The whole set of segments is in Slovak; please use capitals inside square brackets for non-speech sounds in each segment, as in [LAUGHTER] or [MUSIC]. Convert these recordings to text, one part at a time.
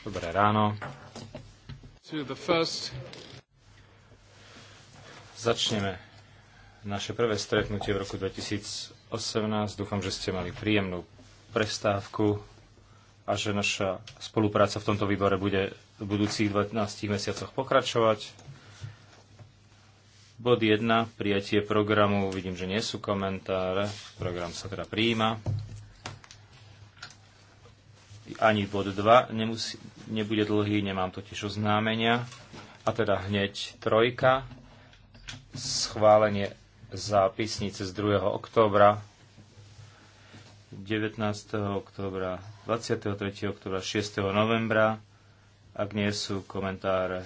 Dobré ráno. Začneme naše prvé stretnutie v roku 2018. Dúfam, že ste mali príjemnú prestávku a že naša spolupráca v tomto výbore bude v budúcich 12 mesiacoch pokračovať. Bod 1, prijatie programu. Vidím, že nie sú komentáre. Program sa teda prijíma ani bod 2 nemusí, nebude dlhý, nemám totiž oznámenia. A teda hneď trojka, schválenie zápisnice z 2. októbra, 19. októbra, 23. októbra, 6. novembra. Ak nie sú komentáre,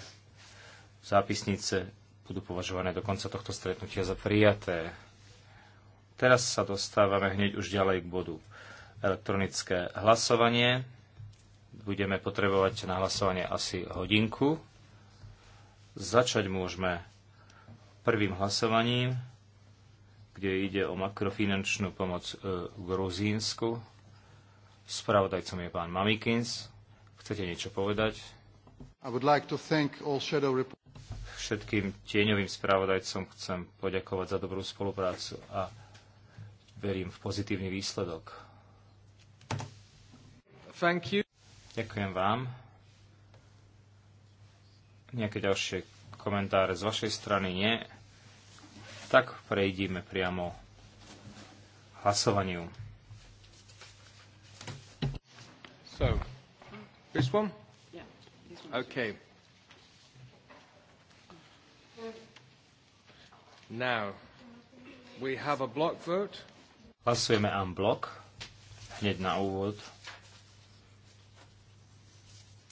zápisnice budú považované do konca tohto stretnutia za prijaté. Teraz sa dostávame hneď už ďalej k bodu elektronické hlasovanie budeme potrebovať na hlasovanie asi hodinku. Začať môžeme prvým hlasovaním, kde ide o makrofinančnú pomoc e, Gruzínsku. Spravodajcom je pán Mamikins. Chcete niečo povedať? I would like to thank all shadow Všetkým tieňovým spravodajcom chcem poďakovať za dobrú spoluprácu a verím v pozitívny výsledok. Thank you. Ďakujem vám. Nejaké ďalšie komentáre z vašej strany nie. Tak prejdime priamo hlasovaniu. So, this one? Yeah, this one. Okay. Now, we have a block vote. Hlasujeme en bloc, hneď na úvod.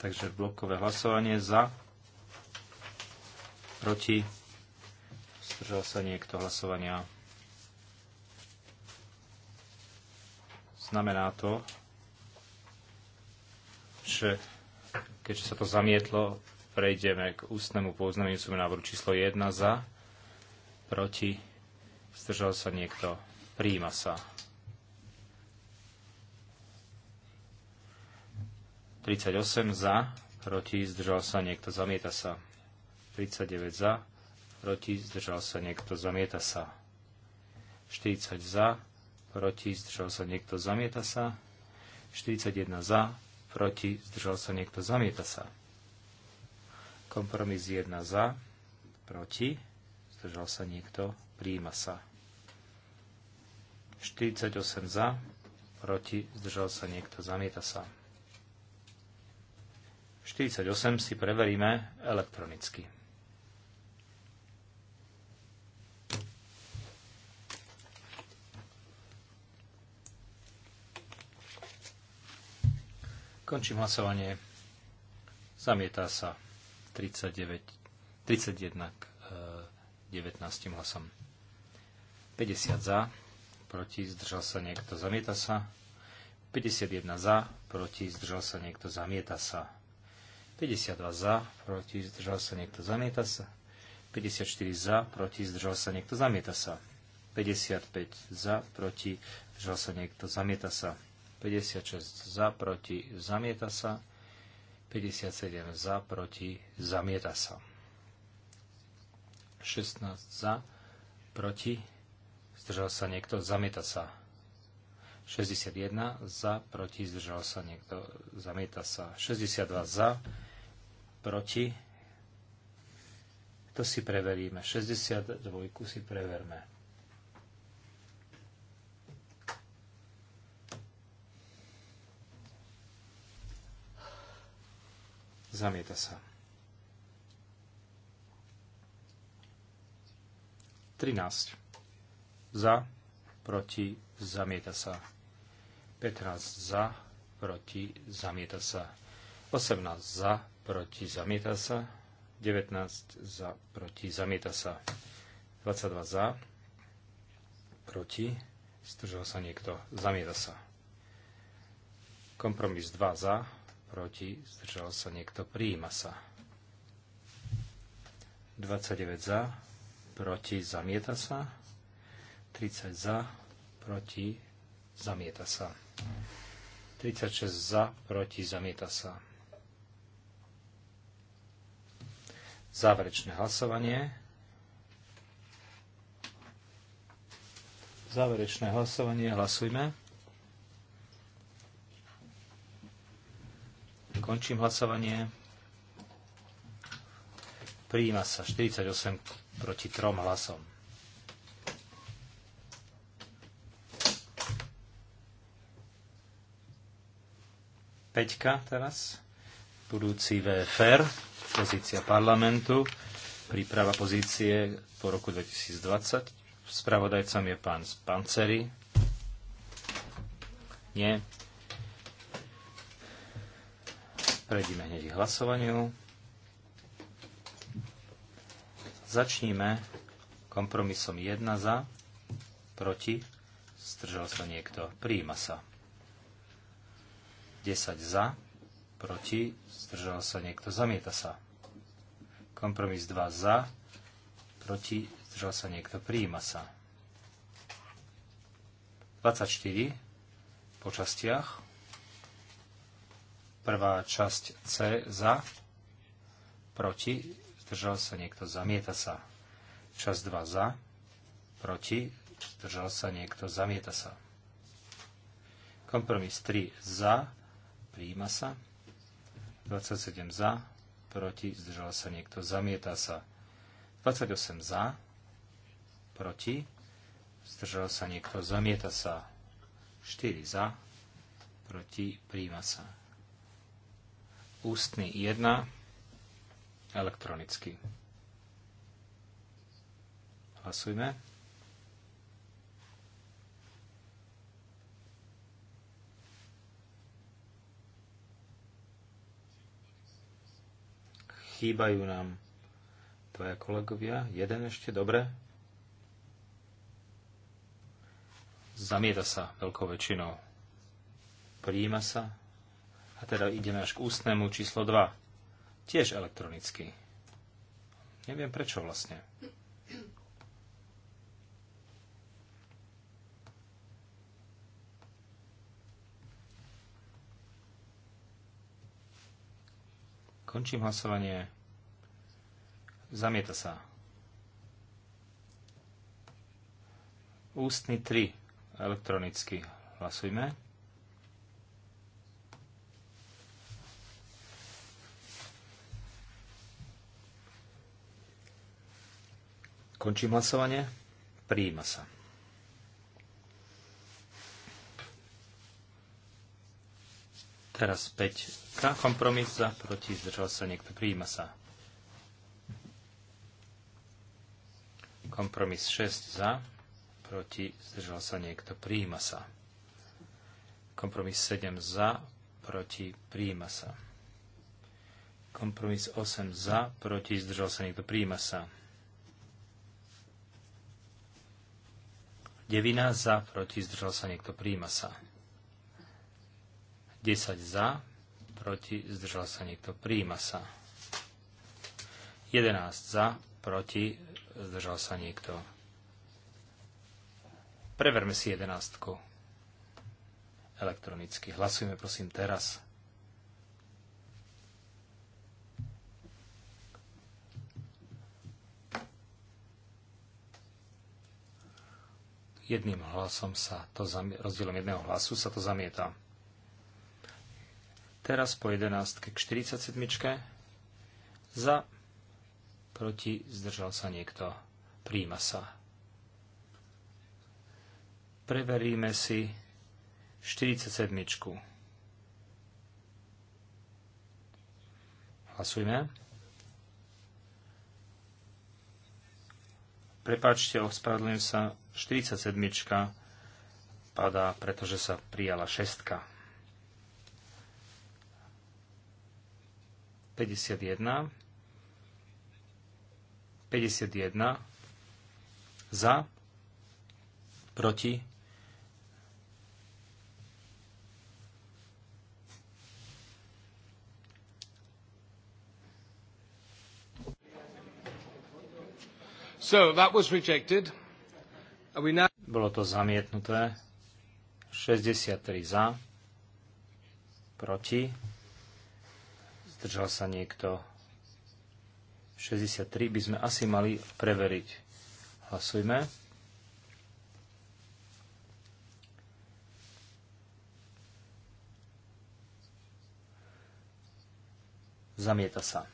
Takže blokové hlasovanie za, proti, zdržal sa niekto hlasovania. Znamená to, že keďže sa to zamietlo, prejdeme k ústnemu poznanicu návrhu číslo 1 za, proti, zdržal sa niekto, príjma sa. 38 za, proti, zdržal sa niekto, zamieta sa. 39 za, proti, zdržal sa niekto, zamieta sa. 40 za, proti, zdržal sa niekto, zamieta sa. 41 za, proti, zdržal sa niekto, zamieta sa. Kompromis 1 za, proti, zdržal sa niekto, príjima sa. 48 za, proti, zdržal sa niekto, zamieta sa. 48 si preveríme elektronicky. Končím hlasovanie. Zamietá sa 39, 31 k 19 eh, hlasom. 50 za, proti, zdržal sa niekto, zamieta sa. 51 za, proti, zdržal sa niekto, zamieta sa. 52 za, proti, zdržal sa niekto, zamieta sa. 54 za, proti, zdržal sa niekto, zamieta sa. 55 za, proti, zdržal sa niekto, zamieta sa. 56 za, proti, zamieta sa. 57 za, proti, zamieta sa. 16 za, proti, zdržal sa niekto, zamieta sa. 61 za, proti, zdržal sa niekto, zamieta sa. 62 za, proti. To si preveríme. 62 si preverme. Zamieta sa. 13. Za, proti, zamieta sa. 15 za, proti, zamieta sa. 18 za, proti, zamieta sa. 19 za, proti, zamieta sa. 22 za, proti, stržal sa niekto, zamieta sa. Kompromis 2 za, proti, zdržal sa niekto, prijíma sa. 29 za, proti, zamieta sa. 30 za, proti, zamieta sa. 36 za, proti, zamieta sa. Záverečné hlasovanie. Záverečné hlasovanie. Hlasujme. Končím hlasovanie. Prijíma sa 48 proti 3 hlasom. Peťka teraz budúci VFR, pozícia parlamentu, príprava pozície po roku 2020. Spravodajcom je pán Spanceri. Nie. Prejdime hneď k hlasovaniu. Začníme kompromisom 1 za, proti, zdržal sa niekto, príjima sa. 10 za, proti, zdržal sa niekto, zamieta sa. Kompromis 2 za, proti, zdržal sa niekto, prijíma sa. 24 po častiach. Prvá časť C za, proti, zdržal sa niekto, zamieta sa. Časť 2 za, proti, zdržal sa niekto, zamieta sa. Kompromis 3 za, prijíma sa. 27 za, proti, zdržal sa niekto, zamieta sa. 28 za, proti, zdržal sa niekto, zamieta sa. 4 za, proti, príjma sa. Ústny 1, elektronicky. Hlasujme. chýbajú nám Tvoje kolegovia. Jeden ešte, dobre. Zamieta sa veľkou väčšinou. Príjima sa. A teda ideme až k ústnemu číslo 2. Tiež elektronicky. Neviem prečo vlastne. Končím hlasovanie. Zamieta sa. Ústny 3. Elektronicky. Hlasujme. Končím hlasovanie. Prijíma sa. Teraz 5. Kompromis za, proti, zdržal sa niekto. Prijíma sa. Kompromis 6 za, proti, zdržal sa niekto, príjima sa. Kompromis 7 za, proti, príjima sa. Kompromis 8 za, proti, zdržal sa niekto, príjima sa. Devina za, proti, zdržal sa niekto, príjima sa. 10 za, proti, zdržal sa niekto, príjima sa. 11 za, proti, Zdržal sa niekto. Preverme si jedenástku. Elektronicky. Hlasujme prosím teraz. jedným hlasom sa to rozdielom jedného hlasu sa to zamieta. Teraz po 11 k 47 za proti, zdržal sa niekto, príjma sa. Preveríme si 47. Hlasujme. Prepačte, ospravedlňujem sa, 47. padá, pretože sa prijala šestka. 51. 51 za, proti, So that Bolo to zamietnuté. 63 za, proti, zdržal sa niekto 63 by sme asi mali preveriť. Hlasujme. Zamieta sa.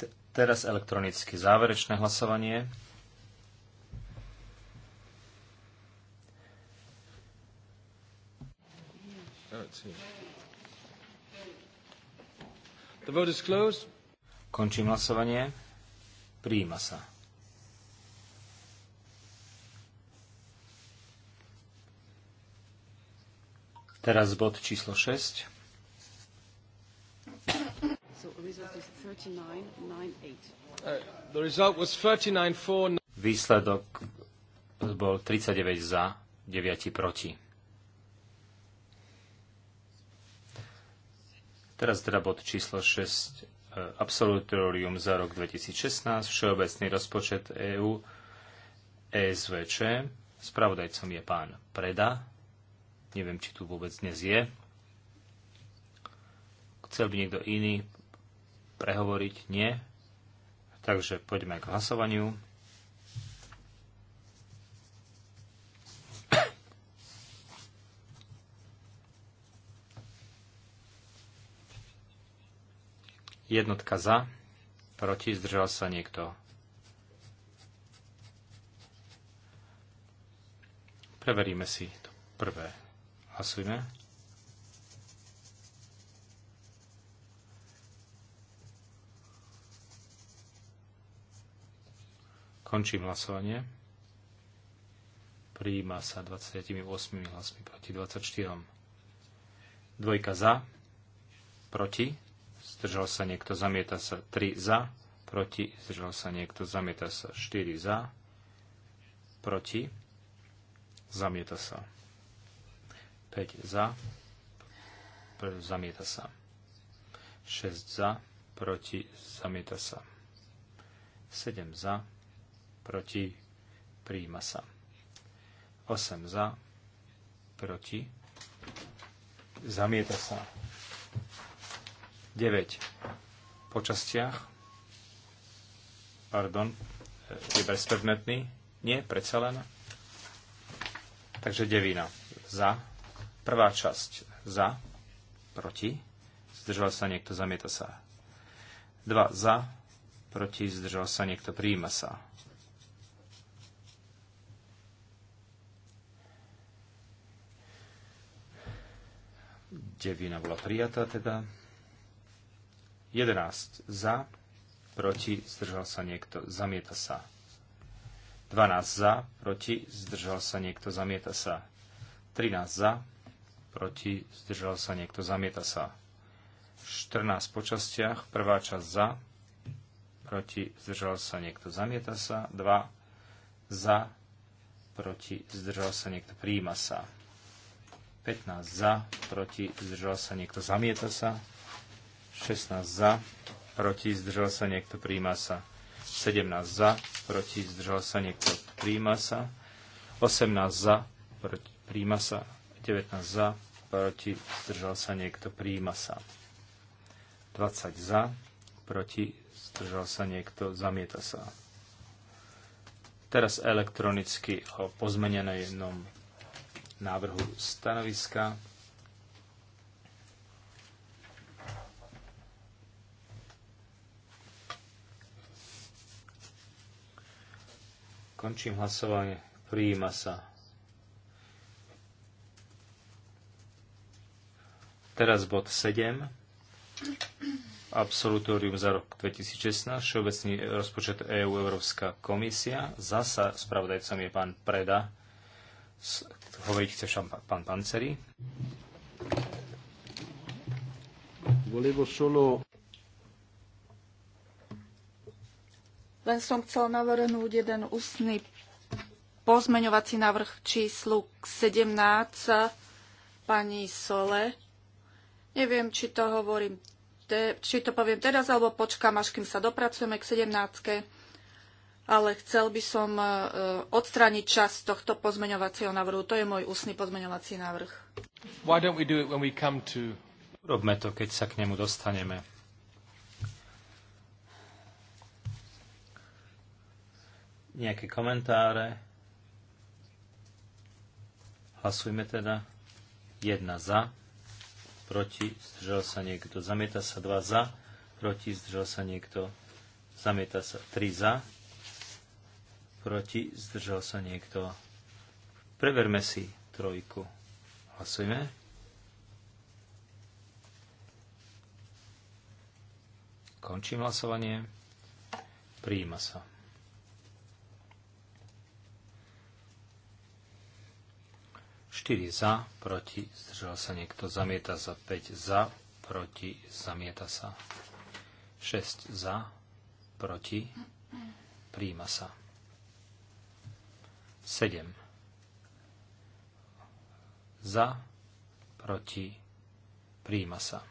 T teraz elektronicky záverečné hlasovanie. Oh, it's The vote is closed. Končím hlasovanie. Prijíma sa. Teraz bod číslo 6. Uh, Výsledok bol 39 za, 9 proti. Teraz teda bod číslo 6, e, absolutorium za rok 2016, všeobecný rozpočet EÚ, ESVČ. Spravodajcom je pán Preda. Neviem, či tu vôbec dnes je. Chcel by niekto iný prehovoriť? Nie. Takže poďme k hlasovaniu. Jednotka za, proti, zdržal sa niekto. Preveríme si to prvé. Hlasujme. Končím hlasovanie. Prijíma sa 28 hlasmi proti 24. Dvojka za, proti, zdržal sa niekto, zamieta sa 3 za, proti, zdržal sa niekto, zamieta sa 4 za, proti, zamieta sa 5 za, zamieta sa 6 za, proti, zamieta sa 7 za, proti, príjima sa 8 za, proti, zamieta sa 9 po častiach. Pardon, je bezpredmetný. Nie, predsa len. Takže devina. Za. Prvá časť. Za. Proti. Zdržal sa niekto, zamieta sa. 2. Za. Proti. Zdržal sa niekto, prijíma sa. Devina bola prijatá teda. 11 za, proti, zdržal sa niekto, zamieta sa. 12 za, proti, zdržal sa niekto, zamieta sa. 13 za, proti, zdržal sa niekto, zamieta sa. 14 po častiach, prvá časť za, proti, zdržal sa niekto, zamieta sa. 2 za, proti, zdržal sa niekto, príjima sa. 15 za, proti, zdržal sa niekto, zamieta sa. 16 za, proti, zdržal sa niekto, príjma sa. 17 za, proti, zdržal sa niekto, príjma sa. 18 za, proti, príjma sa. 19 za, proti, zdržal sa niekto, príjma sa. 20 za, proti, zdržal sa niekto, zamieta sa. Teraz elektronicky o pozmenenom návrhu stanoviska. Končím hlasovanie. Prijíma sa. Teraz bod 7. Absolutórium za rok 2016. Všeobecný rozpočet EÚ EU, Európska komisia. Zasa spravodajcom je pán Preda. Hovoriť chce však pán Panceri. Volevo solo Len som chcel navrhnúť jeden ústny pozmeňovací návrh číslu 17 pani Sole. Neviem, či to hovorím, te, či to poviem teraz, alebo počkám, až kým sa dopracujeme k 17. Ale chcel by som e, odstrániť čas tohto pozmeňovacieho návrhu. To je môj ústny pozmeňovací návrh. Why don't we do it when we come to... Robme to, keď sa k nemu dostaneme. nejaké komentáre. Hlasujme teda. jedna za, proti, zdržal sa niekto. Zamieta sa dva za, proti, zdržal sa niekto. Zamieta sa 3 za, proti, zdržal sa niekto. Preverme si trojku. Hlasujme. Končím hlasovanie. Prijíma sa. 4 za, proti, zdržal sa niekto, zamieta sa 5 za, proti, zamieta sa 6 za, proti, príjma sa 7 za, proti, príjma sa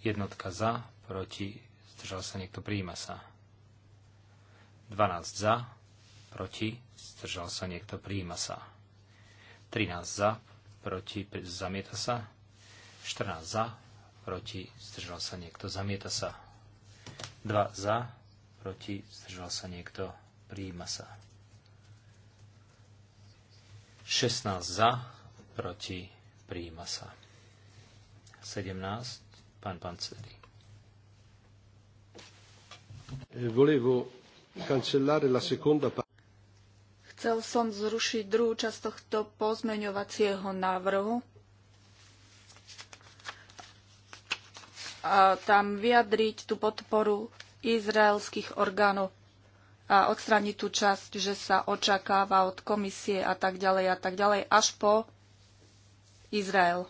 jednotka za, proti, zdržal sa niekto, príjma sa 12 za, proti, zdržal sa niekto, príjma sa 13 za, proti, zamieta sa. 14 za, proti, zdržal sa niekto, zamieta sa. 2 za, proti, zdržal sa niekto, prijíma sa. 16 za, proti, prijíma sa. 17, pán Panceri. Volevo cancellare la seconda parte. Chcel som zrušiť druhú časť tohto pozmeňovacieho návrhu. A tam vyjadriť tú podporu izraelských orgánov a odstrániť tú časť, že sa očakáva od komisie a tak ďalej a tak ďalej, až po Izrael.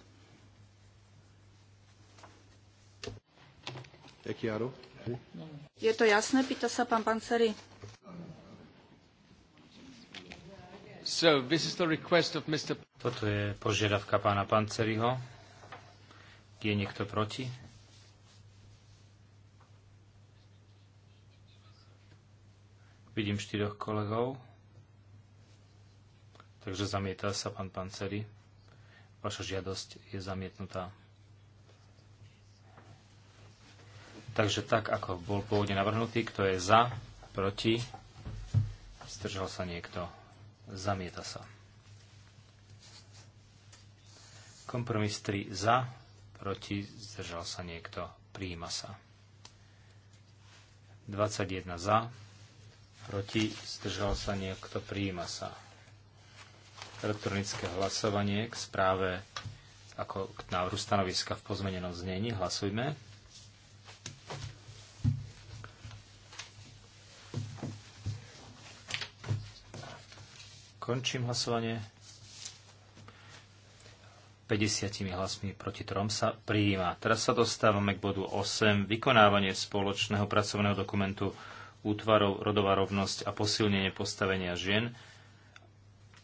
Je to jasné? Pýta sa pán Panceri. So, Mr... Toto je požiadavka pána Panceriho. Je niekto proti? Vidím štyroch kolegov. Takže zamieta sa pán Panceri. Vaša žiadosť je zamietnutá. Takže tak, ako bol pôvodne navrhnutý, kto je za, proti, zdržal sa niekto Zamieta sa. Kompromis 3 za, proti, zdržal sa niekto, prijíma sa. 21 za, proti, zdržal sa niekto, prijíma sa. Elektronické hlasovanie k správe ako k návrhu stanoviska v pozmenenom znení. Hlasujme. Končím hlasovanie. 50 hlasmi proti trom sa prijíma. Teraz sa dostávame k bodu 8. Vykonávanie spoločného pracovného dokumentu útvarov rodová rovnosť a posilnenie postavenia žien.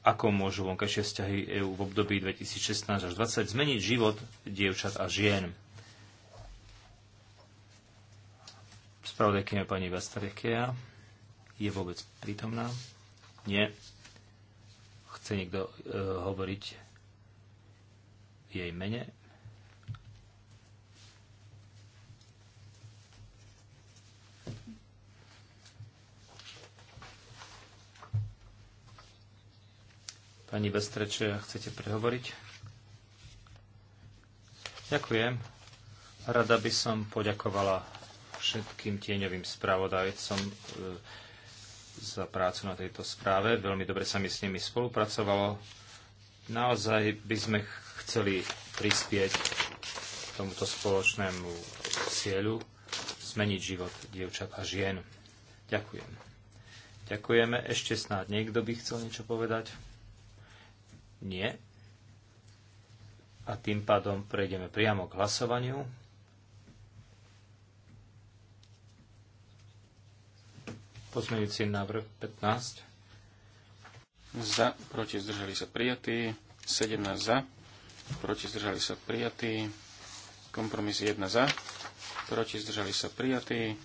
Ako môžu vonkajšie vzťahy EÚ v období 2016 až 2020 zmeniť život dievčat a žien? Spravodajkyňa pani Vastarekea je vôbec prítomná? Nie. Chce niekto e, hovoriť v jej mene? Pani Bestreče, chcete prehovoriť? Ďakujem. Rada by som poďakovala všetkým tieňovým spravodajcom. E, za prácu na tejto správe. Veľmi dobre sa mi s nimi spolupracovalo. Naozaj by sme chceli prispieť k tomuto spoločnému cieľu zmeniť život dievčat a žien. Ďakujem. Ďakujeme. Ešte snáď niekto by chcel niečo povedať? Nie. A tým pádom prejdeme priamo k hlasovaniu. Pozmeňujúci návrh 15. Za, proti, zdržali sa prijatí. 17 za, proti, zdržali sa prijatí. Kompromis 1 za, proti, zdržali sa prijatí.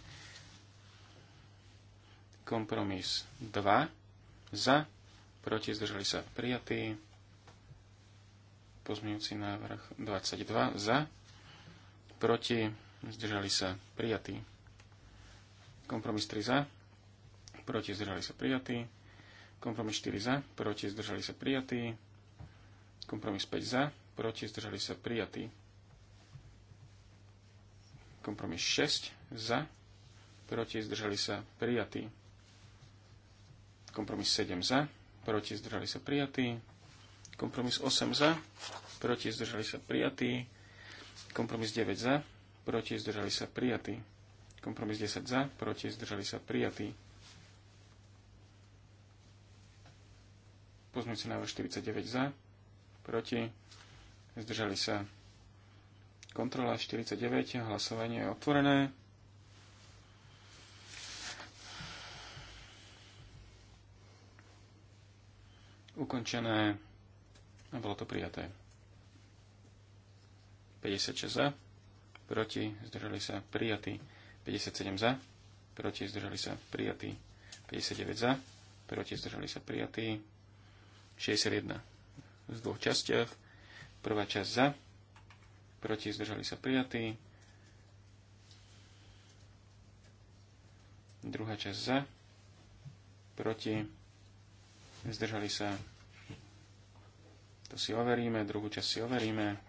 Kompromis 2 za, proti, zdržali sa prijatí pozmeňujúci návrh 22 za, proti, zdržali sa prijatí, Kompromis 3 za, proti zdržali sa prijatí. Kompromis 4 za, proti zdržali sa prijatí. Kompromis 5 za, proti zdržali sa prijatí. Kompromis 6 za, proti zdržali sa prijatí. Kompromis 7 za, proti zdržali sa prijatí. Kompromis 8 za, proti zdržali sa prijatí. Kompromis 9 za, proti zdržali sa prijatí. Kompromis 10 za, proti zdržali sa prijatí. Pozmeňujúci návrh 49 za, proti, zdržali sa. Kontrola 49, hlasovanie je otvorené. Ukončené a bolo to prijaté. 56 za, proti, zdržali sa, prijatí. 57 za, proti, zdržali sa, prijatý. 59 za, proti, zdržali sa, prijatí. 61 z dvoch častiach. Prvá časť za, proti zdržali sa prijatí. Druhá časť za, proti zdržali sa. To si overíme, druhú časť si overíme.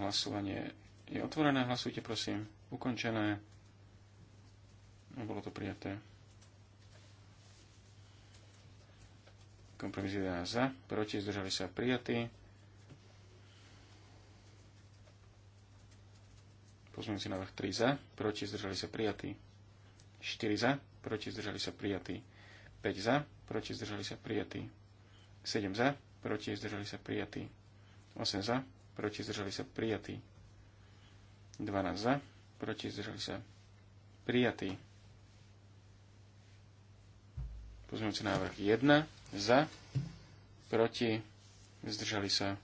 Hlasovanie je otvorené, hlasujte prosím. Ukončené. Bolo to prijaté. Kompromis 11 za, proti, zdržali sa prijatí. Pozmeňujúci návrh 3 za, proti, zdržali sa prijatí. 4 za, proti, zdržali sa prijatí. 5 za, proti, zdržali sa prijatí. 7 za, proti, zdržali sa prijatí. 8 za, proti, zdržali sa prijatí. 12 za, proti, zdržali sa prijatí. Pozmeňujúci návrh 1 za, proti, zdržali sa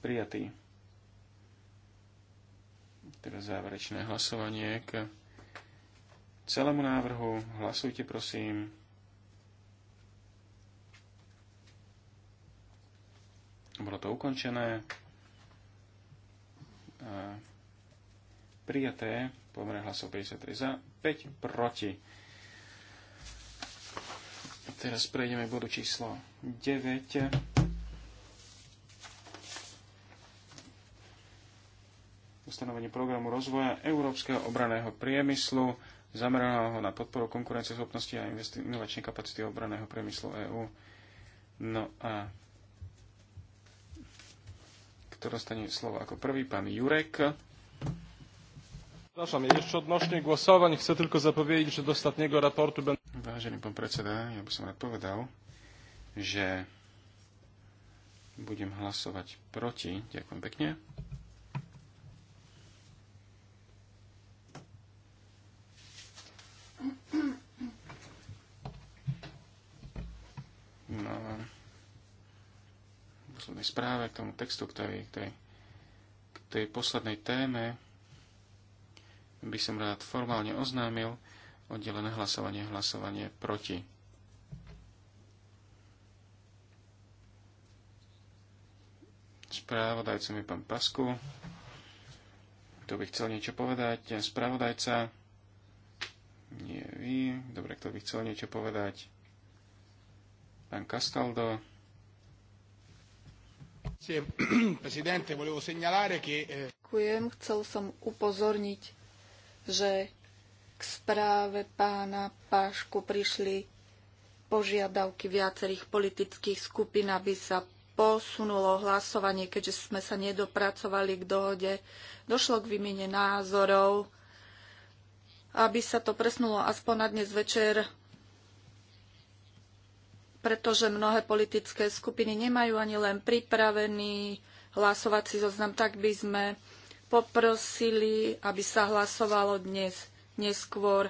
prijatí. Teraz záverečné hlasovanie k celému návrhu. Hlasujte prosím. Bolo to ukončené. A prijaté, pomer hlasov 53 za, 5 proti teraz prejdeme k bodu číslo 9. Ustanovenie programu rozvoja európskeho obraného priemyslu zameraného na podporu konkurencieschopnosti a investičnej kapacity obraného priemyslu EÚ. No a kto dostane slovo ako prvý? Pán Jurek. Przepraszam, jeszcze odnośnie głosowań chcę tylko zapowiedzieć, że do ostatniego raportu będę... Vážený pán predseda, ja by som rád povedal, že budem hlasovať proti. Ďakujem pekne. No, poslednej správe, k tomu textu, ktorý, k tej, k tej poslednej téme by som rád formálne oznámil, oddelené hlasovanie, hlasovanie proti. Správodajca mi pán Pasku. Kto by chcel niečo povedať? Správodajca? Nie vy. Dobre, kto by chcel niečo povedať? Pán Castaldo. [CLEARS THROAT] Eh, Ďakujem, chcel som upozorniť, že k správe pána Pášku prišli požiadavky viacerých politických skupín, aby sa posunulo hlasovanie, keďže sme sa nedopracovali k dohode. Došlo k výmene názorov, aby sa to presnulo aspoň na dnes večer, pretože mnohé politické skupiny nemajú ani len pripravený hlasovací zoznam, tak by sme poprosili, aby sa hlasovalo dnes neskôr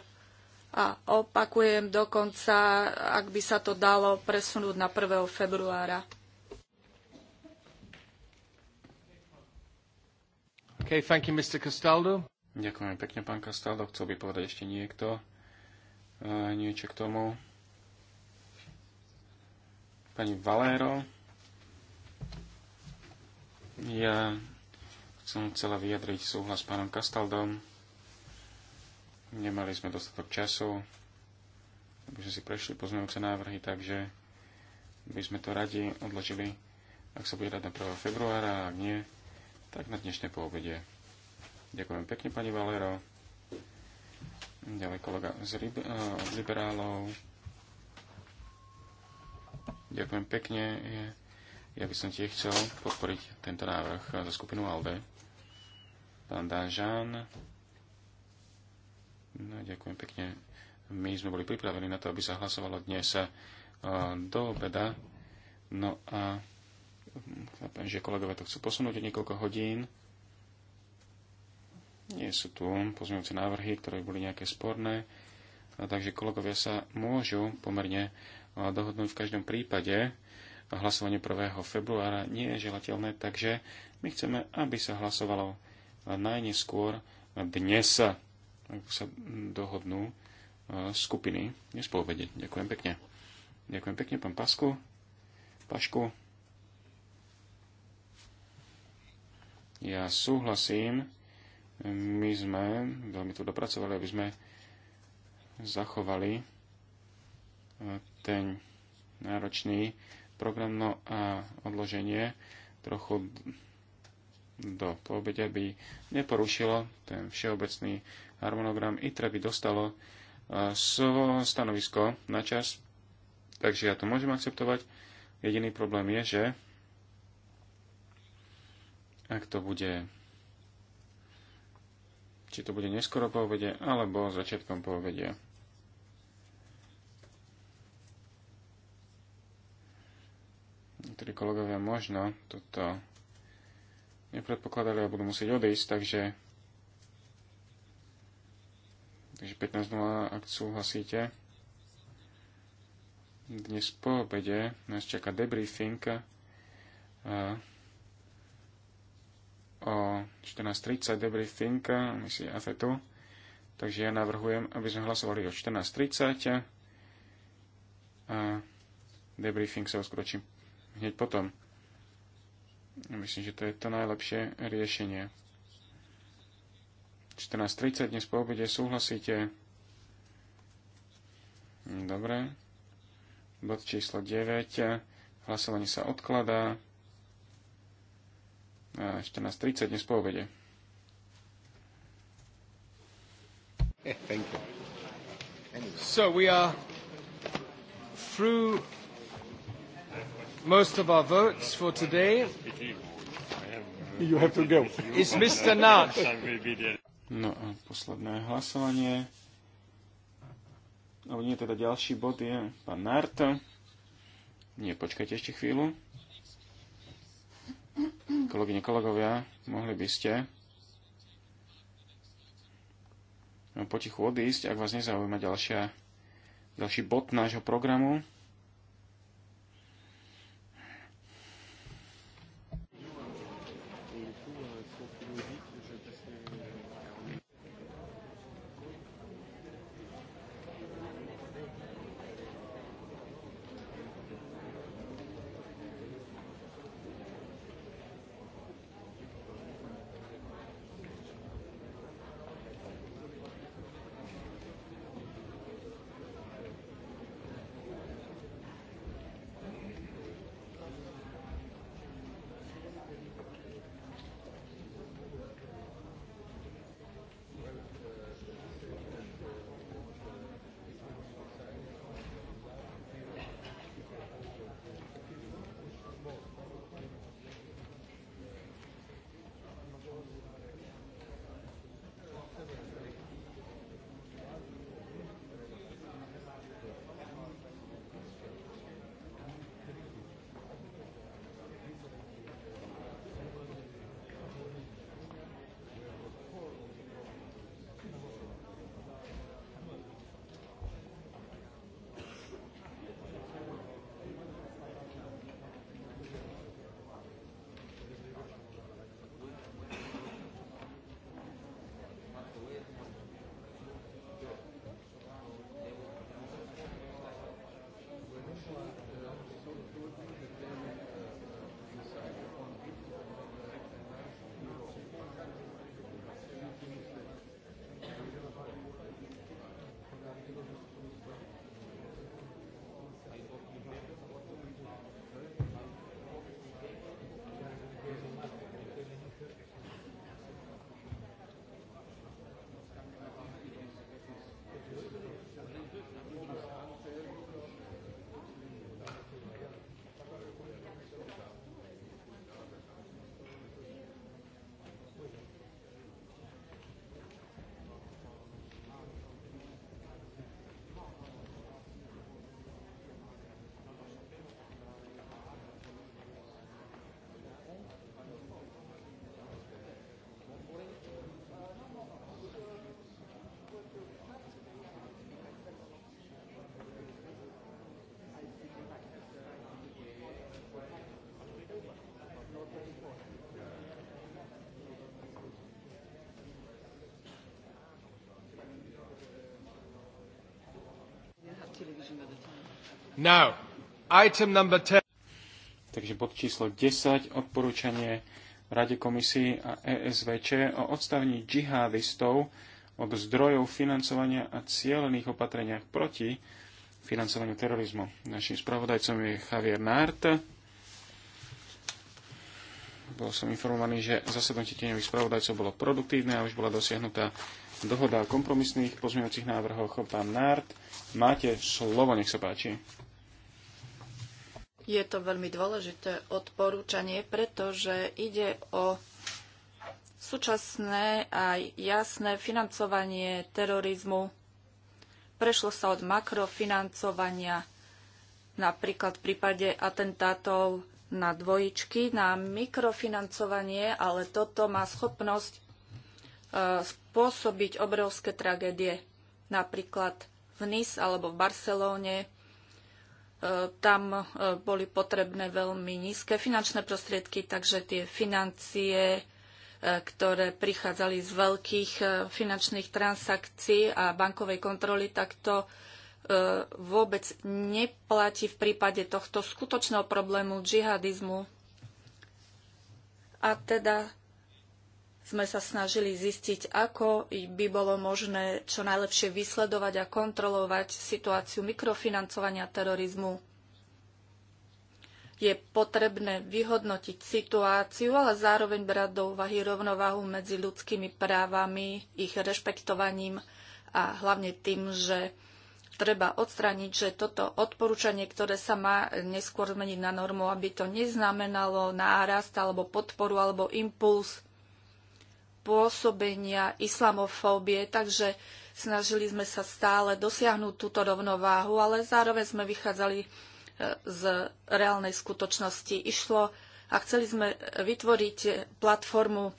a opakujem dokonca, ak by sa to dalo presunúť na 1. februára. Okay, thank you, Mr. Castaldo. Ďakujem pekne, pán Castaldo. Chcel by povedať ešte niekto uh, niečo k tomu. Pani Valero. Ja som chcela vyjadriť súhlas s pánom Castaldom. Nemali sme dostatok času, aby sme si prešli pozmeňujúce návrhy, takže by sme to radi odložili, ak sa bude rád na 1. februára, a ak nie, tak na dnešné poobede. Ďakujem pekne, pani Valero. Ďalej kolega z Rib- eh, od liberálov. Ďakujem pekne. Ja by som tiež chcel podporiť tento návrh za skupinu ALDE. Pán Danžán No, ďakujem pekne. My sme boli pripravení na to, aby sa hlasovalo dnes eh, do obeda. No a chápem, že kolegovia to chcú posunúť o niekoľko hodín. Nie sú tu pozmeňujúce návrhy, ktoré boli nejaké sporné. A takže kolegovia sa môžu pomerne eh, dohodnúť v každom prípade. Hlasovanie 1. februára nie je želateľné, takže my chceme, aby sa hlasovalo eh, najneskôr dnes ako sa dohodnú e, skupiny nespovedieť. Ďakujem pekne. Ďakujem pekne, pán Pasku. Pašku. Ja súhlasím. My sme veľmi tu dopracovali, aby sme zachovali e, ten náročný program no a odloženie trochu do poobede by neporušilo ten všeobecný harmonogram ITRE by dostalo e, svoje stanovisko na čas, takže ja to môžem akceptovať. Jediný problém je, že ak to bude či to bude neskoro po obede, alebo začiatkom po obede. Niektorí kolegovia možno toto nepredpokladali a budú musieť odísť, takže Takže 15.00, ak súhlasíte. Dnes po obede nás čaká debriefing eh, o 14.30 debriefing eh, misie AFETu. Takže ja navrhujem, aby sme hlasovali o 14.30 eh, a debriefing sa uskutoční hneď potom. Myslím, že to je to najlepšie riešenie. 14.30 dnes po obede súhlasíte. Dobre. Bod číslo 9. Hlasovanie sa odkladá. 14.30 dnes po obede. Eh, thank you. So we are through most of our votes for today. Uh, you have to go. Is Mr. Nash? No a posledné hlasovanie. Alebo nie, teda ďalší bod je pán Narta. Nie, počkajte ešte chvíľu. Kolegyne, kolegovia, mohli by ste potichu odísť, ak vás nezaujíma ďalšia, ďalší bod nášho programu. Now, item number 10. Takže bod číslo 10, odporúčanie Rade komisii a ESVČ o odstavení džihadistov od zdrojov financovania a cieľených opatreniach proti financovaniu terorizmu. Našim spravodajcom je Javier Nart. Bol som informovaný, že zasadnutie tieňových spravodajcov bolo produktívne a už bola dosiahnutá dohoda o kompromisných pozmeňujúcich návrhoch. Pán Nárt Máte slovo, nech sa páči. Je to veľmi dôležité odporúčanie, pretože ide o súčasné a jasné financovanie terorizmu. Prešlo sa od makrofinancovania napríklad v prípade atentátov na dvojičky, na mikrofinancovanie, ale toto má schopnosť e, spôsobiť obrovské tragédie. Napríklad v Nice alebo v Barcelóne, e, tam e, boli potrebné veľmi nízke finančné prostriedky, takže tie financie, e, ktoré prichádzali z veľkých finančných transakcií a bankovej kontroly, tak to vôbec neplatí v prípade tohto skutočného problému džihadizmu. A teda sme sa snažili zistiť, ako by bolo možné čo najlepšie vysledovať a kontrolovať situáciu mikrofinancovania terorizmu. Je potrebné vyhodnotiť situáciu, ale zároveň brať do úvahy rovnováhu medzi ľudskými právami, ich rešpektovaním a hlavne tým, že treba odstrániť, že toto odporúčanie, ktoré sa má neskôr zmeniť na normu, aby to neznamenalo nárast alebo podporu alebo impuls pôsobenia islamofóbie, takže snažili sme sa stále dosiahnuť túto rovnováhu, ale zároveň sme vychádzali e, z reálnej skutočnosti. Išlo a chceli sme vytvoriť platformu e,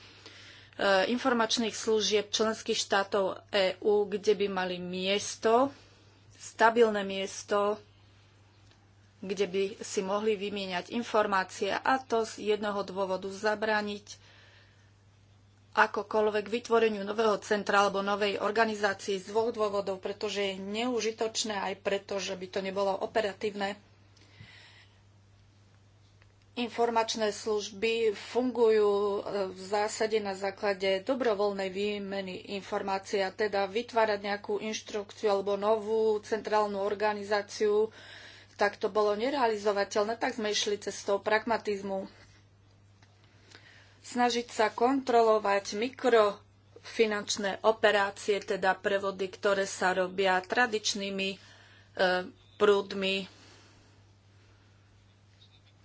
informačných služieb členských štátov EÚ, kde by mali miesto, stabilné miesto, kde by si mohli vymieňať informácie a to z jedného dôvodu zabrániť akokoľvek vytvoreniu nového centra alebo novej organizácii z dvoch dôvodov, pretože je neužitočné aj preto, že by to nebolo operatívne. Informačné služby fungujú e, v zásade na základe dobrovoľnej výmeny informácií a teda vytvárať nejakú inštrukciu alebo novú centrálnu organizáciu, tak to bolo nerealizovateľné, tak sme išli cestou pragmatizmu snažiť sa kontrolovať mikrofinančné operácie, teda prevody, ktoré sa robia tradičnými e, prúdmi.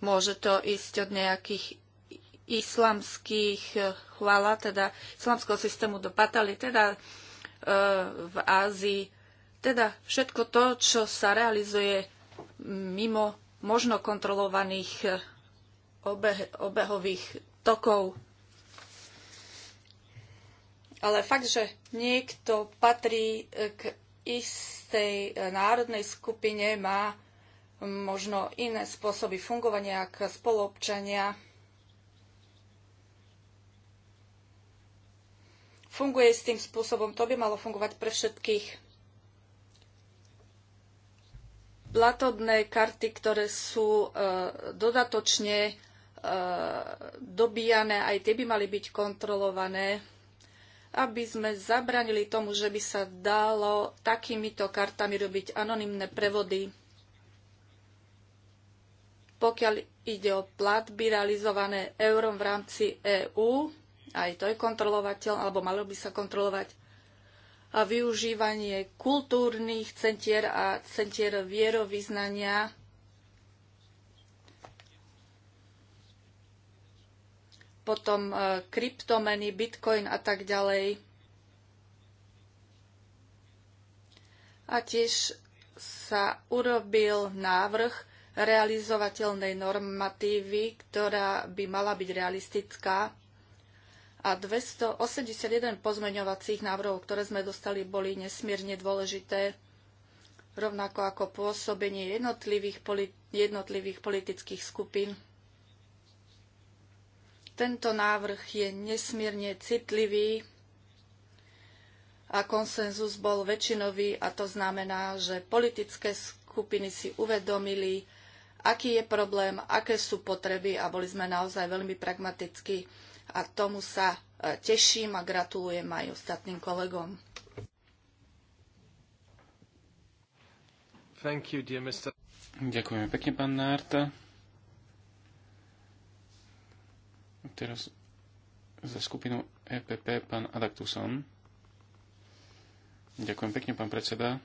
Môže to ísť od nejakých islamských e, chvala, teda islamského systému do Patali, teda e, v Ázii. Teda všetko to, čo sa realizuje mimo možno kontrolovaných e, obe, obehových tokov. Ale fakt, že niekto patrí eh, k istej eh, národnej skupine, má hm, možno iné spôsoby fungovania ako spoloobčania. Funguje s tým spôsobom, to by malo fungovať pre všetkých. Platobné karty, ktoré sú e, dodatočne Eh, dobíjane, aj tie by mali byť kontrolované, aby sme zabranili tomu, že by sa dalo takýmito kartami robiť anonimné prevody. Pokiaľ ide o platby realizované eurom v rámci EÚ, aj to je kontrolovateľ, alebo malo by sa kontrolovať a využívanie kultúrnych centier a centier vierovýznania potom e, kryptomeny, bitcoin a tak ďalej. A tiež sa urobil návrh realizovateľnej normatívy, ktorá by mala byť realistická. A 281 pozmeňovacích návrhov, ktoré sme dostali, boli nesmierne dôležité, rovnako ako pôsobenie jednotlivých, politi- jednotlivých politických skupín. Tento návrh je nesmierne citlivý a konsenzus bol väčšinový a to znamená, že politické skupiny si uvedomili, aký je problém, aké sú potreby a boli sme naozaj veľmi pragmatickí a tomu sa e, teším a gratulujem aj ostatným kolegom. Thank you, dear Mr. Ďakujeme pekne, pán Nárta. Teraz za skupinu EPP pán Adaktuson. Ďakujem pekne, pán predseda.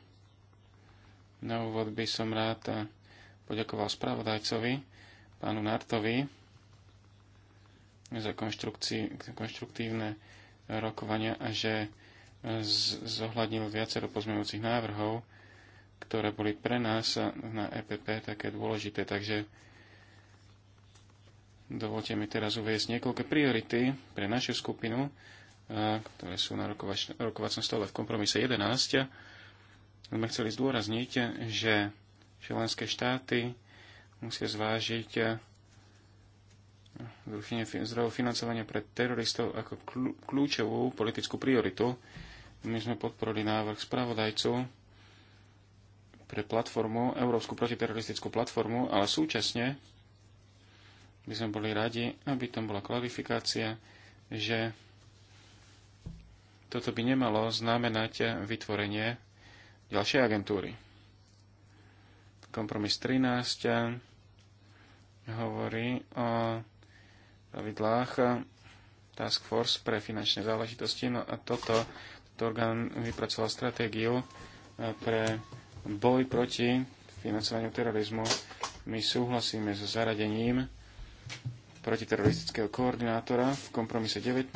Na úvod by som rád poďakoval spravodajcovi, pánu Nartovi, za konštruktívne rokovania a že zohľadnil viacero pozmeňujúcich návrhov, ktoré boli pre nás na EPP také dôležité. Takže Dovolte mi teraz uviezť niekoľko priority pre našu skupinu, e, ktoré sú na rokovač- rokovacom stole v kompromise 11. Sme chceli zdôrazniť, že členské štáty musia zvážiť e, zrušenie zdrojov financovania pre teroristov ako kľúčovú politickú prioritu. My sme podporili návrh spravodajcu pre platformu, Európsku protiteroristickú platformu, ale súčasne by sme boli radi, aby tam bola kvalifikácia, že toto by nemalo znamenať vytvorenie ďalšej agentúry. Kompromis 13 hovorí o pravidlách Task Force pre finančné záležitosti. No a toto, toto orgán vypracoval stratégiu e, pre boj proti financovaniu terorizmu. My súhlasíme so zaradením protiteroristického koordinátora. V kompromise 19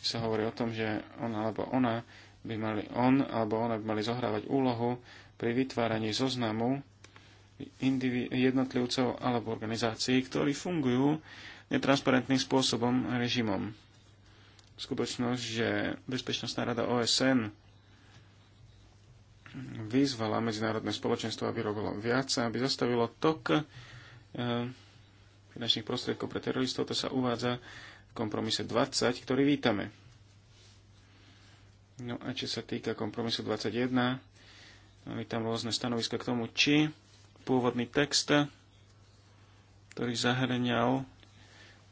sa hovorí o tom, že on alebo ona by mali, on alebo ona by mali zohrávať úlohu pri vytváraní zoznamu jednotlivcov alebo organizácií, ktorí fungujú netransparentným spôsobom a režimom. Skutočnosť, že Bezpečnostná rada OSN vyzvala medzinárodné spoločenstvo, aby robilo viac, aby zastavilo tok e, finančných prostriedkov pre teroristov, to sa uvádza v kompromise 20, ktorý vítame. No a čo sa týka kompromisu 21, máme tam rôzne stanoviska k tomu, či pôvodný text, ktorý zahrňal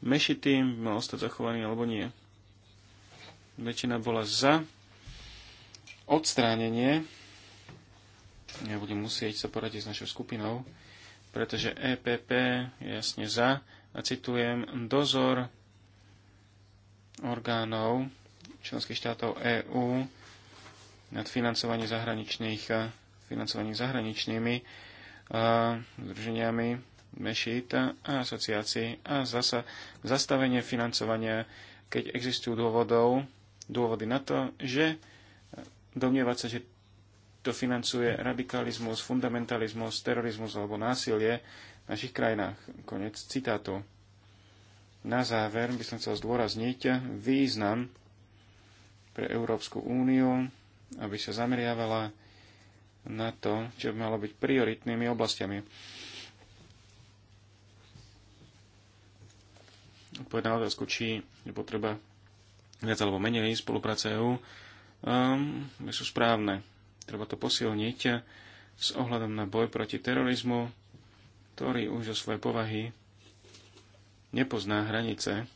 mešitým, by mal ostať zachovaný alebo nie. Väčšina bola za odstránenie. Ja budem musieť sa poradiť s našou skupinou pretože EPP je jasne za, a citujem, dozor orgánov členských štátov EÚ nad financovaním zahraničných, eh, financovaním zahraničnými eh, združeniami mešit a asociácií a zasa zastavenie financovania, keď existujú dôvodov, dôvody na to, že domnievať sa, že kto financuje radikalizmus, fundamentalizmus, terorizmus alebo násilie v našich krajinách. Konec citátu. Na záver by som chcel zdôrazniť význam pre Európsku úniu, aby sa zameriavala na to, čo by malo byť prioritnými oblastiami. Odpoveď na otázku, či je potreba viac alebo menej spolupráce EU, um, ehm, sú správne treba to posilniť s ohľadom na boj proti terorizmu, ktorý už zo svojej povahy nepozná hranice.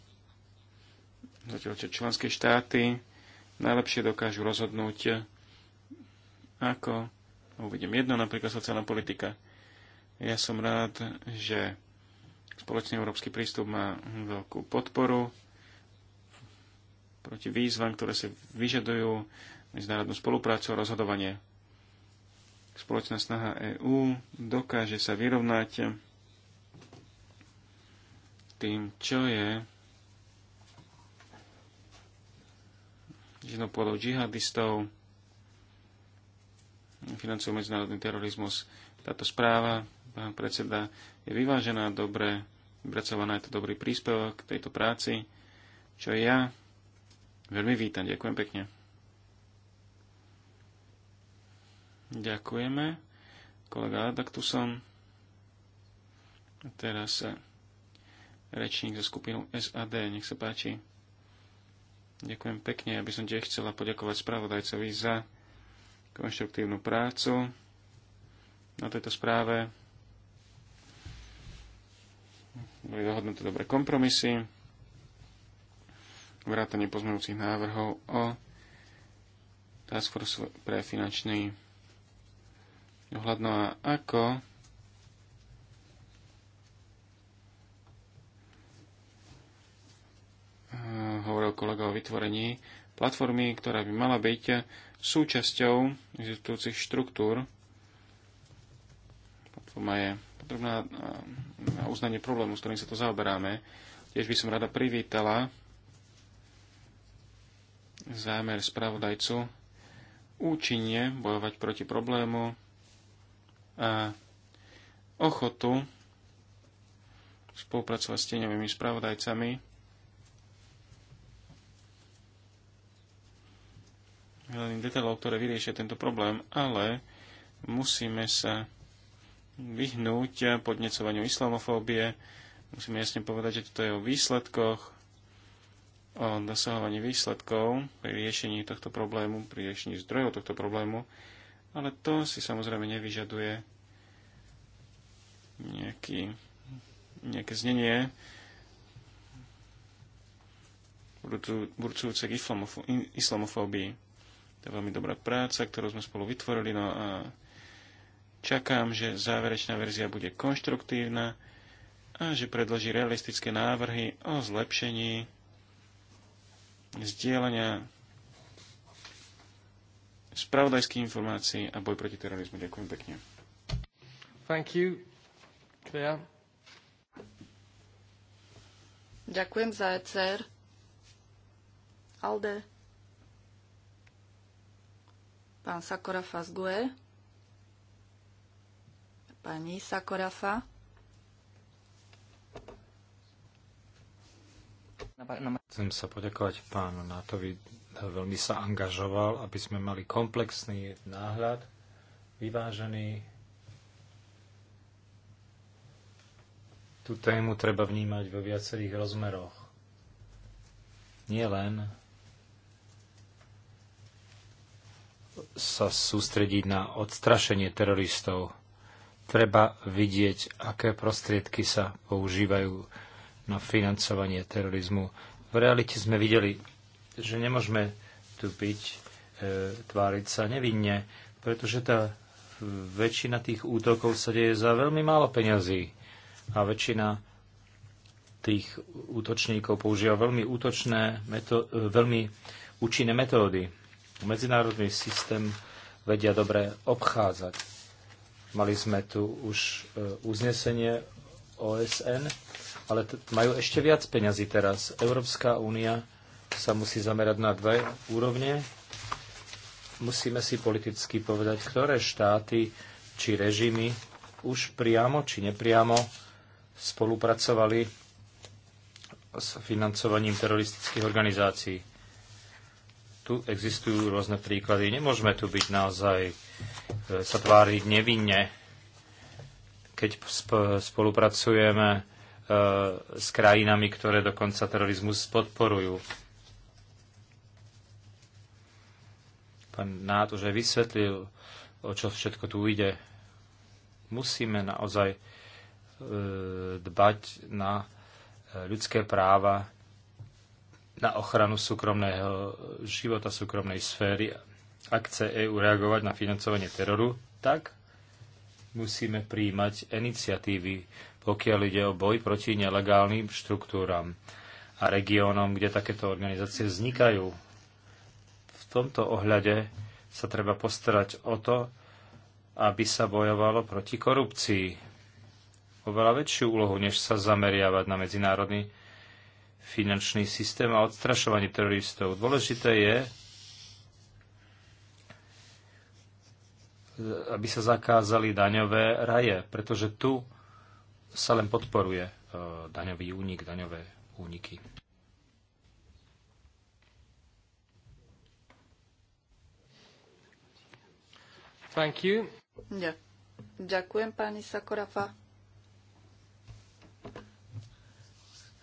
Zatiaľ, čo členské štáty najlepšie dokážu rozhodnúť, ako, no, uvidím jedno, napríklad sociálna politika. Ja som rád, že spoločný európsky prístup má veľkú podporu proti výzvam, ktoré si vyžadujú medzinárodnú spoluprácu a rozhodovanie. Spoločná snaha EÚ dokáže sa vyrovnať tým, čo je žinopôdou džihadistov, financujú medzinárodný terorizmus. Táto správa, pán predseda, je vyvážená, dobre vypracovaná, je to dobrý príspevok k tejto práci, čo ja veľmi vítam. Ďakujem pekne. Ďakujeme. Kolega Adaktusom. Teraz eh, rečník za skupinu SAD, nech sa páči. Ďakujem pekne, aby som tiež chcela poďakovať spravodajcovi za konštruktívnu prácu na tejto správe. Boli dohodnuté dobré kompromisy, vrátanie pozmeňujúcich návrhov o Task Force pre finančný ohľadno a ako hovoril kolega o vytvorení platformy, ktorá by mala byť súčasťou existujúcich štruktúr. Platforma je potrebná na uznanie problému, s ktorým sa to zaoberáme. Tiež by som rada privítala zámer spravodajcu účinne bojovať proti problému a ochotu spolupracovať s tieňovými spravodajcami. Hľadím detailov, ktoré vyriešia tento problém, ale musíme sa vyhnúť podnecovaniu islamofóbie. Musíme jasne povedať, že toto je o výsledkoch, o dosahovaní výsledkov pri riešení tohto problému, pri riešení zdrojov tohto problému ale to si samozrejme nevyžaduje nejaký, nejaké znenie burcujúce k islamofóbii. To je veľmi dobrá práca, ktorú sme spolu vytvorili, no a čakám, že záverečná verzia bude konštruktívna a že predloží realistické návrhy o zlepšení zdieľania spravodajských informácií a boj proti terorizmu. Ďakujem pekne. Thank you. Claire. Ďakujem za ECR. Alde. Pán Sakorafa z GUE. Pani Sakorafa. Chcem sa poďakovať pánu Natovi veľmi sa angažoval, aby sme mali komplexný náhľad, vyvážený. Tú tému treba vnímať vo viacerých rozmeroch. Nie len sa sústrediť na odstrašenie teroristov. Treba vidieť, aké prostriedky sa používajú na financovanie terorizmu. V realite sme videli že nemôžeme tu byť, e, tváriť sa nevinne, pretože tá väčšina tých útokov sa deje za veľmi málo peňazí a väčšina tých útočníkov používa veľmi, útočné, meto- e, veľmi účinné metódy. Medzinárodný systém vedia dobre obchádzať. Mali sme tu už e, uznesenie OSN, ale majú ešte viac peňazí teraz. Európska únia sa musí zamerať na dve úrovne. Musíme si politicky povedať, ktoré štáty či režimy už priamo či nepriamo spolupracovali s financovaním teroristických organizácií. Tu existujú rôzne príklady. Nemôžeme tu byť naozaj e, sa tváriť nevinne, keď spolupracujeme e, s krajinami, ktoré dokonca terorizmus podporujú. Pán Nát už aj vysvetlil, o čo všetko tu ide. Musíme naozaj e, dbať na e, ľudské práva, na ochranu súkromného života, súkromnej sféry. Ak chce EU reagovať na financovanie teroru, tak musíme príjmať iniciatívy, pokiaľ ide o boj proti nelegálnym štruktúram a regiónom, kde takéto organizácie vznikajú tomto ohľade sa treba postarať o to, aby sa bojovalo proti korupcii. Oveľa väčšiu úlohu, než sa zameriavať na medzinárodný finančný systém a odstrašovanie teroristov. Dôležité je, aby sa zakázali daňové raje, pretože tu sa len podporuje e, daňový únik, daňové úniky. Thank you. Ďakujem, pani Sakorafa.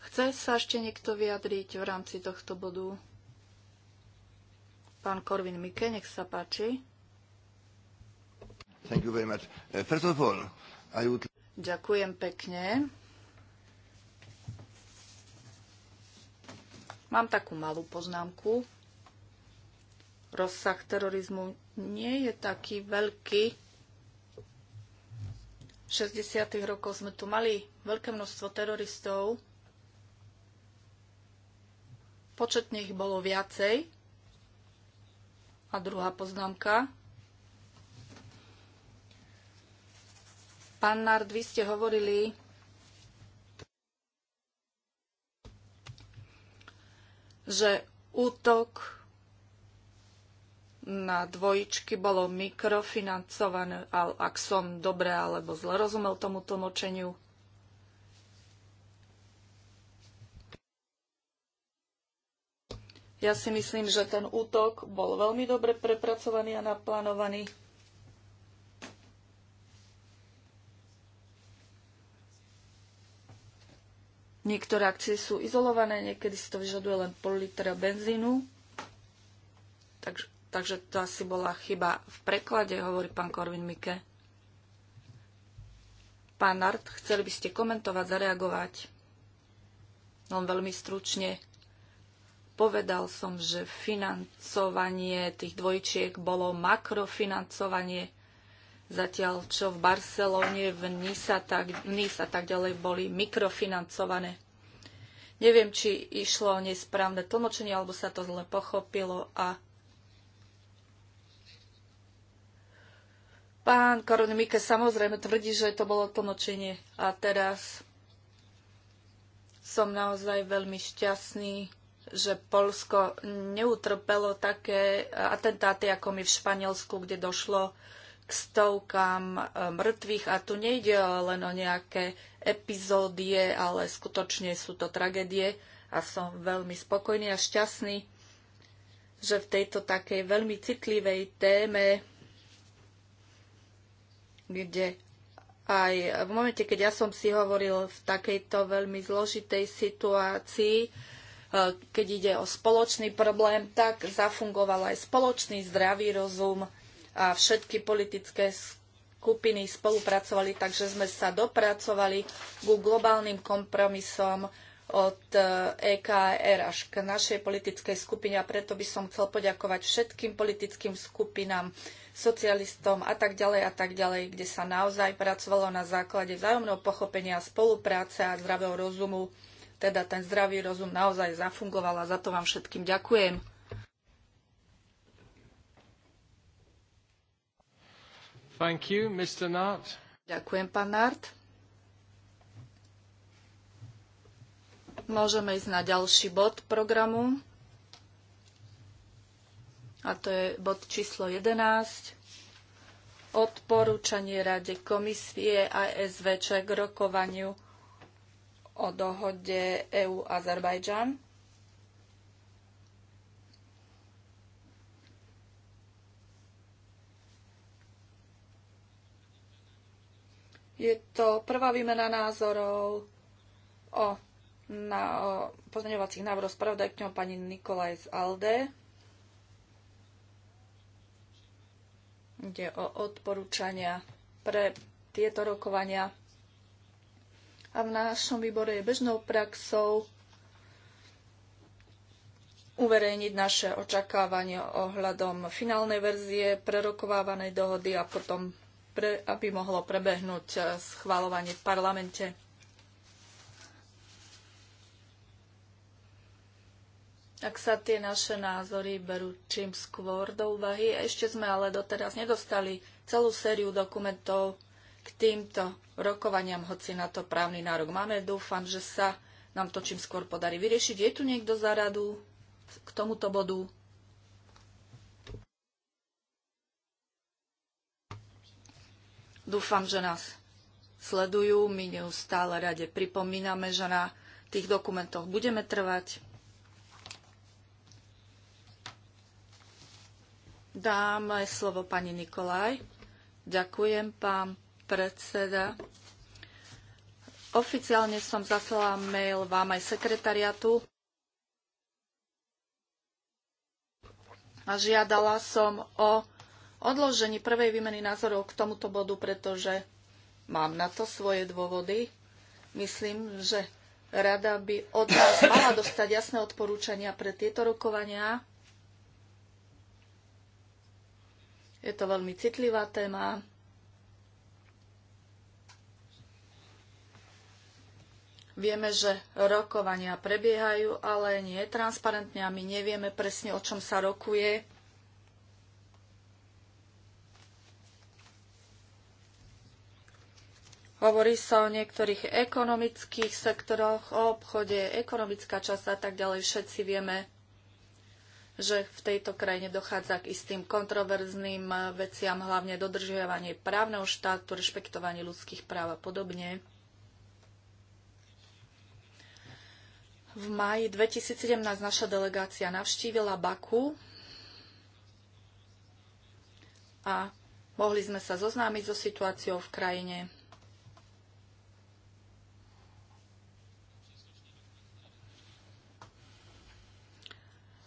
Chce sa ešte niekto vyjadriť v rámci tohto bodu? Pán Korvin Mike, nech sa páči. Thank you very much. Uh, first of all, I would... Ďakujem pekne. Mám takú malú poznámku. Rozsah terorizmu nie je taký veľký. V 60. rokoch sme tu mali veľké množstvo teroristov. Početne ich bolo viacej. A druhá poznámka. Pán Nard, vy ste hovorili že útok na dvojičky bolo mikrofinancované, ak som dobre alebo zle rozumel tomu tlmočeniu. Ja si myslím, že ten útok bol veľmi dobre prepracovaný a naplánovaný. Niektoré akcie sú izolované, niekedy si to vyžaduje len pol litra benzínu. Takže Takže to asi bola chyba v preklade, hovorí pán Korvin Mike. Pán Nart, chceli by ste komentovať, zareagovať? Len veľmi stručne. Povedal som, že financovanie tých dvojčiek bolo makrofinancovanie, zatiaľ čo v Barcelone, v Nisa tak, Nice tak ďalej boli mikrofinancované. Neviem, či išlo o nesprávne tlmočenie, alebo sa to zle pochopilo a Pán Korony Mike samozrejme tvrdí, že to bolo tlmočenie. A teraz som naozaj veľmi šťastný, že Polsko neutrpelo také atentáty, ako my v Španielsku, kde došlo k stovkám eh, mŕtvych. A tu nejde len o nejaké epizódie, ale skutočne sú to tragédie. A som veľmi spokojný a šťastný, že v tejto takej veľmi citlivej téme kde aj v momente, keď ja som si hovoril v takejto veľmi zložitej situácii, e, keď ide o spoločný problém, tak zafungoval aj spoločný zdravý rozum a všetky politické skupiny spolupracovali, takže sme sa dopracovali ku globálnym kompromisom od EKR e až k našej politickej skupine a preto by som chcel poďakovať všetkým politickým skupinám, socialistom a tak ďalej a tak ďalej, kde sa naozaj pracovalo na základe vzájomného pochopenia, spolupráce a zdravého rozumu. Teda ten zdravý rozum naozaj zafungoval a za to vám všetkým ďakujem. Thank you, Mr. Nart. Ďakujem, pán Nart. Môžeme ísť na ďalší bod programu. A to je bod číslo 11. Odporúčanie Rade komisie a SVČ k rokovaniu o dohode EU-Azerbajdžan. Je to prvá výmena názorov o na pozmeňovacích návrhov spravodajkňou pani Nikolaj z Alde. Ide o odporúčania pre tieto rokovania. A v našom výbore je bežnou praxou uverejniť naše očakávanie ohľadom finálnej verzie prerokovávanej dohody a potom, pre, aby mohlo prebehnúť eh, schváľovanie v parlamente. ak sa tie naše názory berú čím skôr do úvahy. Ešte sme ale doteraz nedostali celú sériu dokumentov k týmto rokovaniam, hoci na to právny nárok máme. Dúfam, že sa nám to čím skôr podarí vyriešiť. Je tu niekto za radu k tomuto bodu? Dúfam, že nás sledujú. My neustále rade pripomíname, že na tých dokumentoch budeme trvať. Dáme slovo pani Nikolaj. Ďakujem, pán predseda. Oficiálne som zaslala mail vám aj sekretariatu a žiadala som o odložení prvej výmeny názorov k tomuto bodu, pretože mám na to svoje dôvody. Myslím, že rada by od nás mala dostať jasné odporúčania pre tieto rokovania Je to veľmi citlivá téma. Vieme, že rokovania prebiehajú, ale nie je transparentne a my nevieme presne, o čom sa rokuje. Hovorí sa o niektorých ekonomických sektoroch, o obchode, ekonomická časť a tak ďalej. Všetci vieme, že v tejto krajine dochádza k istým kontroverzným veciam, hlavne dodržiavanie právneho štátu, rešpektovanie ľudských práv a podobne. V maji 2017 naša delegácia navštívila Baku a mohli sme sa zoznámiť so situáciou v krajine.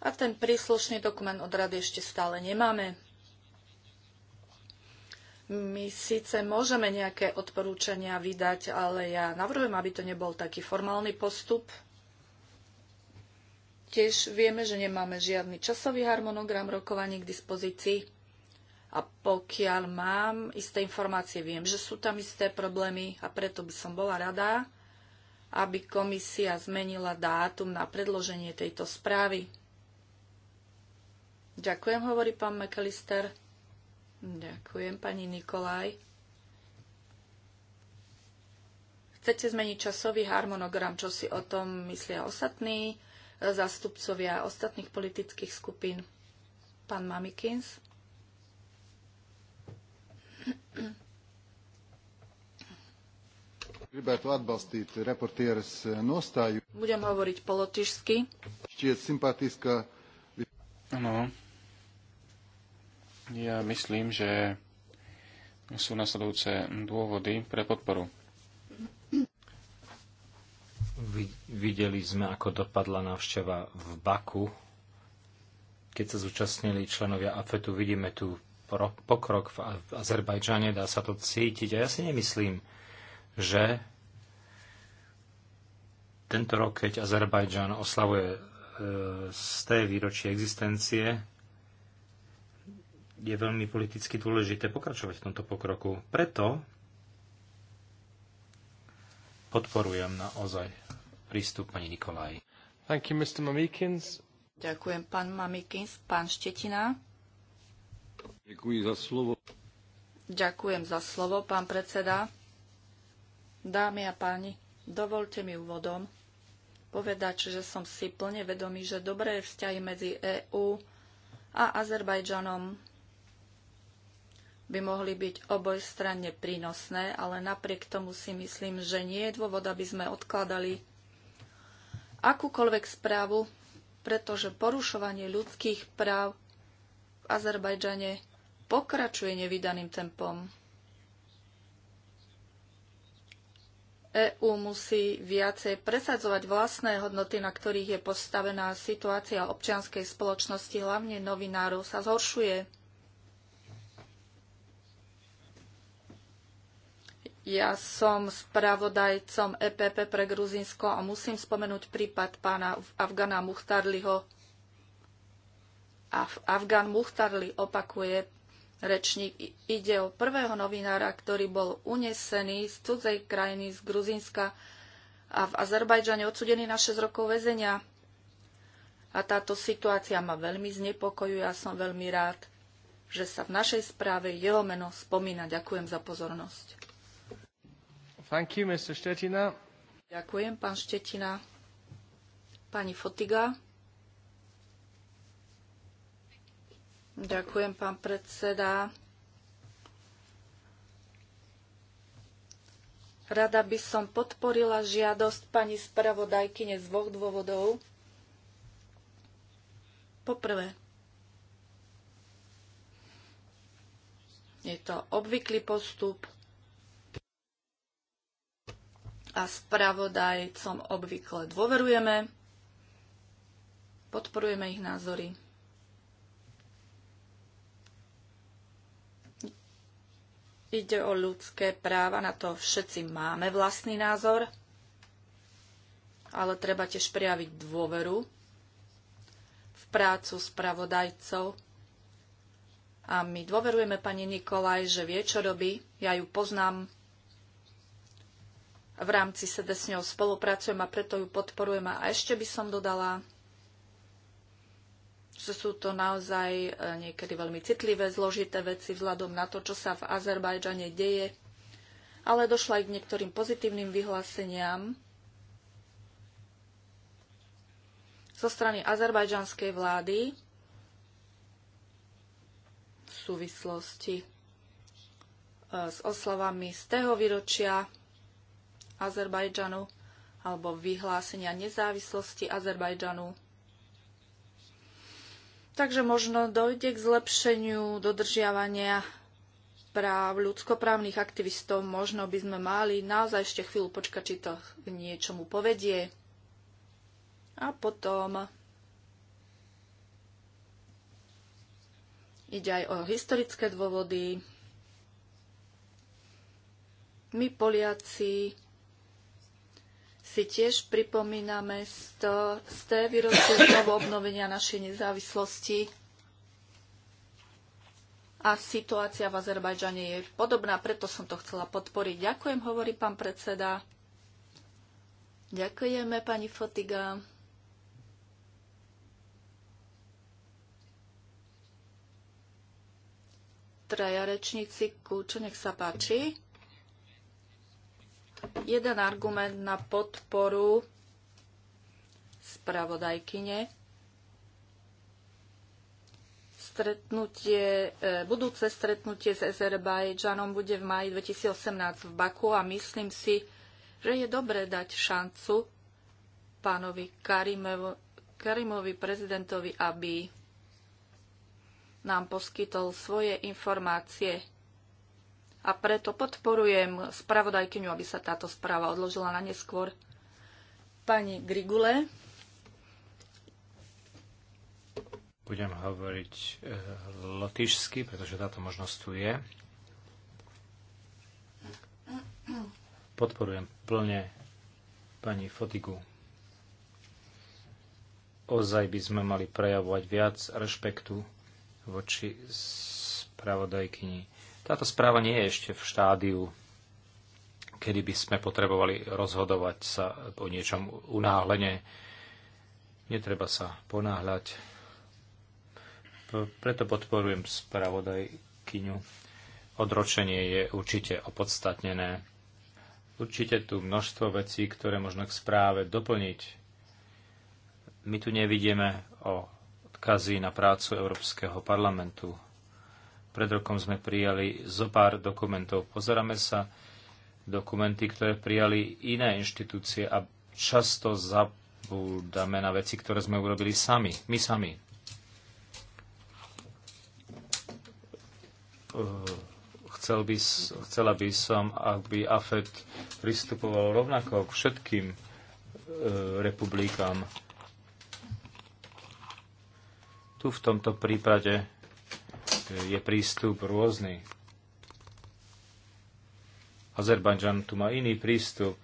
a ten príslušný dokument od rady ešte stále nemáme. My síce môžeme nejaké odporúčania vydať, ale ja navrhujem, aby to nebol taký formálny postup. Tiež vieme, že nemáme žiadny časový harmonogram rokovaní k dispozícii. A pokiaľ mám isté informácie, viem, že sú tam isté problémy a preto by som bola rada, aby komisia zmenila dátum na predloženie tejto správy. Ďakujem, hovorí pán McAllister. Ďakujem, pani Nikolaj. Chcete zmeniť časový harmonogram, čo si o tom myslia ostatní zastupcovia ostatných politických skupín? Pán Mamikins. Gribētu atbalstīt reportieres nostāju. Budem hovoriť polotišsky. Šķiet ja myslím, že sú nasledujúce dôvody pre podporu. Videli sme, ako dopadla návšteva v Baku. Keď sa zúčastnili členovia AFETu, vidíme tu pokrok v Azerbajdžane, dá sa to cítiť. A ja si nemyslím, že tento rok, keď Azerbajdžan oslavuje e, z té výročie existencie, je veľmi politicky dôležité pokračovať v tomto pokroku. Preto podporujem naozaj prístup pani Nikolaj. Thank you, Mr. Mamikins. Ďakujem, pán Mamikins. Pán Štetina. Ďakujem za slovo. Ďakujem za slovo, pán predseda. Dámy a páni, dovolte mi úvodom povedať, že som si plne vedomý, že dobré vzťahy medzi EÚ a Azerbajdžanom by mohli byť obojstranne prínosné, ale napriek tomu si myslím, že nie je dôvod, aby sme odkladali akúkoľvek správu, pretože porušovanie ľudských práv v Azerbajdžane pokračuje nevydaným tempom. EÚ musí viacej presadzovať vlastné hodnoty, na ktorých je postavená situácia občianskej spoločnosti, hlavne novinárov, sa zhoršuje. Ja som spravodajcom EPP pre Gruzinsko a musím spomenúť prípad pána Afgana Muhtarliho. A Afgan Muhtarli opakuje rečník. Ide o prvého novinára, ktorý bol unesený z cudzej krajiny, z Gruzinska a v Azerbajdžane odsudený na 6 rokov väzenia. A táto situácia ma veľmi znepokojuje a som veľmi rád, že sa v našej správe jeho meno spomína. Ďakujem za pozornosť. Thank you, Mr. Štetina. Ďakujem, pán Štetina. Pani Fotiga. Ďakujem, pán predseda. Rada by som podporila žiadosť pani spravodajkyne z dvoch dôvodov. Poprvé, je to obvyklý postup, a spravodajcom obvykle dôverujeme, podporujeme ich názory. Ide o ľudské práva, na to všetci máme vlastný názor, ale treba tiež prijaviť dôveru v prácu spravodajcov. A my dôverujeme pani Nikolaj, že vie, čo robí. Ja ju poznám v rámci SEDE s ňou spolupracujem a preto ju podporujem. A ešte by som dodala, že sú to naozaj e, niekedy veľmi citlivé, zložité veci vzhľadom na to, čo sa v Azerbajdžane deje. Ale došla aj k niektorým pozitívnym vyhláseniam zo strany azerbajdžanskej vlády v súvislosti e, s oslavami z tého výročia Azerbajdžanu alebo vyhlásenia nezávislosti Azerbajdžanu. Takže možno dojde k zlepšeniu dodržiavania práv ľudskoprávnych aktivistov. Možno by sme mali naozaj ešte chvíľu počkať, či to k niečomu povedie. A potom ide aj o historické dôvody. My Poliaci si tiež pripomíname 100, 100 výročie znovu obnovenia našej nezávislosti. A situácia v Azerbajdžane je podobná, preto som to chcela podporiť. Ďakujem, hovorí pán predseda. Ďakujeme, pani Fotiga. Traja rečníci, kúču, nech sa páči jeden argument na podporu spravodajkyne. Stretnutie, e, budúce stretnutie s Azerbajdžanom bude v maji 2018 v Baku a myslím si, že je dobre dať šancu pánovi Karimovi, Karimovi prezidentovi, aby nám poskytol svoje informácie a preto podporujem spravodajkyňu, aby sa táto správa odložila na neskôr. Pani Grigule. Budem hovoriť e, eh, lotišsky, pretože táto možnosť tu je. Podporujem plne pani Fotigu. Ozaj by sme mali prejavovať viac rešpektu voči spravodajkyni táto správa nie je ešte v štádiu, kedy by sme potrebovali rozhodovať sa o niečom unáhlene. Netreba sa ponáhľať. Preto podporujem spravodajkyňu. Odročenie je určite opodstatnené. Určite tu množstvo vecí, ktoré možno k správe doplniť. My tu nevidíme o odkazy na prácu Európskeho parlamentu pred rokom sme prijali zo pár dokumentov. Pozeráme sa dokumenty, ktoré prijali iné inštitúcie a často zabúdame na veci, ktoré sme urobili sami, my sami. Eh, chcel by, chcela by som, aby AFED pristupoval rovnako k všetkým eh, republikám. Tu v tomto prípade E, je prístup rôzny. Azerbajdžan tu má iný prístup.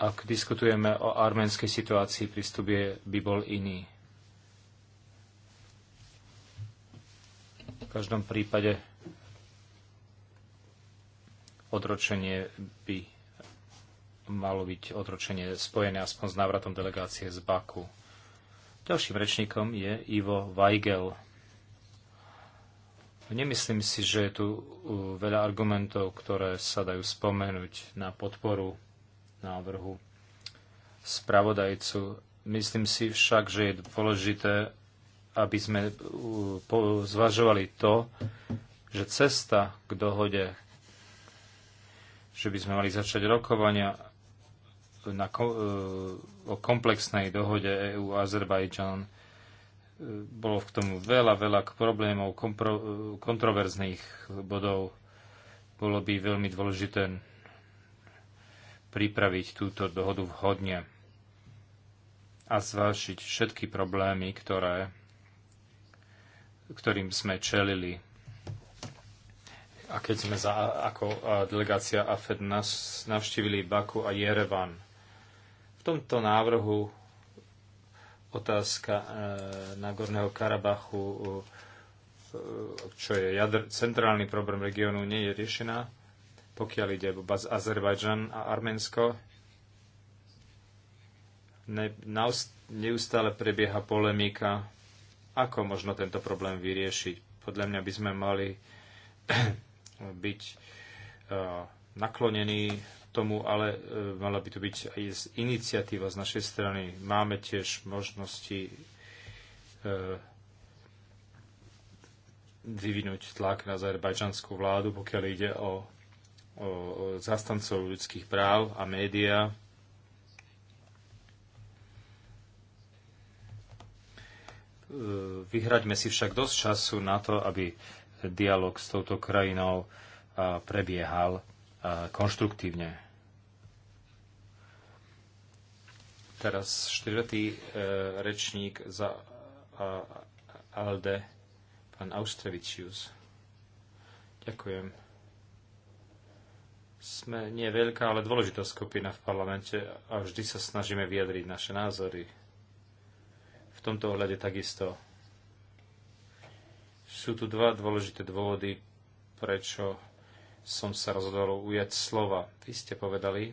Ak diskutujeme o arménskej situácii, prístup je, by bol iný. V každom prípade odročenie by malo byť odročenie spojené aspoň s návratom delegácie z Baku. Ďalším rečníkom je Ivo Weigel. Nemyslím si, že je tu uh, veľa argumentov, ktoré sa dajú spomenúť na podporu návrhu spravodajcu. Myslím si však, že je dôležité, aby sme uh, zvažovali to, že cesta k dohode, že by sme mali začať rokovania na, e, o komplexnej dohode EU a Azerbajdžan. E, bolo k tomu veľa, veľa problémov, kompro, e, kontroverzných bodov. Bolo by veľmi dôležité pripraviť túto dohodu vhodne a zvážiť všetky problémy, ktoré, ktorým sme čelili. A keď sme za, ako delegácia AFED navštívili Baku a Jerevan, v tomto návrhu otázka e, Nagorného Karabachu, e, čo je jadr, centrálny problém regiónu, nie je riešená. Pokiaľ ide o Azerbajdžan a Arménsko, ne, neustále prebieha polemika, ako možno tento problém vyriešiť. Podľa mňa by sme mali [CLEARS THROAT] byť e, naklonení tomu, ale e, mala by to byť aj iniciatíva z našej strany. Máme tiež možnosti e, vyvinúť tlak na azerbajdžanskú vládu, pokiaľ ide o, o zastancov ľudských práv a médiá. E, vyhraďme si však dosť času na to, aby dialog s touto krajinou prebiehal konštruktívne. Teraz štvrtý e, rečník za ALDE, pán Austrevičius. Ďakujem. Sme nie veľká, ale dôležitá skupina v parlamente a vždy sa snažíme vyjadriť naše názory. V tomto ohľade takisto. Sú tu dva dôležité dôvody, prečo som sa rozhodol ujať slova. Vy ste povedali,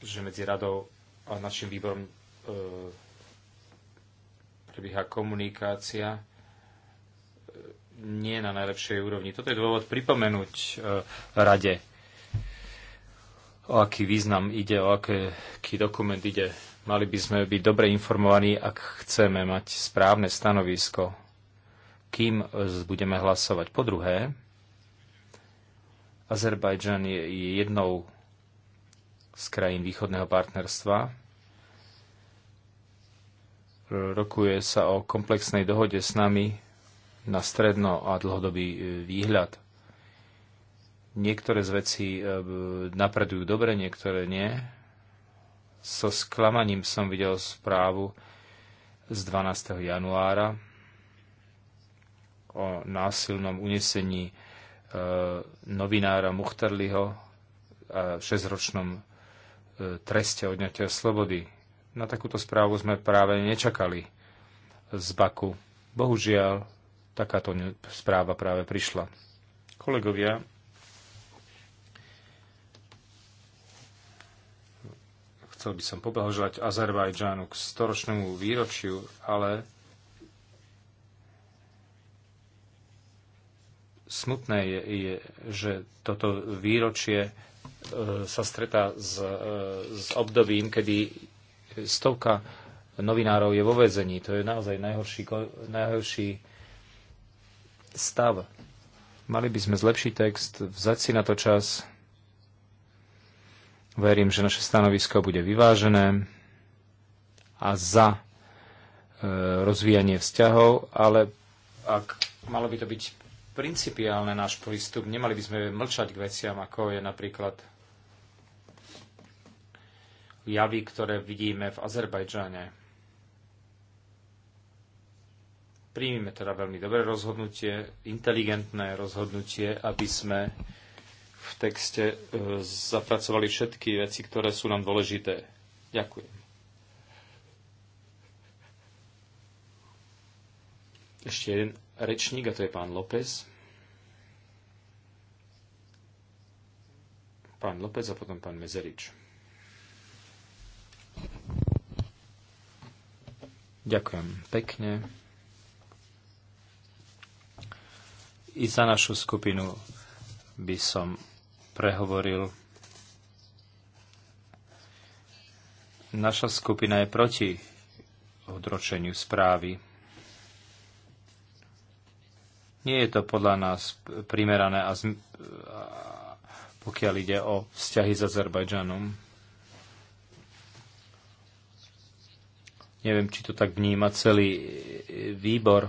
že medzi radou a našim výborom e, prebieha komunikácia e, nie na najlepšej úrovni. Toto je dôvod pripomenúť e, rade, o aký význam ide, o aké, aký dokument ide. Mali by sme byť dobre informovaní, ak chceme mať správne stanovisko kým e, budeme hlasovať. Po druhé, Azerbajdžan je jednou z krajín východného partnerstva. Rokuje sa o komplexnej dohode s nami na stredno a dlhodobý e, výhľad. Niektoré z vecí e, napredujú dobre, niektoré nie. So sklamaním som videl správu z 12. januára o násilnom unesení e, novinára Muchterliho a šesťročnom e, treste odňatia slobody. Na takúto správu sme práve nečakali z Baku. Bohužiaľ, takáto správa práve prišla. Kolegovia, chcel by som poblahoželať Azerbajdžánu k storočnému výročiu, ale smutné je, je že toto výročie e, sa stretá s, e, s obdobím, kedy stovka novinárov je vo vezení. To je naozaj najhorší, najhorší stav. Mali by sme zlepšiť text, vzať si na to čas. Verím, že naše stanovisko bude vyvážené a za e, rozvíjanie vzťahov, ale ak malo by to byť principiálne náš prístup. Nemali by sme mlčať k veciam, ako je napríklad javy, ktoré vidíme v Azerbajdžane. Príjmime teda veľmi dobré rozhodnutie, inteligentné rozhodnutie, aby sme v texte e, zapracovali všetky veci, ktoré sú nám dôležité. Ďakujem. Ešte jeden rečník, a to je pán López. pán Lopec a potom pán Mezerič. Ďakujem pekne. I za našu skupinu by som prehovoril. Naša skupina je proti odročeniu správy. Nie je to podľa nás primerané a, pokiaľ ide o vzťahy s Azerbajdžanom. Neviem, či to tak vníma celý výbor.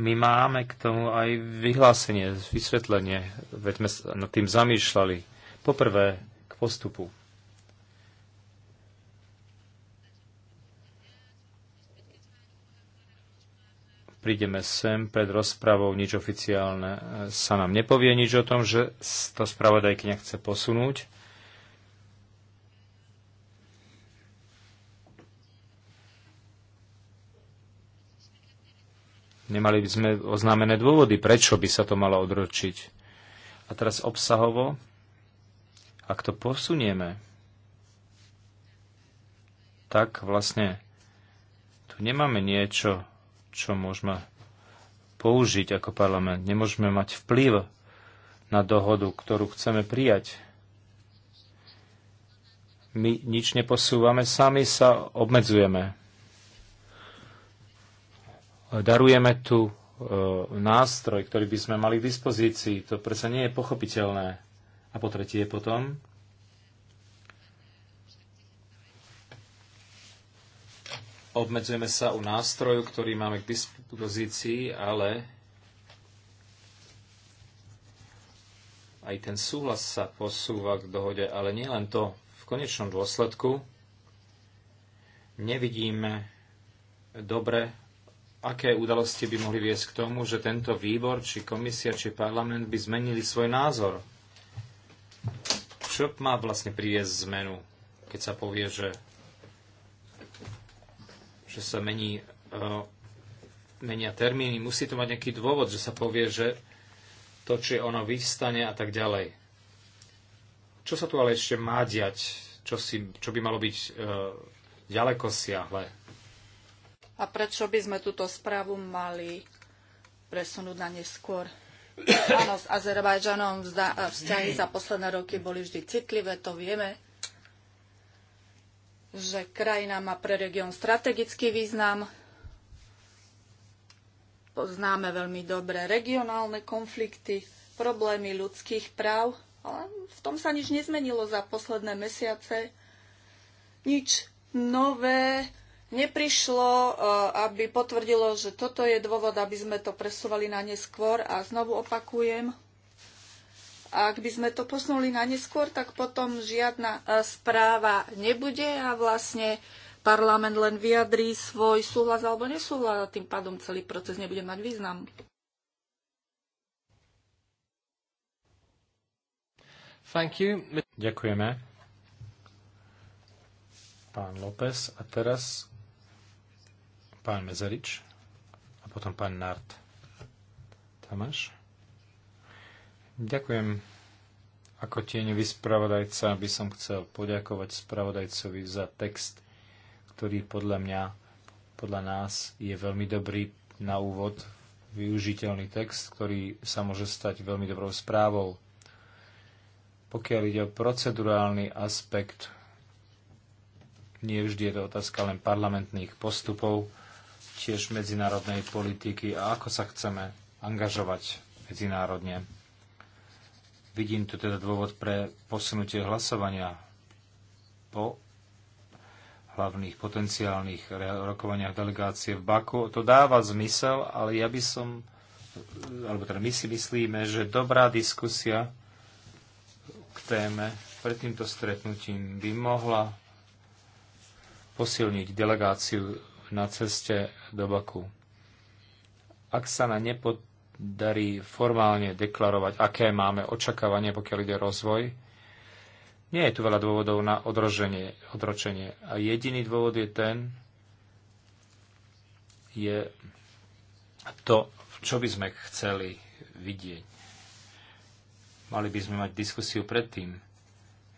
My máme k tomu aj vyhlásenie, vysvetlenie, veď sme nad tým zamýšľali. Poprvé, k postupu. prídeme sem pred rozpravou, nič oficiálne e, sa nám nepovie, nič o tom, že to spravodajkyňa chce posunúť. Nemali by sme oznámené dôvody, prečo by sa to malo odročiť. A teraz obsahovo, ak to posunieme, tak vlastne tu nemáme niečo čo môžeme použiť ako parlament. Nemôžeme mať vplyv na dohodu, ktorú chceme prijať. My nič neposúvame, sami sa obmedzujeme. Darujeme tu e, nástroj, ktorý by sme mali v dispozícii. To predsa nie je pochopiteľné. A po tretie potom, Obmedzujeme sa u nástroju, ktorý máme k dispozícii, ale aj ten súhlas sa posúva k dohode, ale nie len to. V konečnom dôsledku nevidíme dobre, aké udalosti by mohli viesť k tomu, že tento výbor, či komisia, či parlament by zmenili svoj názor. Čo má vlastne priviesť zmenu, keď sa povie, že že sa mení, e, menia termíny. Musí to mať nejaký dôvod, že sa povie, že to, či ono vystane a tak ďalej. Čo sa tu ale ešte má diať? Čo, si, čo by malo byť uh, ďaleko siahle? A prečo by sme túto správu mali presunúť na neskôr? Áno, s Azerbajdžanom vzťahy za posledné roky boli vždy citlivé, to vieme že krajina má pre región strategický význam. Poznáme veľmi dobre regionálne konflikty, problémy ľudských práv, ale v tom sa nič nezmenilo za posledné mesiace. Nič nové neprišlo, e, aby potvrdilo, že toto je dôvod, aby sme to presúvali na neskôr. A znovu opakujem, a ak by sme to posunuli na neskôr, tak potom žiadna e, správa nebude a vlastne parlament len vyjadrí svoj súhlas alebo nesúhlas a tým pádom celý proces nebude mať význam. Thank you. Ďakujeme. Pán López a teraz pán Mezerič a potom pán Nart. Tamáš? Ďakujem. Ako tieňový spravodajca by som chcel poďakovať spravodajcovi za text, ktorý podľa mňa, podľa nás je veľmi dobrý na úvod, využiteľný text, ktorý sa môže stať veľmi dobrou správou. Pokiaľ ide o procedurálny aspekt, nie vždy je to otázka len parlamentných postupov, tiež medzinárodnej politiky a ako sa chceme angažovať medzinárodne Vidím tu teda dôvod pre posunutie hlasovania po hlavných potenciálnych rokovaniach delegácie v Baku. To dáva zmysel, ale ja by som, alebo teda my si myslíme, že dobrá diskusia k téme pred týmto stretnutím by mohla posilniť delegáciu na ceste do Baku. Ak sa na nepod darí formálne deklarovať, aké máme očakávanie, pokiaľ ide rozvoj. Nie je tu veľa dôvodov na odroženie, odročenie. A jediný dôvod je ten, je to, čo by sme chceli vidieť. Mali by sme mať diskusiu predtým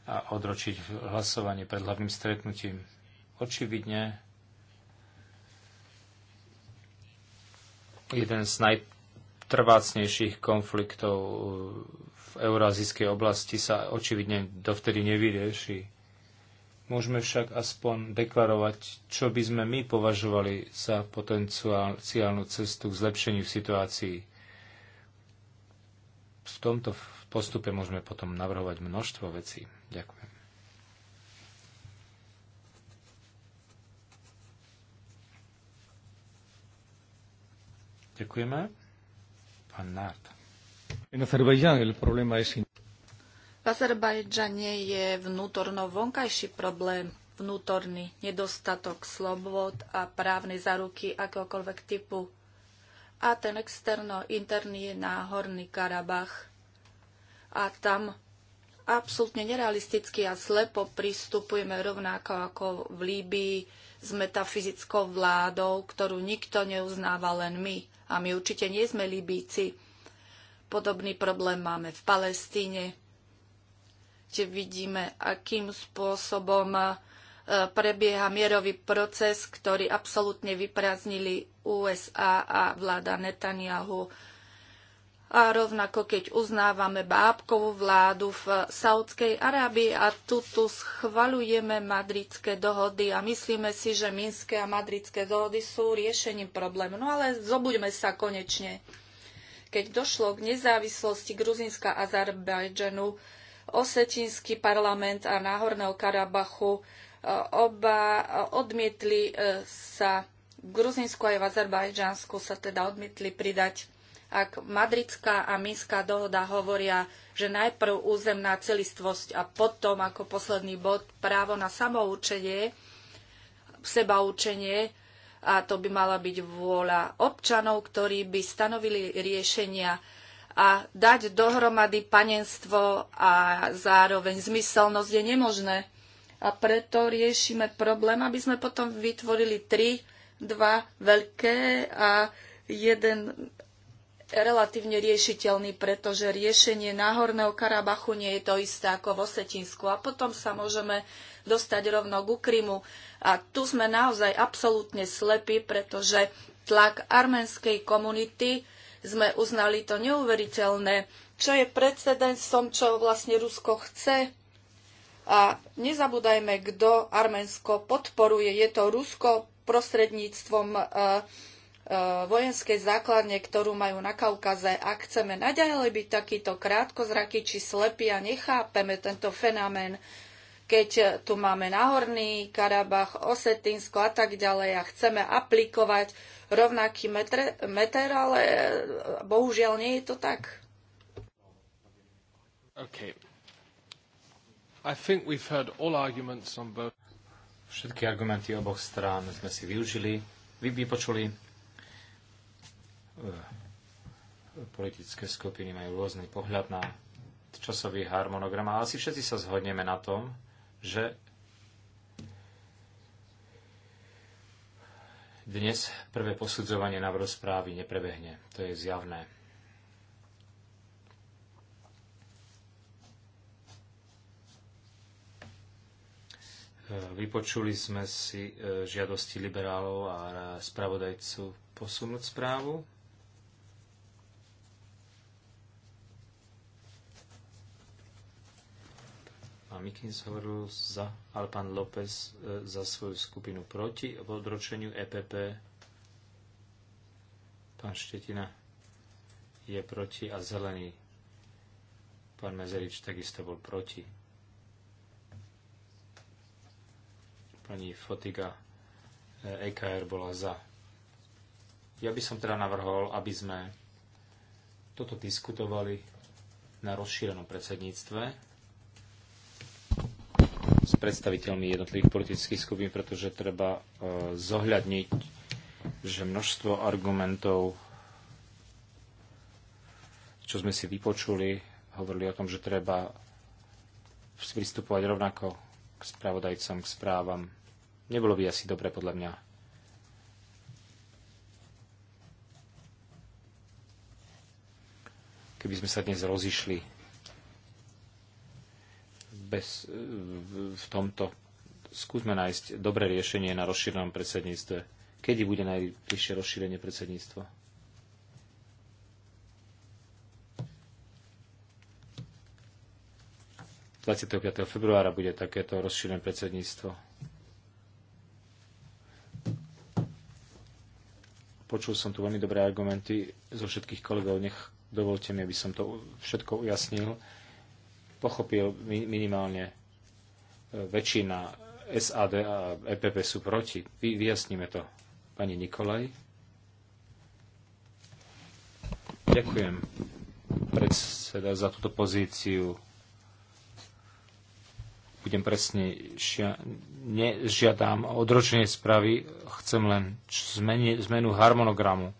a odročiť hlasovanie pred hlavným stretnutím. Očividne jeden z naj trvácnejších konfliktov eh, v eurázijskej oblasti sa očividne dovtedy nevyrieši. Môžeme však aspoň deklarovať, čo by sme my považovali za potenciálnu cestu k zlepšeniu situácií. V tomto postupe môžeme potom navrhovať množstvo vecí. Ďakujem. Ďakujeme. V Azerbajdžane je vnútorno-vonkajší problém, vnútorný nedostatok slobod a právnej záruky akéhokoľvek typu. A ten externo-interný je Náhorný Karabach. A tam absolútne nerealisticky a slepo pristupujeme rovnako ako v Líbii s metafyzickou vládou, ktorú nikto neuznáva, len my. A my určite nie sme Libíci. Podobný problém máme v Palestíne, kde vidíme, akým spôsobom e, prebieha mierový proces, ktorý absolútne vyprázdnili USA a vláda Netanyahu a rovnako keď uznávame bábkovú vládu v Saudskej Arábii a tuto schvaľujeme madridské dohody a myslíme si, že minské a madridské dohody sú riešením problému. No ale zobuďme sa konečne. Keď došlo k nezávislosti Gruzinska a Azerbajdžanu, Osetinský parlament a Náhorného Karabachu e, oba odmietli e, sa, Gruzinsku aj v Azerbajdžansku sa teda odmietli pridať ak Madridská a Minská dohoda hovoria, že najprv územná celistvosť a potom ako posledný bod právo na samoučenie, sebaúčenie, a to by mala byť vôľa občanov, ktorí by stanovili riešenia a dať dohromady panenstvo a zároveň zmyselnosť je nemožné. A preto riešime problém, aby sme potom vytvorili tri, dva veľké a jeden relatívne riešiteľný, pretože riešenie Náhorného Karabachu nie je to isté ako v Osetinsku. A potom sa môžeme dostať rovno ku Krymu. A tu sme naozaj absolútne slepí, pretože tlak arménskej komunity sme uznali to neuveriteľné, čo je precedensom, čo vlastne Rusko chce. A nezabúdajme, kto Arménsko podporuje. Je to Rusko prostredníctvom uh, Eh, vojenskej základne, ktorú majú na Kaukaze. Ak chceme naďalej byť takýto krátkozraký či slepý a nechápeme tento fenomén, keď eh, tu máme Nahorný Karabach, Osetinsko a tak ďalej a chceme aplikovať rovnaký meter, meter ale eh, bohužiaľ nie je to tak. Okay. I think we've heard all arguments on both. Všetky argumenty oboch strán sme si využili, vypočuli. Eh, politické skupiny majú rôzny pohľad na časový harmonogram, ale asi všetci sa zhodneme na tom, že dnes prvé posudzovanie na správy neprebehne. To je zjavné. Eh, vypočuli sme si eh, žiadosti liberálov a spravodajcu posunúť správu. pán Mikins hovoril za, ale pán López e, za svoju skupinu proti odročeniu EPP. Pán Štetina je proti a zelený. Pán Mezerič takisto bol proti. Pani Fotiga e, EKR bola za. Ja by som teda navrhol, aby sme toto diskutovali na rozšírenom predsedníctve s predstaviteľmi jednotlivých politických skupín, pretože treba e, zohľadniť, že množstvo argumentov, čo sme si vypočuli, hovorili o tom, že treba pristupovať rovnako k spravodajcom, k správam. Nebolo by asi dobre podľa mňa keby sme sa dnes rozišli bez, e, v tomto. Skúsme nájsť dobré riešenie na rozšírenom predsedníctve. Kedy bude najbližšie rozšírenie predsedníctva? Z 25. februára bude takéto rozšírené predsedníctvo. Počul som tu veľmi dobré argumenty zo všetkých kolegov. Nech dovolte mi, aby som to všetko ujasnil pochopil minimálne e, väčšina SAD a EPP sú proti. Vy, vyjasníme to. Pani Nikolaj. Ďakujem predseda za túto pozíciu. Budem presne, šia, nežiadam odročenie správy, chcem len zmeni, zmenu harmonogramu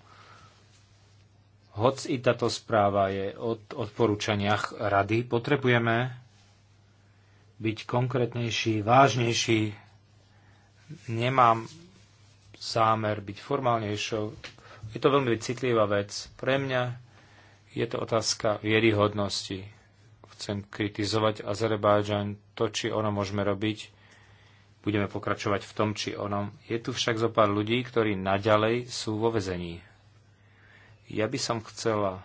hoci i táto správa je od odporúčaniach rady, potrebujeme byť konkrétnejší, vážnejší. Nemám zámer byť formálnejšou. Je to veľmi citlivá vec. Pre mňa je to otázka vieryhodnosti. Chcem kritizovať Azerbajdžan, to, či ono môžeme robiť. Budeme pokračovať v tom, či onom. Je tu však zo pár ľudí, ktorí naďalej sú vo vezení. Ja by som chcela,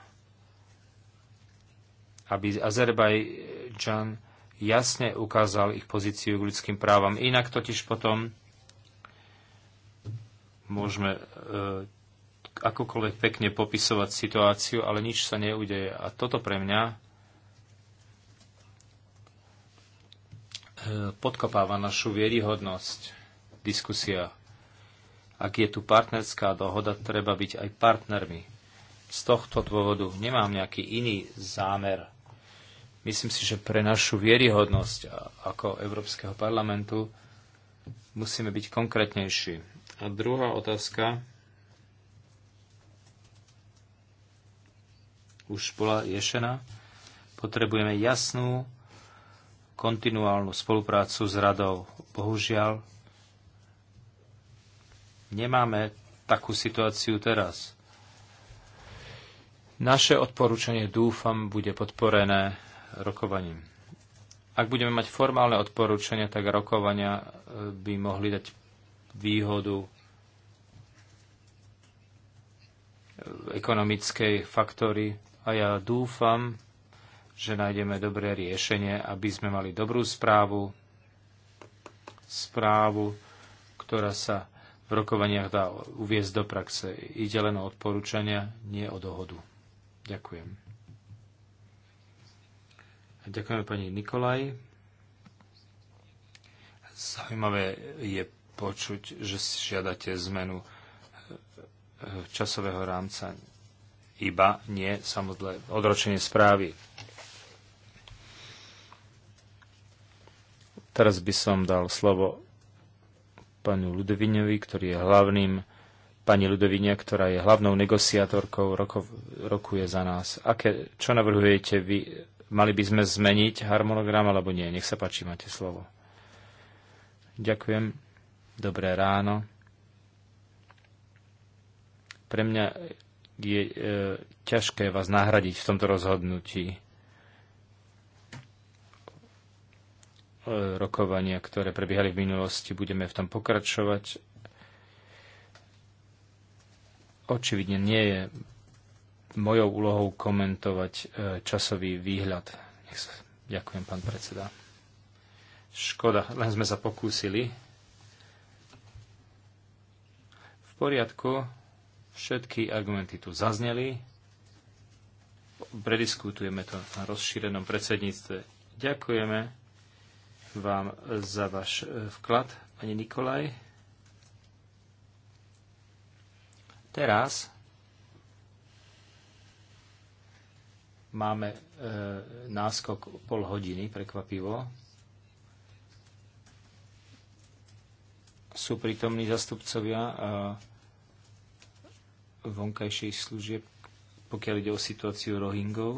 aby Azerbajdžan jasne ukázal ich pozíciu k ľudským právam. Inak totiž potom môžeme e, akokoľvek pekne popisovať situáciu, ale nič sa neudeje. A toto pre mňa e, podkopáva našu vieryhodnosť diskusia. Ak je tu partnerská dohoda, treba byť aj partnermi z tohto dôvodu nemám nejaký iný zámer. Myslím si, že pre našu vieryhodnosť ako Európskeho parlamentu musíme byť konkrétnejší. A druhá otázka už bola riešená. Potrebujeme jasnú, kontinuálnu spoluprácu s radou. Bohužiaľ, nemáme takú situáciu teraz naše odporúčanie, dúfam, bude podporené rokovaním. Ak budeme mať formálne odporúčania, tak rokovania e, by mohli dať výhodu e, ekonomickej faktory a ja dúfam, že nájdeme dobré riešenie, aby sme mali dobrú správu, správu, ktorá sa v rokovaniach dá uviezť do praxe. Ide len o odporúčania, nie o dohodu. Ďakujem. Ďakujeme pani Nikolaj. Zaujímavé je počuť, že si žiadate zmenu e, e, časového rámca iba nie samozrejme odročenie správy. Teraz by som dal slovo panu Ludoviňovi, ktorý je hlavným pani Ludovine, ktorá je hlavnou negociátorkou, roko, rokuje za nás. Aké, čo navrhujete vy? Mali by sme zmeniť harmonogram alebo nie? Nech sa páči, máte slovo. Ďakujem. Dobré ráno. Pre mňa je e, ťažké vás nahradiť v tomto rozhodnutí. E, rokovania, ktoré prebiehali v minulosti, budeme v tom pokračovať Očividne nie je mojou úlohou komentovať e, časový výhľad. Ďakujem, pán predseda. Škoda, len sme sa pokúsili. V poriadku, všetky argumenty tu zazneli. Prediskutujeme to na rozšírenom predsedníctve. Ďakujeme vám za váš e, vklad, pani Nikolaj. Teraz máme e, náskok pol hodiny, prekvapivo. Sú prítomní zastupcovia e, vonkajších služieb, pokiaľ ide o situáciu Rohingov.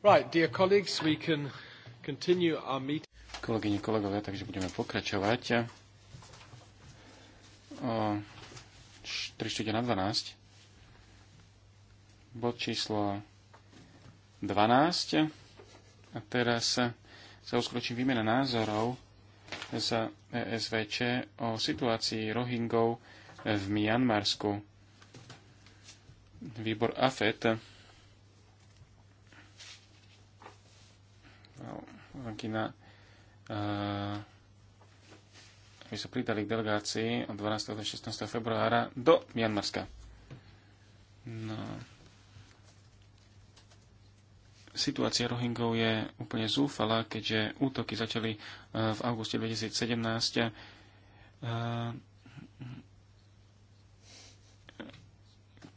Right, dear colleagues, we can continue our Kolegyne, kolegovia, takže budeme pokračovať. O 3 na 12. Bod číslo 12. A teraz sa uskročím výmena názorov z ESVČ o situácii Rohingov v Mianmarsku. Výbor AFET Vankina, eh, aby sa pridali k delegácii od 12. do 16. februára do Mianmarska. No. Situácia Rohingov je úplne zúfala, keďže útoky začali eh, v auguste 2017 eh,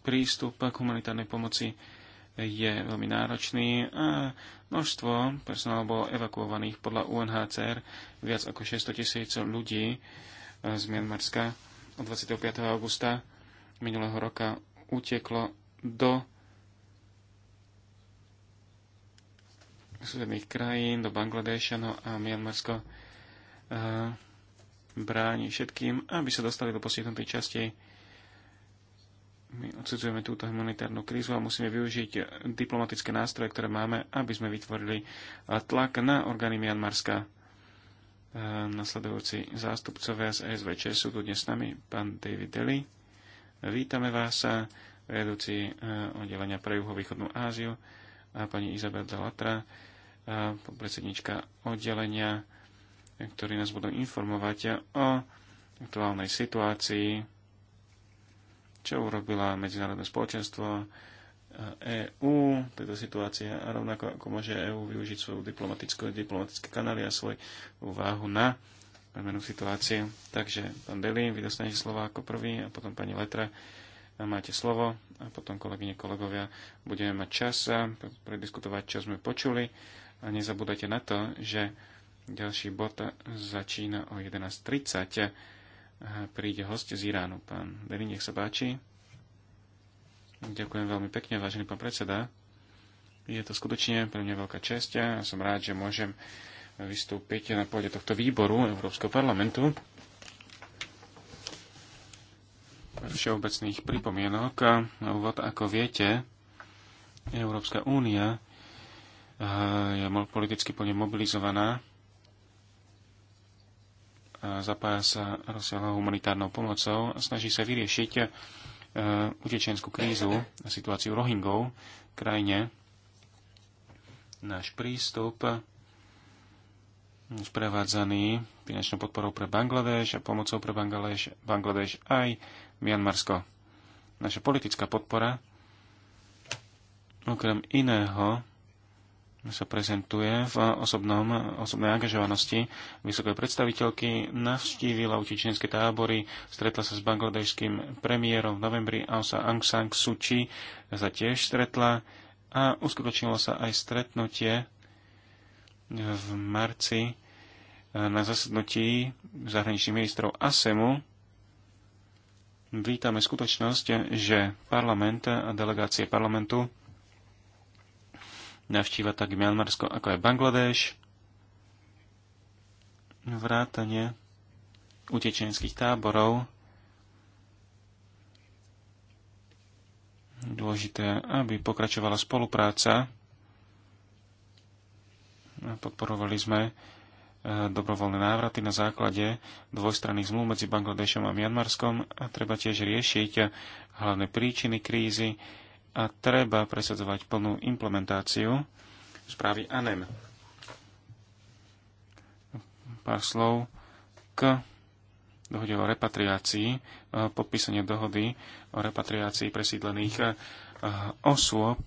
prístup k humanitárnej pomoci je veľmi náročný a množstvo personálu bolo evakuovaných podľa UNHCR viac ako 600 tisíc ľudí e, z Mianmarska od 25. augusta minulého roka uteklo do susedných krajín, do Bangladeša, no a Mianmarsko e, bráni všetkým, aby sa dostali do posiednutej časti my odsudzujeme túto humanitárnu krízu a musíme využiť diplomatické nástroje, ktoré máme, aby sme vytvorili tlak na orgány Mianmarska. E, nasledujúci zástupcovia z SVČ sú tu dnes s nami, pán David Deli. Vítame vás, e, vedúci e, oddelenia pre juhovýchodnú Áziu a pani Izabel Zalatra, predsednička oddelenia, ktorí nás budú informovať o aktuálnej situácii čo urobila medzinárodné spoločenstvo EÚ, tejto situácie, a rovnako ako môže EÚ využiť svoju diplomatickú, diplomatické kanály a svoj váhu na premenu situácie. Takže, pán Deli, vy dostanete slova ako prvý a potom pani Letra máte slovo a potom kolegyne, kolegovia, budeme mať čas prediskutovať, čo sme počuli a nezabúdajte na to, že ďalší bod začína o 11.30 príde host z Iránu. Pán Deri, nech sa páči. Ďakujem veľmi pekne, vážený pán predseda. Je to skutočne pre mňa veľká čest a som rád, že môžem vystúpiť na pôde tohto výboru Európskeho parlamentu. Všeobecných pripomienok a úvod, ako viete, Európska únia eh, je politicky plne mobilizovaná zapája sa rozsiahlou humanitárnou pomocou a snaží sa vyriešiť e, utečenskú krízu a situáciu Rohingov v krajine. Náš prístup mm, sprevádzaný finančnou podporou pre Bangladeš a pomocou pre Bangladeš, Bangladeš aj Mianmarsko. Naša politická podpora okrem iného sa prezentuje v osobnom, osobnej angažovanosti vysokej predstaviteľky, navštívila utečenské tábory, stretla sa s bangladejským premiérom v novembri Ausa Aung San Suu Kyi, sa tiež stretla a uskutočnilo sa aj stretnutie v marci eh, na zasadnutí zahraničných ministrov ASEMu. Vítame skutočnosť, že parlament a delegácie parlamentu navštíva tak Mianmarsko, ako aj Bangladeš, vrátanie utečenských táborov. Dôležité, aby pokračovala spolupráca. Podporovali sme e, dobrovoľné návraty na základe dvojstranných zmluv medzi Bangladešom a Mianmarskom a treba tiež riešiť hlavné príčiny krízy, a treba presadzovať plnú implementáciu správy ANEM. Pár slov k dohode o repatriácii, e, podpísanie dohody o repatriácii presídlených e, osôb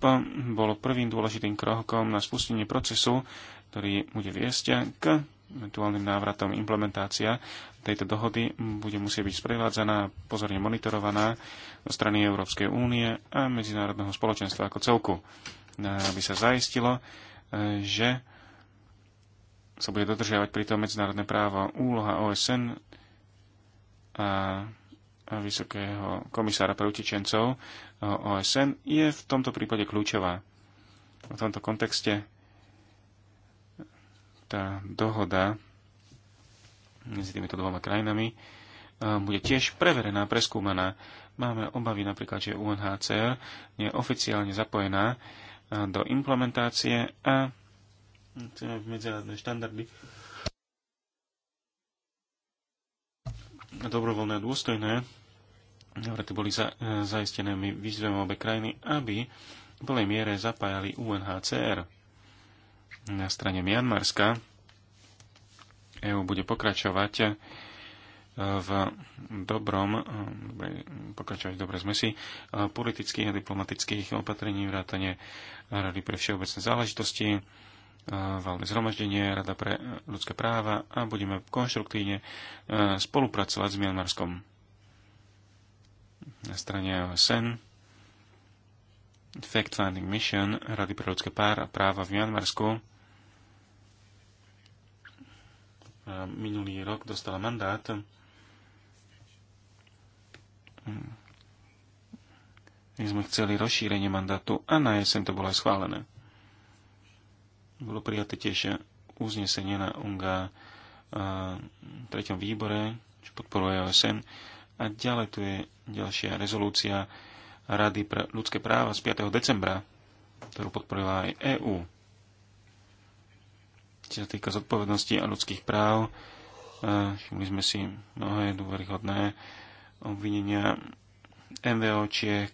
bolo prvým dôležitým krokom na spustenie procesu, ktorý bude viesť k eventuálnym návratom implementácia tejto dohody bude musieť byť sprevádzaná, pozorne monitorovaná zo strany Európskej únie a medzinárodného spoločenstva ako celku, aby sa zaistilo, e, že sa bude dodržiavať pritom medzinárodné právo úloha OSN a vysokého komisára pre utečencov OSN je v tomto prípade kľúčová. V tomto kontexte tá dohoda medzi týmito dvoma krajinami e, bude tiež preverená, preskúmaná. Máme obavy napríklad, že UNHCR je oficiálne zapojená e, do implementácie a medzinárodné štandardy dobrovoľné dôstojné, ktoré boli za, e, zaistené, my vyzveme obe krajiny, aby v plnej miere zapájali UNHCR na strane Mianmarska EÚ bude pokračovať eh, v dobrom, eh, pokračovať v dobrej zmesi eh, politických a diplomatických opatrení, vrátane Rady pre všeobecné záležitosti, valné zhromaždenie, Rada pre ľudské práva a budeme konštruktívne spolupracovať s Mianmarskom na strane OSN. Fact-finding mission Rady pre ľudské práva v Mianmarsku minulý rok dostala mandát my sme chceli rozšírenie mandátu a na jeseň to bolo aj schválené. Bolo prijaté tiež uznesenie na UNGA v treťom výbore, čo podporuje OSN. A ďalej tu je ďalšia rezolúcia Rady pre ľudské práva z 5. decembra, ktorú podporila aj EÚ čo sa týka zodpovednosti a ľudských práv, e, všimli sme si mnohé dôveryhodné obvinenia čiek,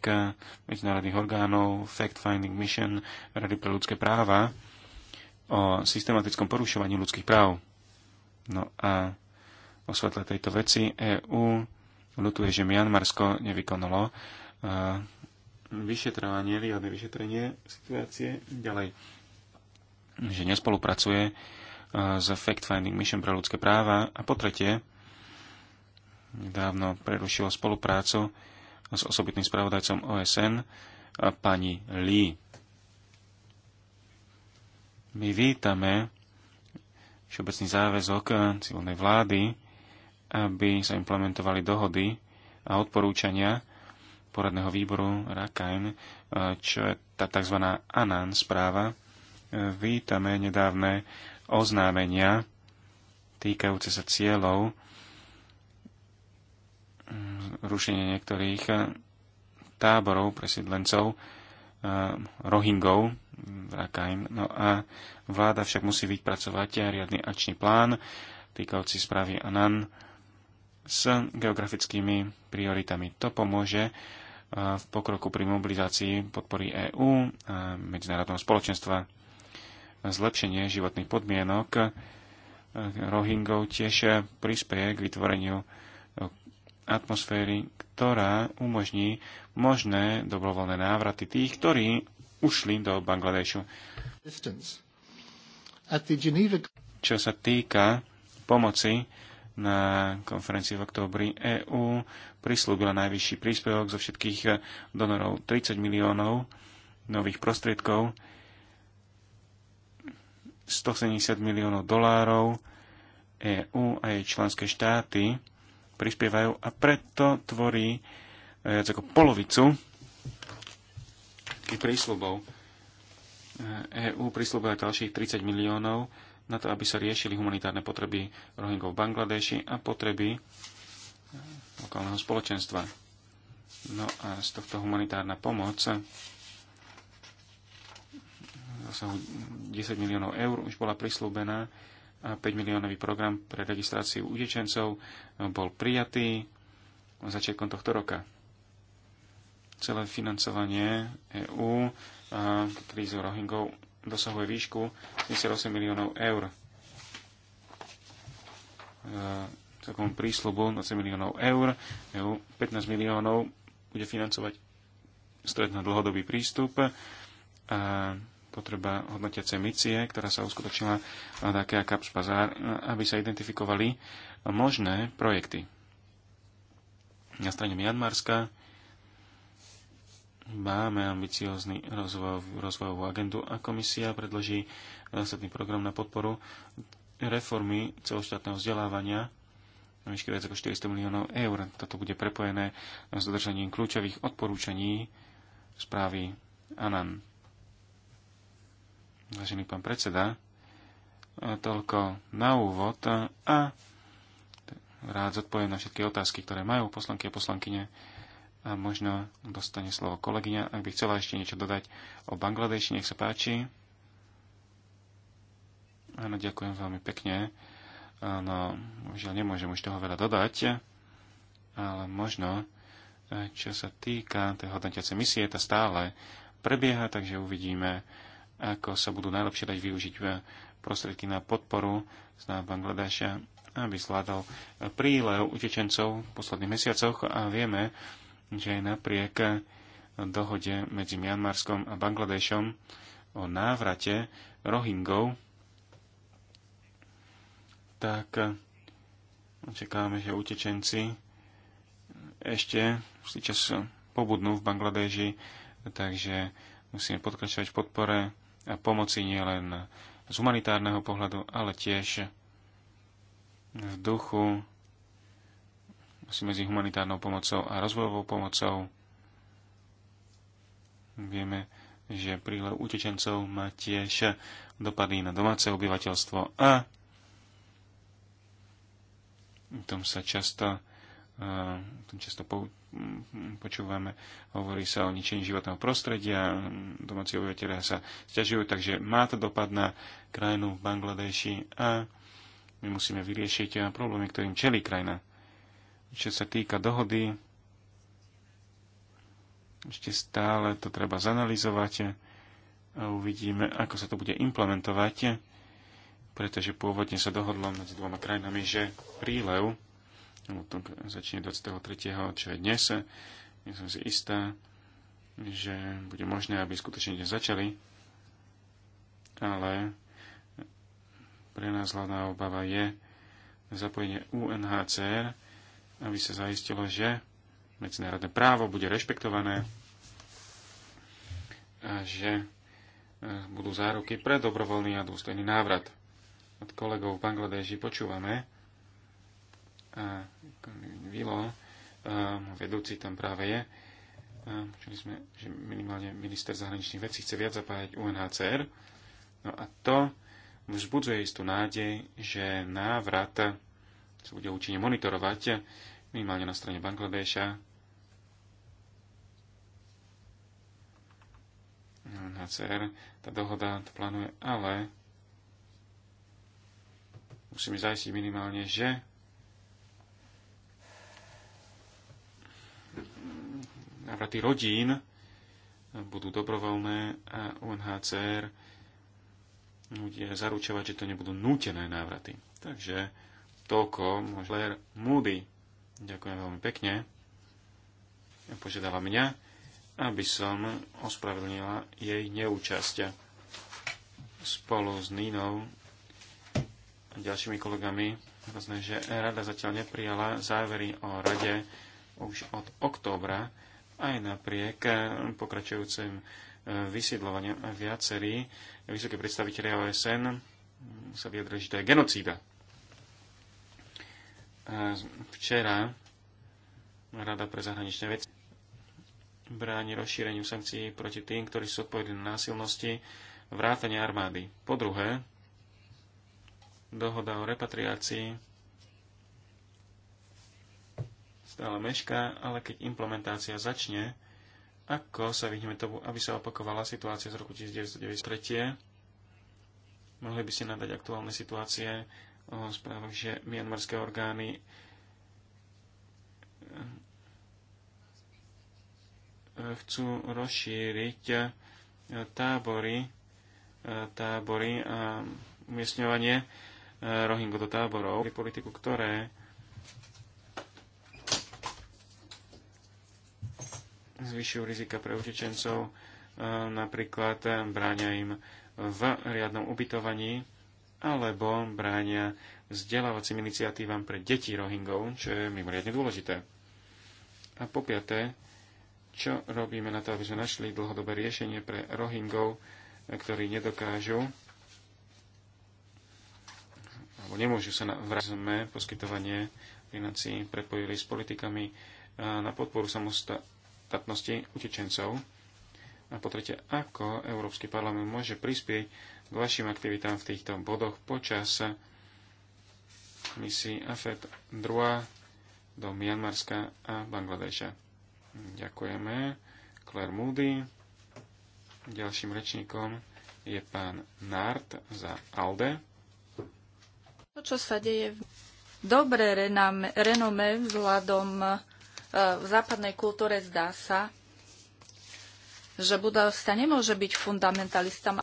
medzinárodných orgánov, Fact-Finding Mission, Rady pre ľudské práva o systematickom porušovaní ľudských práv. No a o svetle tejto veci EÚ ľutuje, že Mianmarsko nevykonalo e, vyšetrovanie, riadne vyšetrenie situácie ďalej že nespolupracuje e, s Fact-Finding Mission pre ľudské práva a po tretie nedávno prerušilo spoluprácu s osobitným spravodajcom OSN e, pani Lee. My vítame všeobecný záväzok e, civilnej vlády, aby sa implementovali dohody a odporúčania poradného výboru Rakhine, čo je tá tzv. Anan správa, vítame nedávne oznámenia týkajúce sa cieľov rušenie niektorých táborov presídlencov eh, Rohingov v Rakhine. No a vláda však musí vypracovať riadny akčný plán týkajúci správy Anan s geografickými prioritami. To pomôže eh, v pokroku pri mobilizácii podpory EÚ a medzinárodného spoločenstva zlepšenie životných podmienok Rohingov tiež prispieje k vytvoreniu atmosféry, ktorá umožní možné dobrovoľné návraty tých, ktorí ušli do Bangladešu. Čo sa týka pomoci na konferencii v októbri EÚ prislúbila najvyšší príspevok zo všetkých donorov 30 miliónov nových prostriedkov 170 miliónov dolárov EÚ a jej členské štáty prispievajú a preto tvorí e, viac ako polovicu tých prísľubov. EÚ e prísľubuje ďalších 30 miliónov na to, aby sa riešili humanitárne potreby Rohingov v Bangladeši a potreby e, lokálneho spoločenstva. No a z tohto humanitárna pomoc zasahu 10 miliónov eur už bola prislúbená a 5 miliónový program pre registráciu utečencov bol prijatý začiatkom tohto roka. Celé financovanie EÚ krízu Rohingov dosahuje výšku 78 miliónov eur. E, v takom prísľubu 20 miliónov eur, EU 15 miliónov bude financovať stredno dlhodobý prístup a potreba hodnotiacej misie, ktorá sa uskutočnila na také a Caps Bazar, aby sa identifikovali možné projekty. Na strane Mianmarska máme ambiciózny rozvoj, rozvojovú agendu a komisia predloží zásadný program na podporu reformy celoštátneho vzdelávania na výške viac ako 400 miliónov eur. Toto bude prepojené s dodržaním kľúčových odporúčaní správy ANAN. Vážený pán predseda, toľko na úvod a rád zodpoviem na všetky otázky, ktoré majú poslanky a poslankyne a možno dostane slovo kolegyňa, ak by chcela ešte niečo dodať o Bangladeši, nech sa páči. Áno, ďakujem veľmi pekne. Áno, už nemôžem už toho veľa dodať, ale možno, eh, čo sa týka tej hodnotiacej misie, tá stále prebieha, takže uvidíme, ako sa budú najlepšie dať využiť eh, prostriedky na podporu z Bangladeša, aby zvládol eh, prílev utečencov v posledných mesiacoch a vieme, že aj napriek eh, dohode medzi Mianmarskom a Bangladešom o návrate Rohingov, tak očakávame, že utečenci ešte si čas pobudnú v Bangladeži, takže musíme podkračovať v podpore a pomoci nielen z humanitárneho pohľadu, ale tiež v duchu asi medzi humanitárnou pomocou a rozvojovou pomocou. Vieme, že prílev utečencov má tiež dopady na domáce obyvateľstvo a v tom sa často tom často počúvame, hovorí sa o ničení životného prostredia, domáci obyvateľia sa stiažujú, takže má to dopad na krajinu v Bangladeši a my musíme vyriešiť problémy, ktorým čelí krajina. Čo sa týka dohody, ešte stále to treba zanalizovať a uvidíme, ako sa to bude implementovať, pretože pôvodne sa dohodlo medzi dvoma krajinami, že prílev to začne 23., čo je dnes. Ja som si istá, že bude možné, aby skutočne dnes začali, ale pre nás hlavná obava je zapojenie UNHCR, aby sa zaistilo, že medzinárodné právo bude rešpektované a že e, budú záruky pre dobrovoľný a dôstojný návrat. Od kolegov v Bangladeži počúvame, a Vilo, vedúci tam práve je, počuli sme, že minimálne minister zahraničných vecí chce viac zapájať UNHCR. No a to vzbudzuje istú nádej, že návrat sa bude účinne monitorovať minimálne na strane Bangladeša. UNHCR, tá dohoda to plánuje, ale musíme zajistiť minimálne, že návraty rodín budú dobrovoľné a UNHCR bude zaručovať, že to nebudú nútené návraty. Takže toľko možno Moody. Ďakujem veľmi pekne. Požiadala mňa, aby som ospravedlnila jej neúčasť spolu s Nínou a ďalšími kolegami. Hrozné, že rada zatiaľ neprijala závery o rade už od októbra aj napriek eh, pokračujúcim eh, vysiedľovaniam viacerí vysokí predstaviteľi OSN mm, sa vyjadrili, že to je genocída. Včera Rada pre zahraničné veci bráni rozšíreniu sankcií proti tým, ktorí sú odpovedli na násilnosti vrátania armády. Po druhé, dohoda o repatriácii stále mešká, ale keď implementácia začne, ako sa vidíme tomu, aby sa opakovala situácia z roku 1993? Mohli by ste nadať aktuálne situácie o správach, že mianmarské orgány eh, chcú rozšíriť eh, tábory, eh, tábory a umiestňovanie Rohingo do táborov, politiku, ktoré zvyšujú rizika pre utečencov, e, napríklad e, bráňa im v riadnom ubytovaní alebo bráňa vzdelávacím iniciatívam pre deti Rohingov, čo je mimoriadne dôležité. A po piaté, čo robíme na to, aby sme našli dlhodobé riešenie pre Rohingov, e, ktorí nedokážu alebo nemôžu sa na Sme poskytovanie financií prepojili s politikami na podporu samosta- štátnosti utečencov. A po tretie, ako Európsky parlament môže prispieť k vašim aktivitám v týchto bodoch počas misií AFED 2 do Mianmarska a Bangladeša. Ďakujeme. Claire Moody. Ďalším rečníkom je pán Nart za ALDE. To, čo sa deje v dobré renome vzhľadom v západnej kultúre zdá sa, že budovstva nemôže byť fundamentalistom.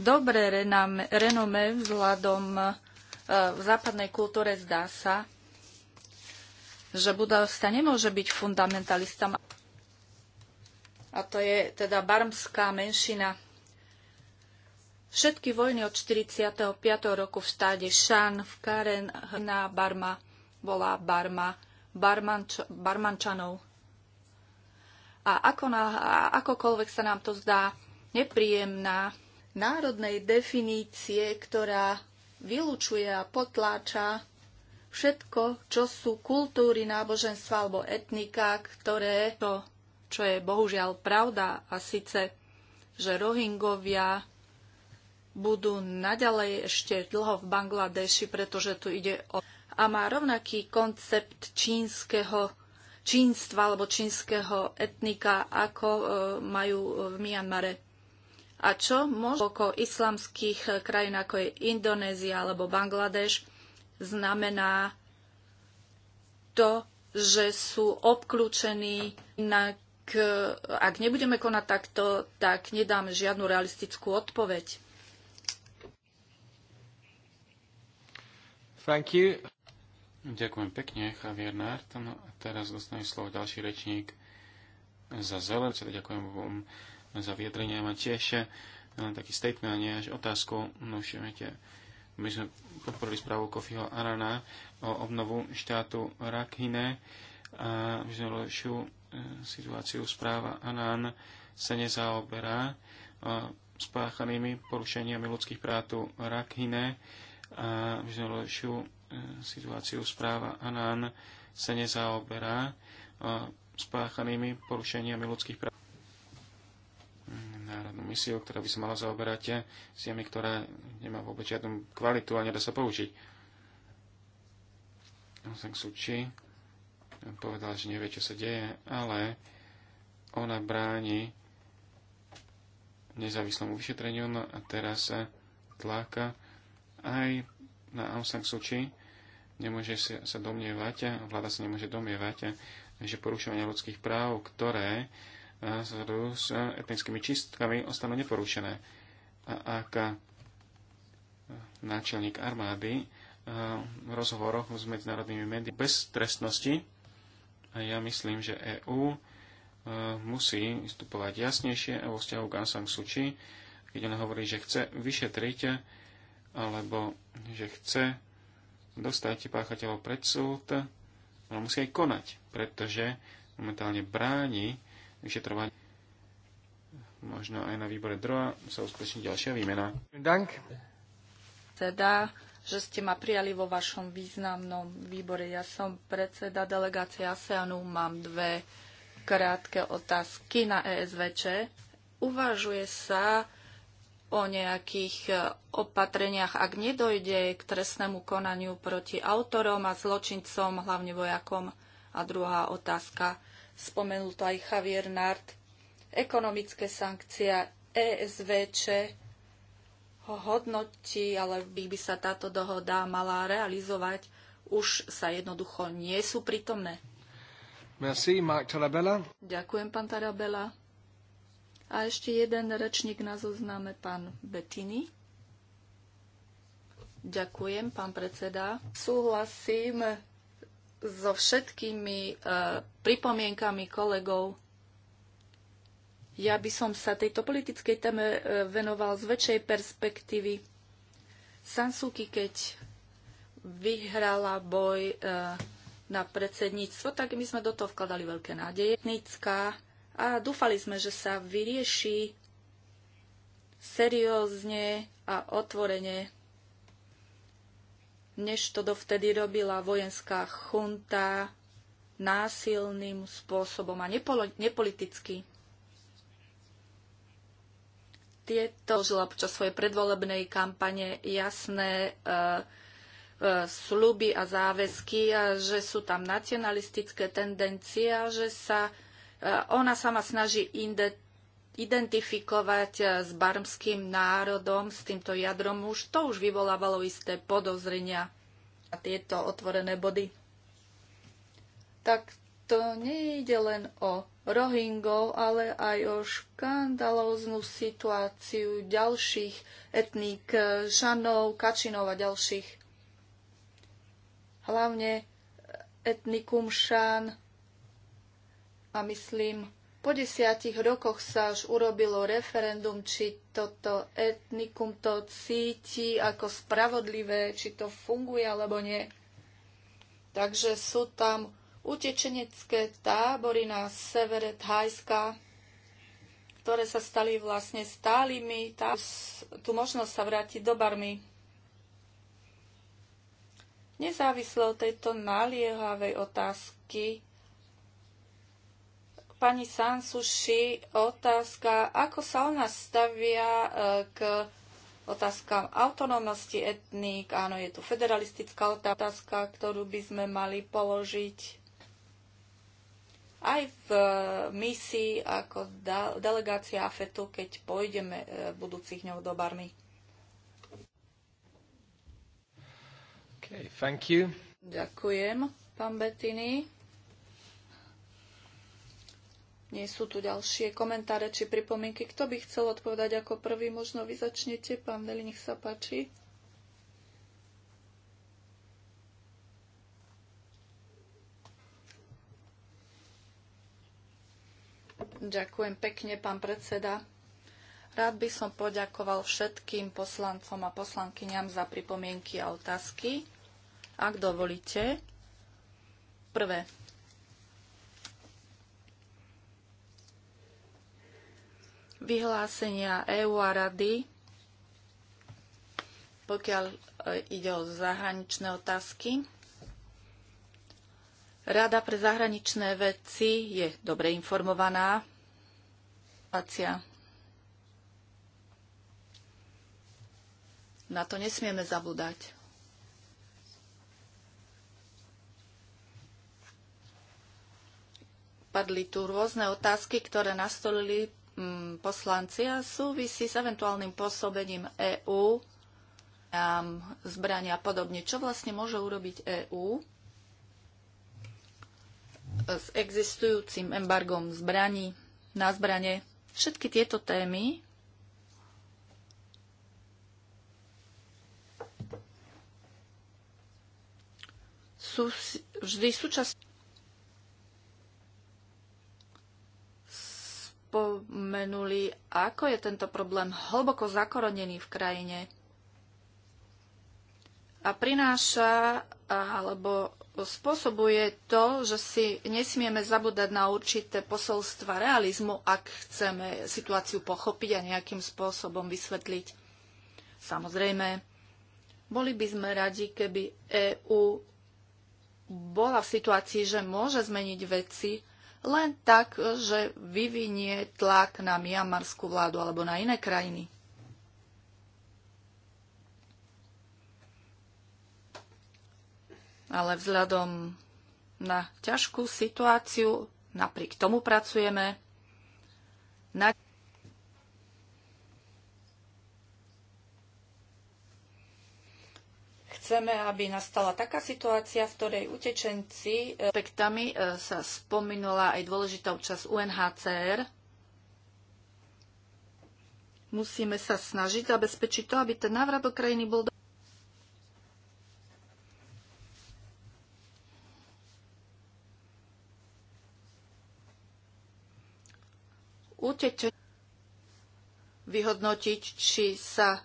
Dobré renome vzhľadom e, v západnej kultúre zdá sa, že budovstva nemôže byť fundamentalistom. A to je teda barmská menšina. Všetky vojny od 45. roku v štáde Šan, v Karen, na Barma bola Barma barmanč, barmančanov. A ako na, akokoľvek sa nám to zdá nepríjemná, národnej definície, ktorá vylúčuje a potláča všetko, čo sú kultúry, náboženstva alebo etnika, ktoré to, čo je bohužiaľ pravda, a síce, že Rohingovia budú naďalej ešte dlho v Bangladeši, pretože tu ide o a má rovnaký koncept čínskeho čínstva alebo čínskeho etnika, ako e, majú v Mianmare. A čo možno oko islamských krajín, ako je Indonézia alebo Bangladeš, znamená to, že sú obklúčení, inak ak nebudeme konať takto, tak nedám žiadnu realistickú odpoveď. Thank you. Ďakujem pekne, Javier Nárt. No a teraz dostane slovo ďalší rečník za zelen. Teda ďakujem vám za vyjadrenie. Mám tiež eh, len taký statement, nie až otázku. No všimnete, my sme podporili správu Kofiho Arana o obnovu štátu Rakhine a vyznološiu eh, situáciu správa Anan sa nezaoberá eh, spáchanými porušeniami ľudských práv Rakhine a vyznološiu E, situáciu správa Anán sa nezaoberá e, spáchanými porušeniami ľudských práv. Mm, Národnú misiu, ktorá by sa mala zaoberať e, s jemi, ktorá nemá vôbec žiadnu kvalitu a nedá sa použiť. Sang Suči povedala, že nevie, čo sa deje, ale ona bráni nezávislému vyšetreniu no a teraz tláka aj na Aung San Suu Kyi nemôže sa domnievať, vláda sa nemôže domnievať, že porušovania ľudských práv, ktoré eh, s eh, etnickými čistkami, ostanú neporušené. A ak eh, náčelník armády v rozhovoroch s medzinárodnými médiami bez trestnosti, a ja myslím, že EÚ musí vystupovať jasnejšie vo vzťahu k Aung San Suu Kyi, keď on hovorí, že chce vyšetriť alebo že chce dostať páchateľov pred súd, ale musí aj konať, pretože momentálne bráni vyšetrovanie. Možno aj na výbore droha sa uskutoční ďalšia výmena. Dank. Teda, že ste ma prijali vo vašom významnom výbore. Ja som predseda delegácie ASEANu, mám dve krátke otázky na ESVČ. Uvažuje sa o nejakých e, opatreniach, ak nedojde k trestnému konaniu proti autorom a zločincom, hlavne vojakom. A druhá otázka, spomenul to aj Javier Nard, ekonomické sankcia ESVČ hodnotí, ale by, by sa táto dohoda mala realizovať, už sa jednoducho nie sú prítomné. Merci, Mark Tarabella. Ďakujem, pán Tarabella. A ešte jeden rečník na zozname, pán Betiny. Ďakujem, pán predseda. Súhlasím so všetkými e, pripomienkami kolegov. Ja by som sa tejto politickej téme e, venoval z väčšej perspektívy. Sansuki, keď vyhrala boj e, na predsedníctvo, tak my sme do toho vkladali veľké nádeje. Etnická a dúfali sme, že sa vyrieši seriózne a otvorene, než to dovtedy robila vojenská chunta násilným spôsobom a nepoliticky. Tieto žila počas svojej predvolebnej kampane jasné e, e, sluby a záväzky a že sú tam nacionalistické tendencie a že sa Eh, ona sa ma snaží identifikovať eh, s barmským národom, s týmto jadrom už. To už vyvolávalo isté podozrenia a tieto otvorené body. Tak to nejde len o Rohingov, ale aj o škandalóznu situáciu ďalších etník eh, Šanov, Kačinov a ďalších. Hlavne etnikum Šan a myslím, po desiatich rokoch sa už urobilo referendum, či toto etnikum to cíti ako spravodlivé, či to funguje alebo nie. Takže sú tam utečenecké tábory na severe Thajska, ktoré sa stali vlastne stálymi, tá, tu možnosť sa vrátiť do barmy. Nezávisle od tejto naliehavej otázky pani Sansuši otázka, ako sa ona stavia e, k otázkam autonómnosti etník. Áno, je tu federalistická otázka, ktorú by sme mali položiť aj v misii ako delegácia AFETu, keď pôjdeme e, budúcich dňov do Barmy. Okay, thank you. Ďakujem, pán Bettini. Nie sú tu ďalšie komentáre či pripomienky. Kto by chcel odpovedať ako prvý? Možno vy začnete, pán Veli, nech sa páči. Ďakujem pekne, pán predseda. Rád by som poďakoval všetkým poslancom a poslankyňam za pripomienky a otázky. Ak dovolíte, prvé vyhlásenia EÚ a Rady, pokiaľ e, ide o zahraničné otázky. Rada pre zahraničné veci je dobre informovaná. Na to nesmieme zabúdať. Padli tu rôzne otázky, ktoré nastolili Mm, poslanci a súvisí s eventuálnym pôsobením EÚ um, zbrania a podobne. Čo vlastne môže urobiť EÚ s existujúcim embargom zbraní na zbranie? Všetky tieto témy sú vždy súčasť spomenuli, ako je tento problém hlboko zakorenený v krajine a prináša alebo spôsobuje to, že si nesmieme zabúdať na určité posolstva realizmu, ak chceme situáciu pochopiť a nejakým spôsobom vysvetliť. Samozrejme, boli by sme radi, keby EÚ bola v situácii, že môže zmeniť veci, len tak, že vyvinie tlak na miamarskú vládu alebo na iné krajiny. Ale vzhľadom na ťažkú situáciu, napriek tomu pracujeme, na Chceme, aby nastala taká situácia, v ktorej utečenci... E, Aspektami e, sa spomenula aj dôležitá účasť UNHCR. Musíme sa snažiť zabezpečiť to, aby ten návrat do krajiny bol do... Utečenci vyhodnotiť, či sa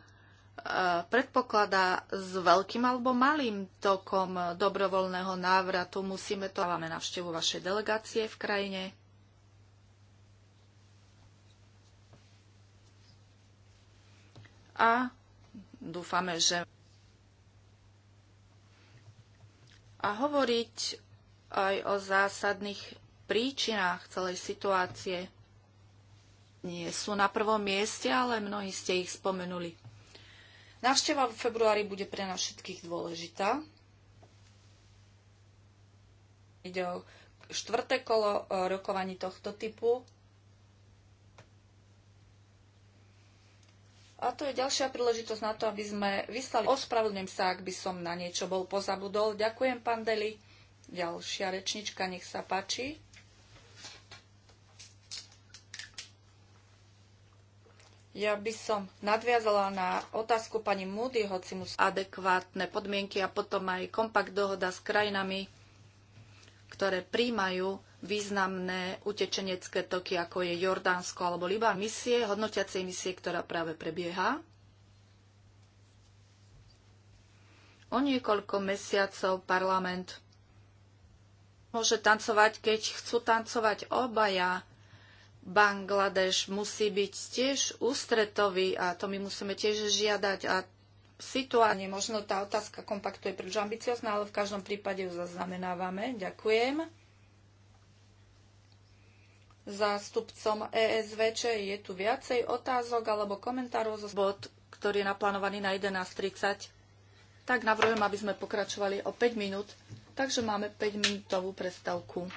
predpokladá s veľkým alebo malým tokom dobrovoľného návratu. Musíme to, máme navštevu vašej delegácie v krajine. A dúfame, že a hovoriť aj o zásadných príčinách celej situácie. Nie sú na prvom mieste, ale mnohí ste ich spomenuli. Návšteva v februári bude pre nás všetkých dôležitá. Ide o štvrté kolo e, rokovaní tohto typu. A to je ďalšia príležitosť na to, aby sme vyslali. Ospravedlňujem sa, ak by som na niečo bol pozabudol. Ďakujem, pán Deli. Ďalšia rečnička, nech sa páči. Ja by som nadviazala na otázku pani Moody, hoci musí adekvátne podmienky a potom aj kompakt dohoda s krajinami, ktoré príjmajú významné utečenecké toky, ako je Jordánsko alebo Liban. Misie, hodnotiacej misie, ktorá práve prebieha. O niekoľko mesiacov parlament môže tancovať, keď chcú tancovať obaja Bangladeš musí byť tiež ústretový a to my musíme tiež žiadať a situálne možno tá otázka kompaktu je príliš ambiciozná, ale v každom prípade ju zaznamenávame. Ďakujem. Zástupcom ESVČ je tu viacej otázok alebo komentárov zo bod, ktorý je naplánovaný na 11.30. Tak navrhujem, aby sme pokračovali o 5 minút, takže máme 5 minútovú prestavku.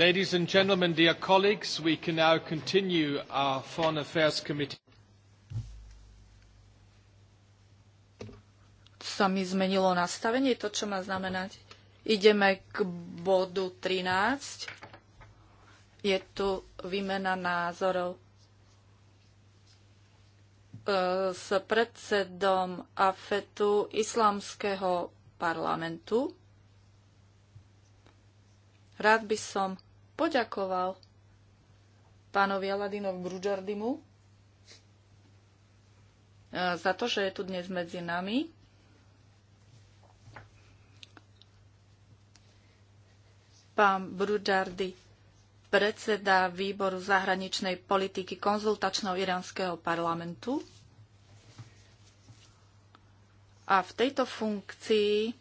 Ladies and gentlemen, dear colleagues, we can now continue our Foreign Affairs Committee. Sa mi zmenilo nastavenie, to čo má znamenať. Ideme k bodu 13. Je tu výmena názorov e, s predsedom AFETu Islamského parlamentu. Rád by som poďakoval pánovi Aladinov Grudžardimu e, za to, že je tu dnes medzi nami. Pán Brudardy, predseda výboru zahraničnej politiky konzultačného iránskeho parlamentu. A v tejto funkcii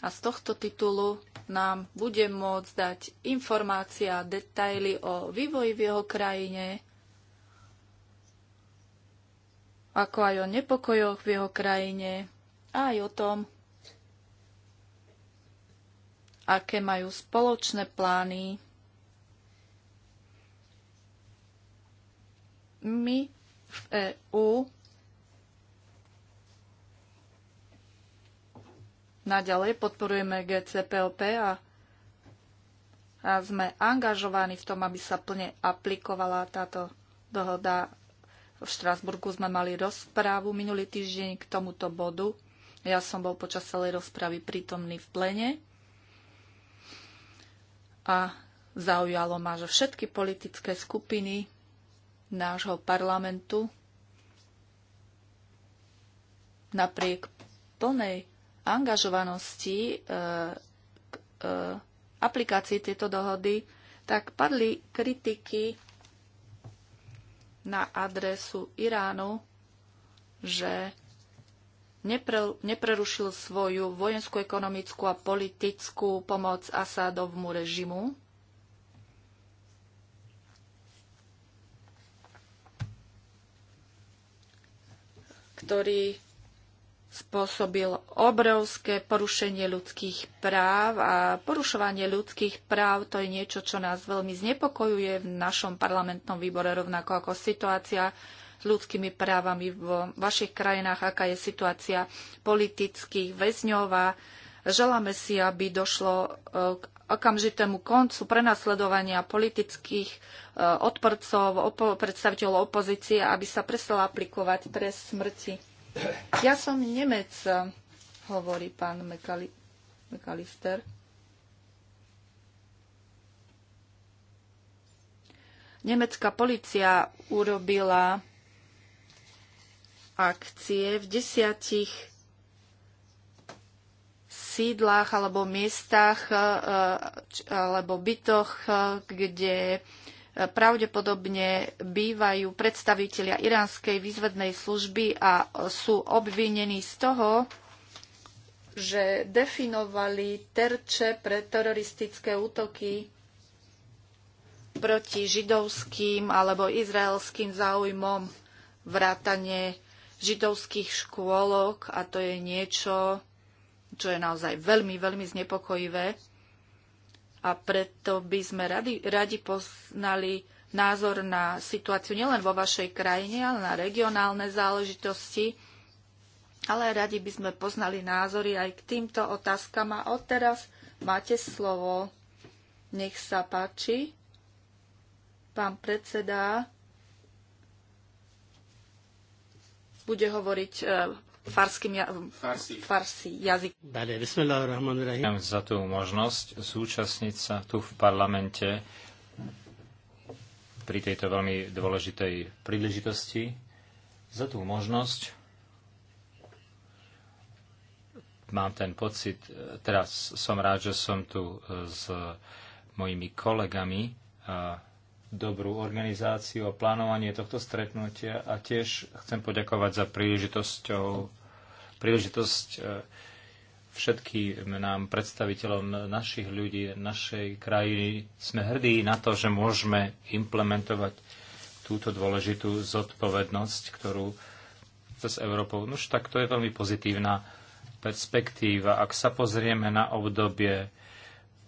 a z tohto titulu nám bude môcť dať informácia a detaily o vývoji v jeho krajine, ako aj o nepokojoch v jeho krajine a aj o tom, aké majú spoločné plány. My v EU Naďalej podporujeme GCPOP a, a sme angažovaní v tom, aby sa plne aplikovala táto dohoda. V Štrásburgu sme mali rozprávu minulý týždeň k tomuto bodu. Ja som bol počas celej rozpravy prítomný v plene a zaujalo ma, že všetky politické skupiny nášho parlamentu napriek plnej angažovanosti e, k e, aplikácii tejto dohody, tak padli kritiky na adresu Iránu, že neprerušil svoju vojenskú, ekonomickú a politickú pomoc Asádovmu režimu. ktorý spôsobil obrovské porušenie ľudských práv a porušovanie ľudských práv to je niečo, čo nás veľmi znepokojuje v našom parlamentnom výbore, rovnako ako situácia s ľudskými právami v vašich krajinách, aká je situácia politických väzňov a želáme si, aby došlo e, k okamžitému koncu prenasledovania politických e, odporcov, predstaviteľov opozície, aby sa prestala aplikovať trest smrti ja som Nemec, hovorí pán Mekali, Mekalister. Nemecká policia urobila akcie v desiatich sídlach alebo miestach eh, alebo bytoch, eh, kde pravdepodobne bývajú predstavitelia iránskej výzvednej služby a sú obvinení z toho, že definovali terče pre teroristické útoky proti židovským alebo izraelským záujmom vrátanie židovských škôlok a to je niečo, čo je naozaj veľmi, veľmi znepokojivé. A preto by sme radi, radi poznali názor na situáciu nielen vo vašej krajine, ale na regionálne záležitosti. Ale radi by sme poznali názory aj k týmto otázkam. A odteraz máte slovo. Nech sa páči. Pán predseda bude hovoriť e, farským ja- farsi. farsi jazyk. Dale, Za tú možnosť zúčastniť sa tu v parlamente pri tejto veľmi dôležitej príležitosti, za tú možnosť mám ten pocit, teraz som rád, že som tu s mojimi kolegami dobrú organizáciu a plánovanie tohto stretnutia a tiež chcem poďakovať za príležitosťou, príležitosť e, všetkým nám, predstaviteľom našich ľudí, našej krajiny. Sme hrdí na to, že môžeme implementovať túto dôležitú zodpovednosť, ktorú cez Európou. Nož tak to je veľmi pozitívna perspektíva. Ak sa pozrieme na obdobie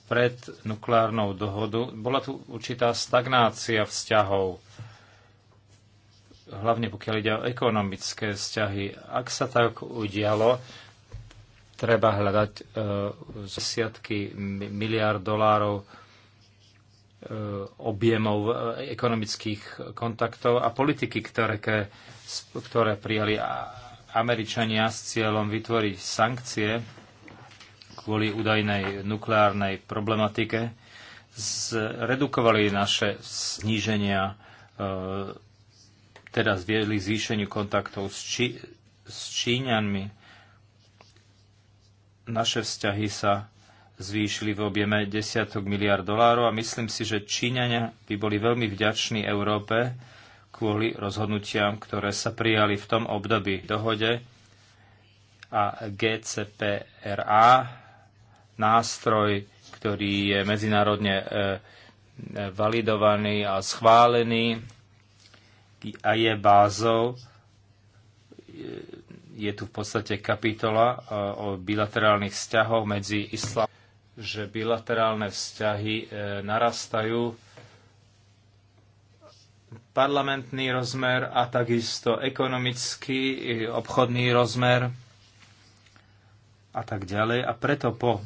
pred nukleárnou dohodu, bola tu určitá stagnácia vzťahov, hlavne pokiaľ ide o ekonomické vzťahy. Ak sa tak udialo, treba hľadať e, desiatky miliard dolárov e, objemov e, ekonomických kontaktov a politiky, ktoré, ke, ktoré prijali Američania s cieľom vytvoriť sankcie kvôli údajnej nukleárnej problematike zredukovali naše sníženia, e, teda zviedli k zvýšeniu kontaktov s, Čí, s Číňanmi. Naše vzťahy sa zvýšili v objeme desiatok miliard dolárov a myslím si, že Číňania by boli veľmi vďační Európe kvôli rozhodnutiam, ktoré sa prijali v tom období dohode a GCPRA nástroj, ktorý je medzinárodne e, e, validovaný a schválený a je bázou. Je tu v podstate kapitola e, o bilaterálnych vzťahov medzi islam, že bilaterálne vzťahy narastajú parlamentný rozmer a takisto ekonomický, obchodný rozmer a tak ďalej. A preto po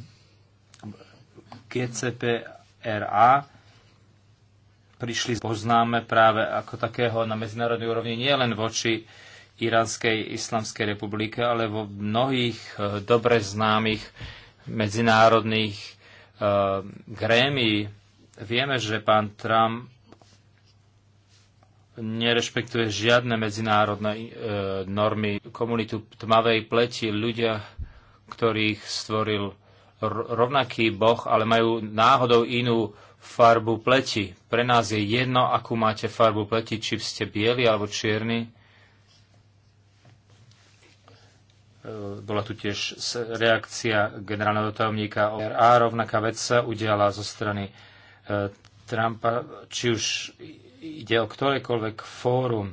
GCPRA prišli poznáme práve ako takého na medzinárodnej úrovni nie len voči Iránskej islamskej republike, ale vo mnohých e, dobre známych medzinárodných e, grémií. Vieme, že pán Trump nerešpektuje žiadne medzinárodné e, normy. Komunitu tmavej pleti, ľudia, ktorých stvoril rovnaký boh, ale majú náhodou inú farbu pleti. Pre nás je jedno, akú máte farbu pleti, či ste bieli alebo čierni. E, bola tu tiež reakcia generálneho tajomníka ORA. Rovnaká vec sa udiala zo strany e, Trumpa, či už ide o ktorékoľvek fórum.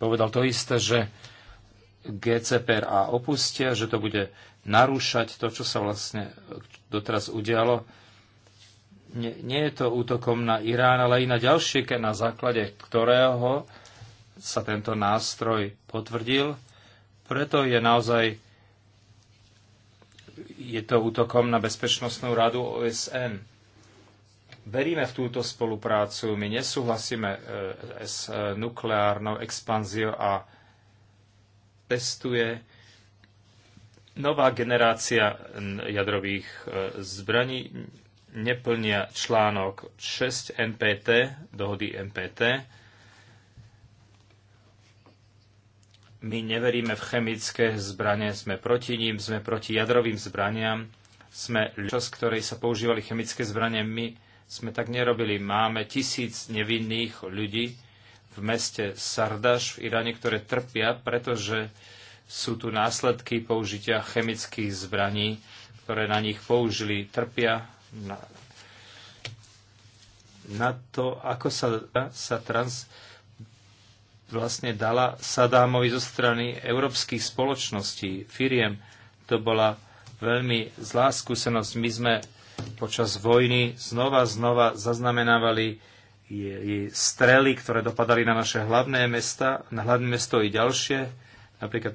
Povedal to isté, že GCPR a opustia, že to bude narúšať to, čo sa vlastne doteraz udialo. Nie, nie je to útokom na Irán, ale i na ďalšie, na základe ktorého sa tento nástroj potvrdil. Preto je naozaj je to útokom na Bezpečnostnú radu OSN. Veríme v túto spoluprácu, my nesúhlasíme e, s e, nukleárnou expanziou a testuje Nová generácia jadrových e, zbraní neplnia článok 6 NPT, dohody NPT. My neveríme v chemické zbranie, sme proti ním, sme proti jadrovým zbraniam, sme čas, ktorej sa používali chemické zbranie, my sme tak nerobili. Máme tisíc nevinných ľudí v meste Sardaš v Iráne, ktoré trpia, pretože sú tu následky použitia chemických zbraní, ktoré na nich použili, trpia na, na to, ako sa, sa trans vlastne dala Sadámovi zo strany európskych spoločností, firiem. To bola veľmi zlá skúsenosť. My sme počas vojny znova, znova zaznamenávali strely, ktoré dopadali na naše hlavné mesta, na hlavné mesto i ďalšie. Napríklad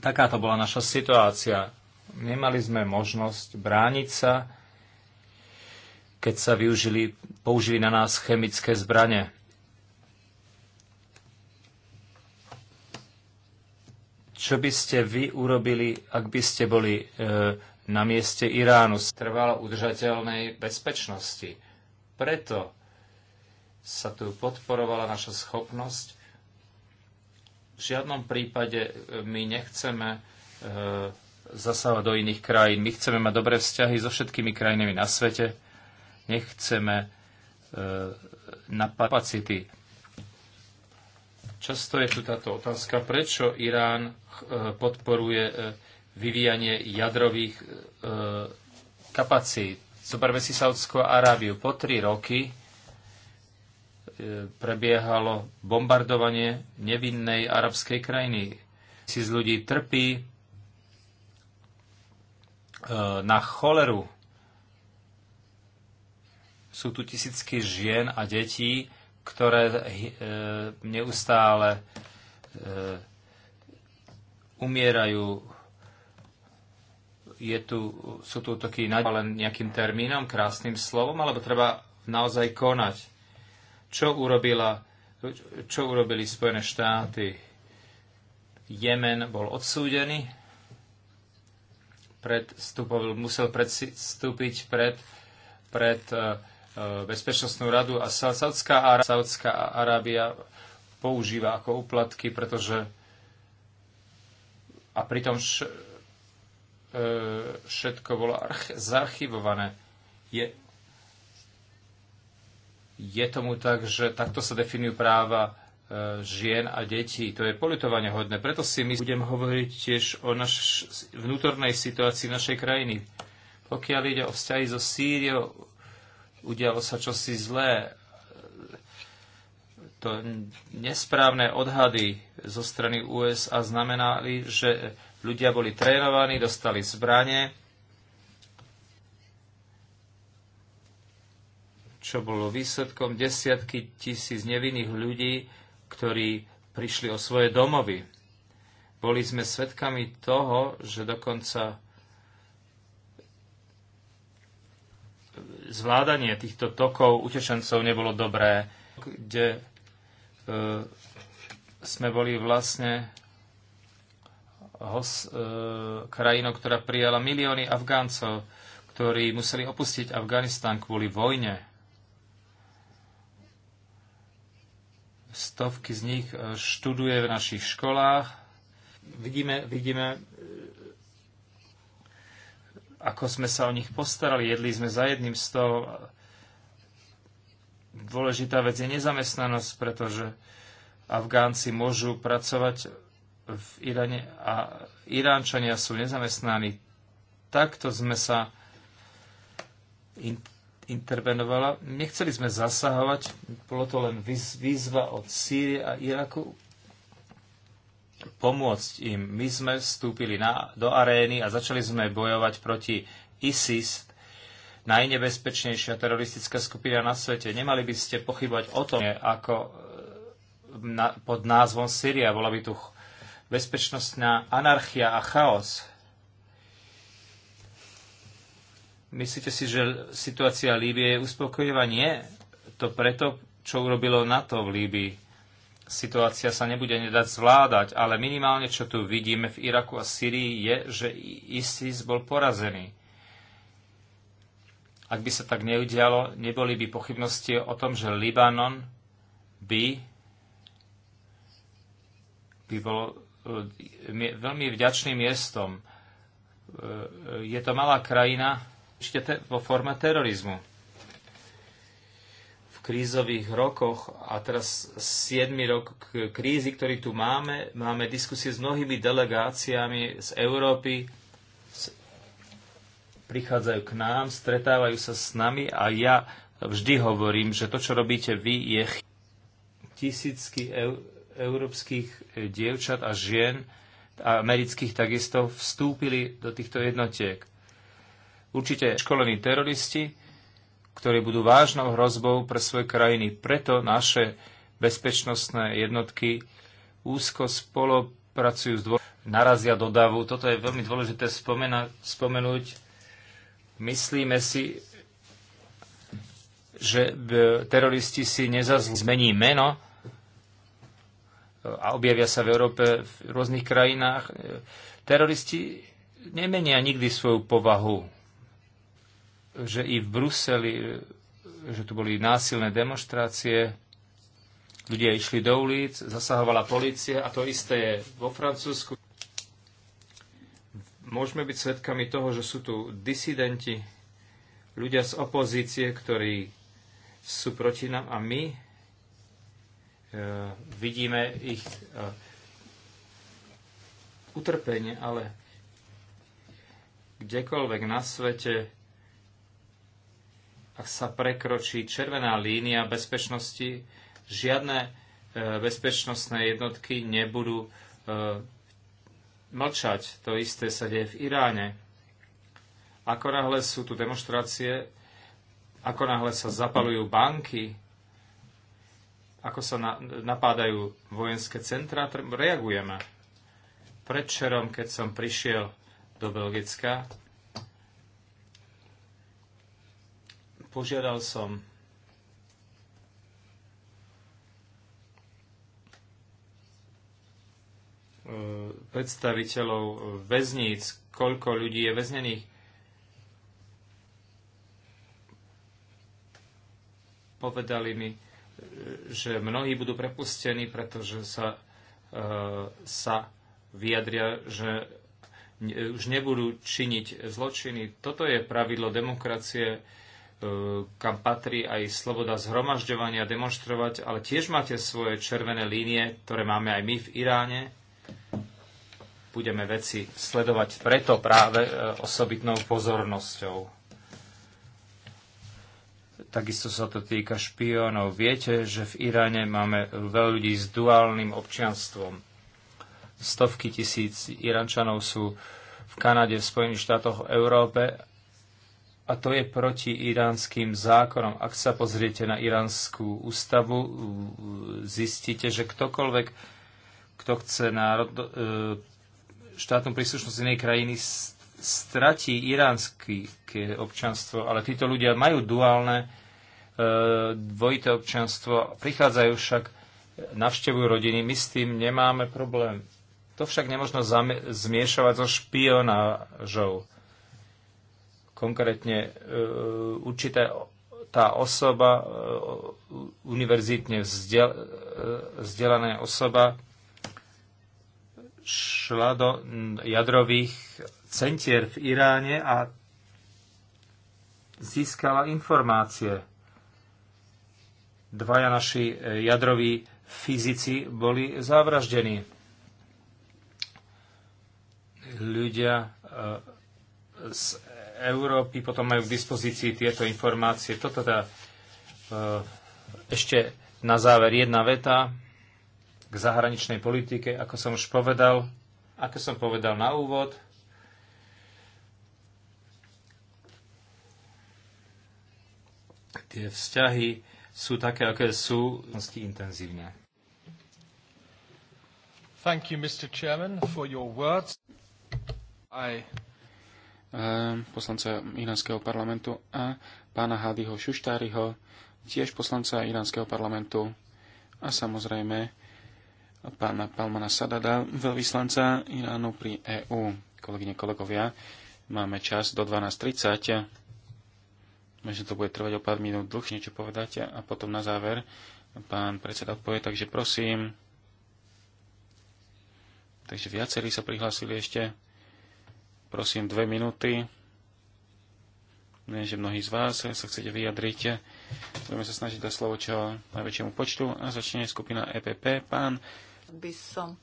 Takáto bola naša situácia. Nemali sme možnosť brániť sa, keď sa využili, použili na nás chemické zbranie. Čo by ste vy urobili, ak by ste boli e, na mieste Iránu z trvalo udržateľnej bezpečnosti? Preto sa tu podporovala naša schopnosť v žiadnom prípade e, my nechceme e, zasávať do iných krajín. My chceme mať dobré vzťahy so všetkými krajinami na svete. Nechceme e, na kapacity. Často je tu táto otázka, prečo Irán podporuje vyvíjanie jadrových kapacít. Zoberme si Saudskú Arábiu. Po tri roky E, prebiehalo bombardovanie nevinnej arabskej krajiny. Si z ľudí trpí e, na choleru. Sú tu tisícky žien a detí, ktoré e, neustále umierajú. Je tu, sú tu útoky len nejakým termínom, krásnym slovom, alebo treba naozaj konať. Čo, urobila, čo urobili Spojené štáty? Jemen bol odsúdený, predstupoval, musel predstúpiť pred, pred e, e, Bezpečnostnú radu a Saudská Arábia, Arábia používa ako uplatky, pretože a pritom š, uh, e, všetko bolo archi- zarchivované. Je, je tomu tak, že takto sa definujú práva e, žien a detí. To je politovanie hodné. Preto si my budem hovoriť tiež o naš vnútornej situácii našej krajiny. Pokiaľ ide o vzťahy so Sýriou, udialo sa čosi zlé. To nesprávne odhady zo strany USA znamenali, že ľudia boli trénovaní, dostali zbranie, čo bolo výsledkom desiatky tisíc nevinných ľudí, ktorí prišli o svoje domovy. Boli sme svedkami toho, že dokonca zvládanie týchto tokov utečencov nebolo dobré, kde e, sme boli vlastne hos, e, krajinou, ktorá prijala milióny Afgáncov, ktorí museli opustiť Afganistán kvôli vojne. Stovky z nich e, študuje v našich školách. Vidíme, vidíme e, ako sme sa o nich postarali, jedli sme za jedným toho. Dôležitá vec je nezamestnanosť, pretože Afgánci môžu pracovať v Iráne a Iránčania sú nezamestnaní. Takto sme sa in- intervenovala. Nechceli sme zasahovať, bolo to len výzva od Sýrie a Iraku pomôcť im. My sme vstúpili na, do arény a začali sme bojovať proti ISIS, najnebezpečnejšia teroristická skupina na svete. Nemali by ste pochybovať o tom, ako na, pod názvom Syria bola by tu bezpečnostná anarchia a chaos. Myslíte si, že situácia Líbie je uspokojivá? Nie. To preto, čo urobilo NATO v Líbii. Situácia sa nebude nedať zvládať, ale minimálne, čo tu vidíme v Iraku a Syrii, je, že ISIS bol porazený. Ak by sa tak neudialo, neboli by pochybnosti o tom, že Libanon by, by bolo e, veľmi vďačným miestom. E, e, je to malá krajina, ešte vo forme terorizmu. V krízových rokoch a teraz 7. rok krízy, ktorý tu máme, máme diskusie s mnohými delegáciami z Európy, prichádzajú k nám, stretávajú sa s nami a ja vždy hovorím, že to, čo robíte vy, je tisícky eur, európskych eh, dievčat a žien, amerických takisto, vstúpili do týchto jednotiek určite školení teroristi, ktorí budú vážnou hrozbou pre svoje krajiny. Preto naše bezpečnostné jednotky úzko spolupracujú s dvo- narazia do davu. Toto je veľmi dôležité spomena- spomenúť. Myslíme si, že teroristi si nezazl- zmení meno e, a objavia sa v Európe v rôznych krajinách. E, teroristi nemenia nikdy svoju povahu že i v Bruseli, e, že tu boli násilné demonstrácie, ľudia išli do ulic, zasahovala policia a to isté je vo Francúzsku. Môžeme byť svedkami toho, že sú tu disidenti, ľudia z opozície, ktorí sú proti nám a my e, vidíme ich e, utrpenie, ale kdekoľvek na svete ak sa prekročí červená línia bezpečnosti, žiadne e, bezpečnostné jednotky nebudú e, mlčať. To isté sa deje v Iráne. Ako náhle sú tu demonstrácie, ako náhle sa zapalujú banky, ako sa na, napádajú vojenské centrá, reagujeme. Predčerom, keď som prišiel do Belgicka, Požiadal som e, predstaviteľov väzníc, koľko ľudí je väznených. Povedali mi, e, že mnohí budú prepustení, pretože sa, e, sa vyjadria, že už nebudú činiť zločiny. Toto je pravidlo demokracie, E, kam patrí aj sloboda zhromažďovania, demonstrovať, ale tiež máte svoje červené línie, ktoré máme aj my v Iráne. Budeme veci sledovať preto práve e, osobitnou pozornosťou. Takisto sa to týka špiónov. Viete, že v Iráne máme veľa ľudí s duálnym občianstvom. Stovky tisíc Irančanov sú v Kanade, v Spojených štátoch, v Európe a to je proti iránskym zákonom. Ak sa pozriete na iránskú ústavu, zistíte, že ktokoľvek, kto chce národ, e, štátnu príslušnosť inej krajiny, stratí iránske občanstvo, ale títo ľudia majú duálne e, dvojité občanstvo, prichádzajú však, navštevujú rodiny, my s tým nemáme problém. To však nemôžno zmiešovať so špionážou konkrétne e, určité tá osoba, e, univerzitne vzdel, e, vzdelaná osoba, šla do jadrových centier v Iráne a získala informácie. Dvaja naši jadroví fyzici boli zavraždení. Ľudia z Európy potom majú k dispozícii tieto informácie. Toto teda e, ešte na záver jedna veta k zahraničnej politike, ako som už povedal, ako som povedal na úvod. Tie vzťahy sú také, aké sú, intenzívne. Thank you, Mr. Chairman, for your words. I Eh, poslanca iránskeho parlamentu a pána Hadiho Šuštáriho, tiež poslanca iránskeho parlamentu a samozrejme pána Palmana Sadada, veľvyslanca Iránu pri EÚ. Kolegyne, kolegovia, máme čas do 12.30. Možno to bude trvať o pár minút dlhšie, niečo povedať a potom na záver pán predseda odpovie, takže prosím. Takže viacerí sa prihlásili ešte. Prosím, dve minúty. Viem, že mnohí z vás sa chcete vyjadriť. Budeme sa snažiť dať slovo čo najväčšiemu počtu a začne skupina EPP. Pán. By som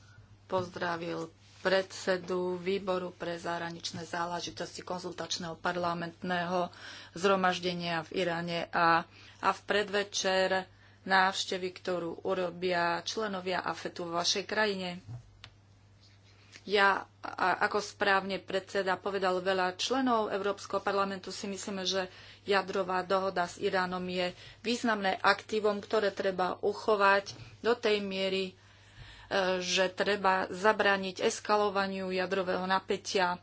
pozdravil predsedu výboru pre zahraničné záležitosti konzultačného parlamentného zhromaždenia v Iráne a, a v predvečer návštevy, ktorú urobia členovia AFETu vo vašej krajine. Ja, ako správne predseda povedal veľa členov Európskeho parlamentu, si myslíme, že jadrová dohoda s Iránom je významné aktívum, ktoré treba uchovať do tej miery, e, že treba zabrániť eskalovaniu jadrového napätia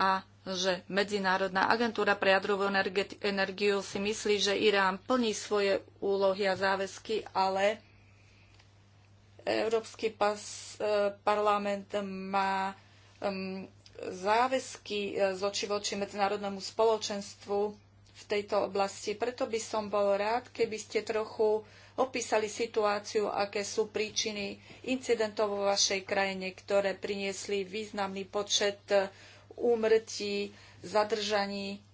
a že Medzinárodná agentúra pre jadrovú energiu si myslí, že Irán plní svoje úlohy a záväzky, ale Európsky pas, e, parlament má um, záväzky e, zoči voči medzinárodnému spoločenstvu v tejto oblasti. Preto by som bol rád, keby ste trochu opísali situáciu, aké sú príčiny incidentov vo vašej krajine, ktoré priniesli významný počet e, úmrtí, zadržaní.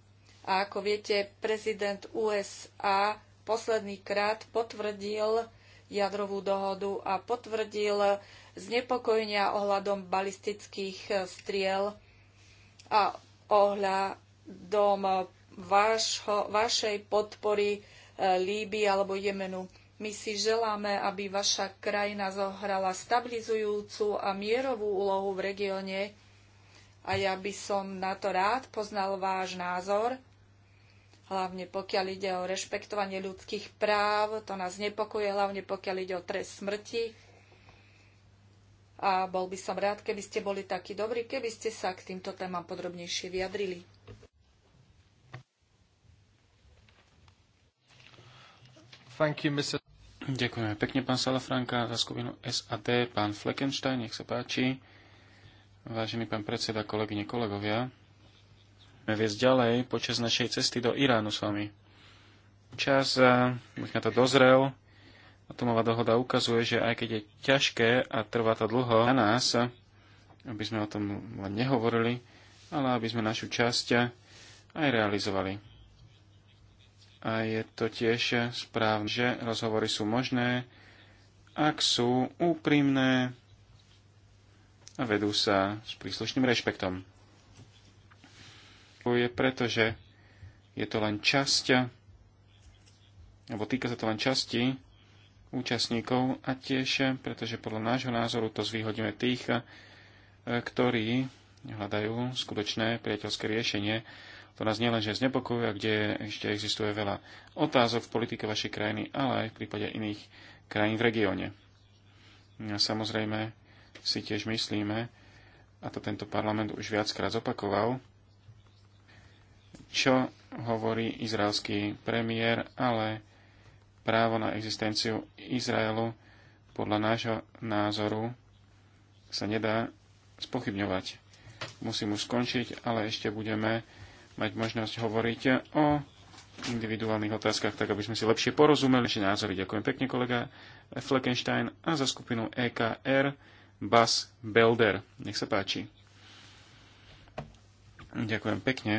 A ako viete, prezident USA posledný krát potvrdil jadrovú dohodu a potvrdil znepokojenia ohľadom balistických eh, striel a ohľadom eh, vášho, vašej podpory eh, Líby alebo Jemenu. My si želáme, aby vaša krajina zohrala stabilizujúcu a mierovú úlohu v regióne a ja by som na to rád poznal váš názor hlavne pokiaľ ide o rešpektovanie ľudských práv, to nás nepokuje, hlavne pokiaľ ide o trest smrti. A bol by som rád, keby ste boli takí dobrí, keby ste sa k týmto témam podrobnejšie vyjadrili. Thank you, Mr. Ďakujeme pekne, pán Salafranka, za skupinu SAD, pán Fleckenstein, nech sa páči. Vážený pán predseda, kolegyne, kolegovia, viesť ďalej počas našej cesty do Iránu s vami. Čas, eh, už na to dozrel, atomová dohoda ukazuje, že aj keď je ťažké a trvá to dlho na nás, aby sme o tom len nehovorili, ale aby sme našu časť aj realizovali. A je to tiež správne, že rozhovory sú možné, ak sú úprimné a vedú sa s príslušným rešpektom je preto, že je to len časť, alebo týka sa to len časti účastníkov a tiež, pretože podľa nášho názoru to zvýhodňuje tých, ktorí hľadajú skutočné priateľské riešenie. To nás nielenže znepokojuje, kde ešte existuje veľa otázok v politike vašej krajiny, ale aj v prípade iných krajín v regióne. A samozrejme si tiež myslíme, a to tento parlament už viackrát zopakoval, čo hovorí izraelský premiér, ale právo na existenciu Izraelu podľa nášho názoru sa nedá spochybňovať. Musím už skončiť, ale ešte budeme mať možnosť hovoriť o individuálnych otázkach, tak aby sme si lepšie porozumeli naše názory. Ďakujem pekne, kolega Fleckenstein a za skupinu EKR Bas Belder. Nech sa páči. Ďakujem pekne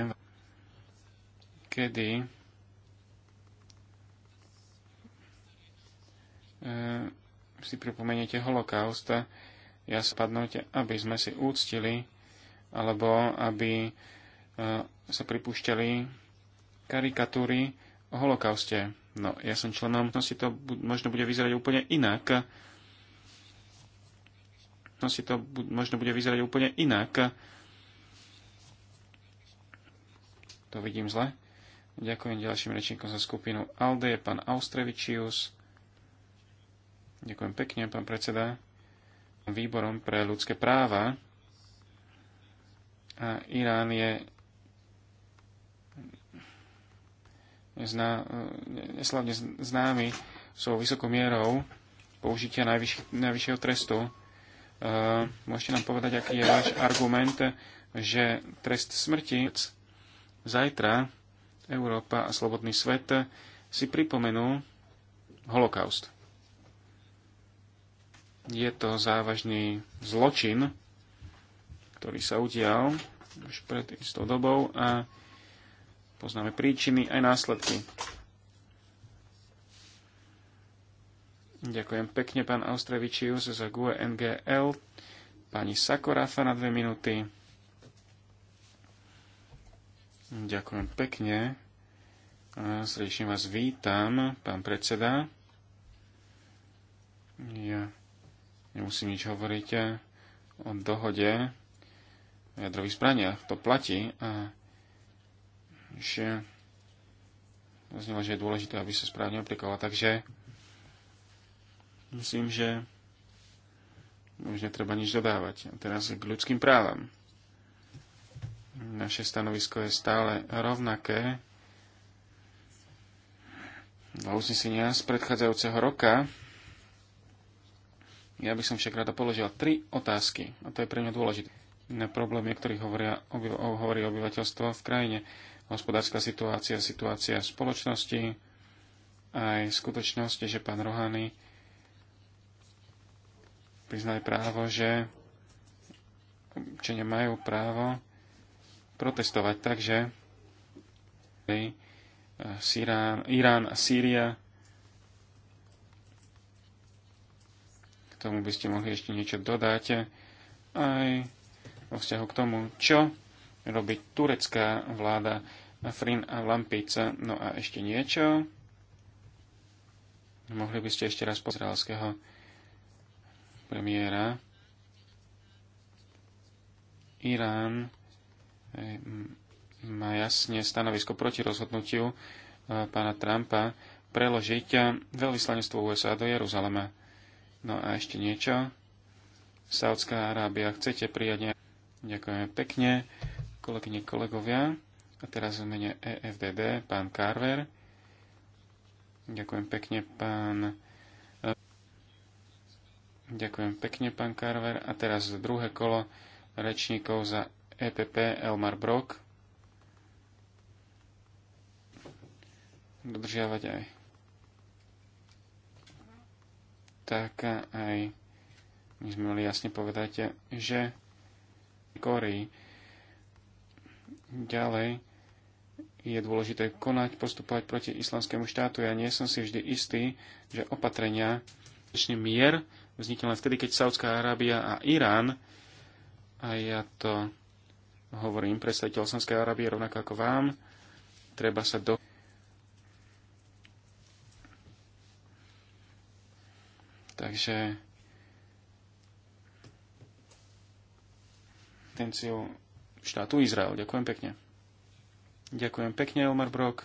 kedy e, si pripomeniete holokausta, ja spadnúť, aby sme si úctili, alebo aby e, sa pripúšťali karikatúry o holokauste. No, ja som členom, no si to možno bude vyzerať úplne inak. No si to možno bude vyzerať úplne inak. To vidím zle. Ďakujem ďalším rečníkom za skupinu ALDE, pán Austrevičius. Ďakujem pekne, pán predseda. Výborom pre ľudské práva. A Irán je zná, neslavne známy svojou vysokou mierou použitia najvyš, najvyššieho trestu. E, môžete nám povedať, aký je váš argument, že trest smrti zajtra Európa a slobodný svet si pripomenú holokaust. Je to závažný zločin, ktorý sa udial už pred istou dobou a poznáme príčiny aj následky. Ďakujem pekne, pán Austrevičius, za GUE NGL. Pani Sakorafa na dve minúty. Ďakujem pekne. Srdečne vás vítam, pán predseda. Ja nemusím nič hovoriť eh, o dohode o jadrových zbraniach. To platí a že znelo, že je dôležité, aby sa správne aplikovala. Takže myslím, že už netreba nič dodávať. A teraz k ľudským právam. Naše stanovisko je stále rovnaké dva uznesenia z predchádzajúceho roka. Ja by som však rada položila tri otázky, a to je pre mňa dôležité. Na problémy, o ktorých hovoria, obyva, hovorí obyvateľstvo v krajine, hospodárska situácia, situácia v spoločnosti, aj skutočnosť, že pán Rohany priznali právo, že občania majú právo protestovať, takže Sirán, Irán a Sýria. K tomu by ste mohli ešte niečo dodať aj vo vzťahu k tomu, čo robí turecká vláda Afrin a Lampica. No a ešte niečo. Mohli by ste ešte raz po premiéra. Irán má jasne stanovisko proti rozhodnutiu e, pána Trumpa preložiť e, veľvyslanectvo USA do Jeruzalema. No a ešte niečo. Saudská Arábia, chcete prijať nejaké... Ďakujeme pekne, kolegyne, kolegovia. A teraz v mene EFDD, pán Carver. Ďakujem pekne, pán... E, ďakujem pekne, pán Carver. A teraz druhé kolo rečníkov za EPP Elmar Brock. dodržiavať aj tak aj my sme mali jasne povedať, že korí. ďalej je dôležité konať, postupovať proti islamskému štátu. Ja nie som si vždy istý, že opatrenia, mier vznikne len vtedy, keď Saudská Arábia a Irán, a ja to hovorím predstaviteľ Saudskej Arábie rovnako ako vám, treba sa do Takže intenciu štátu Izrael. Ďakujem pekne. Ďakujem pekne, Omar Brok.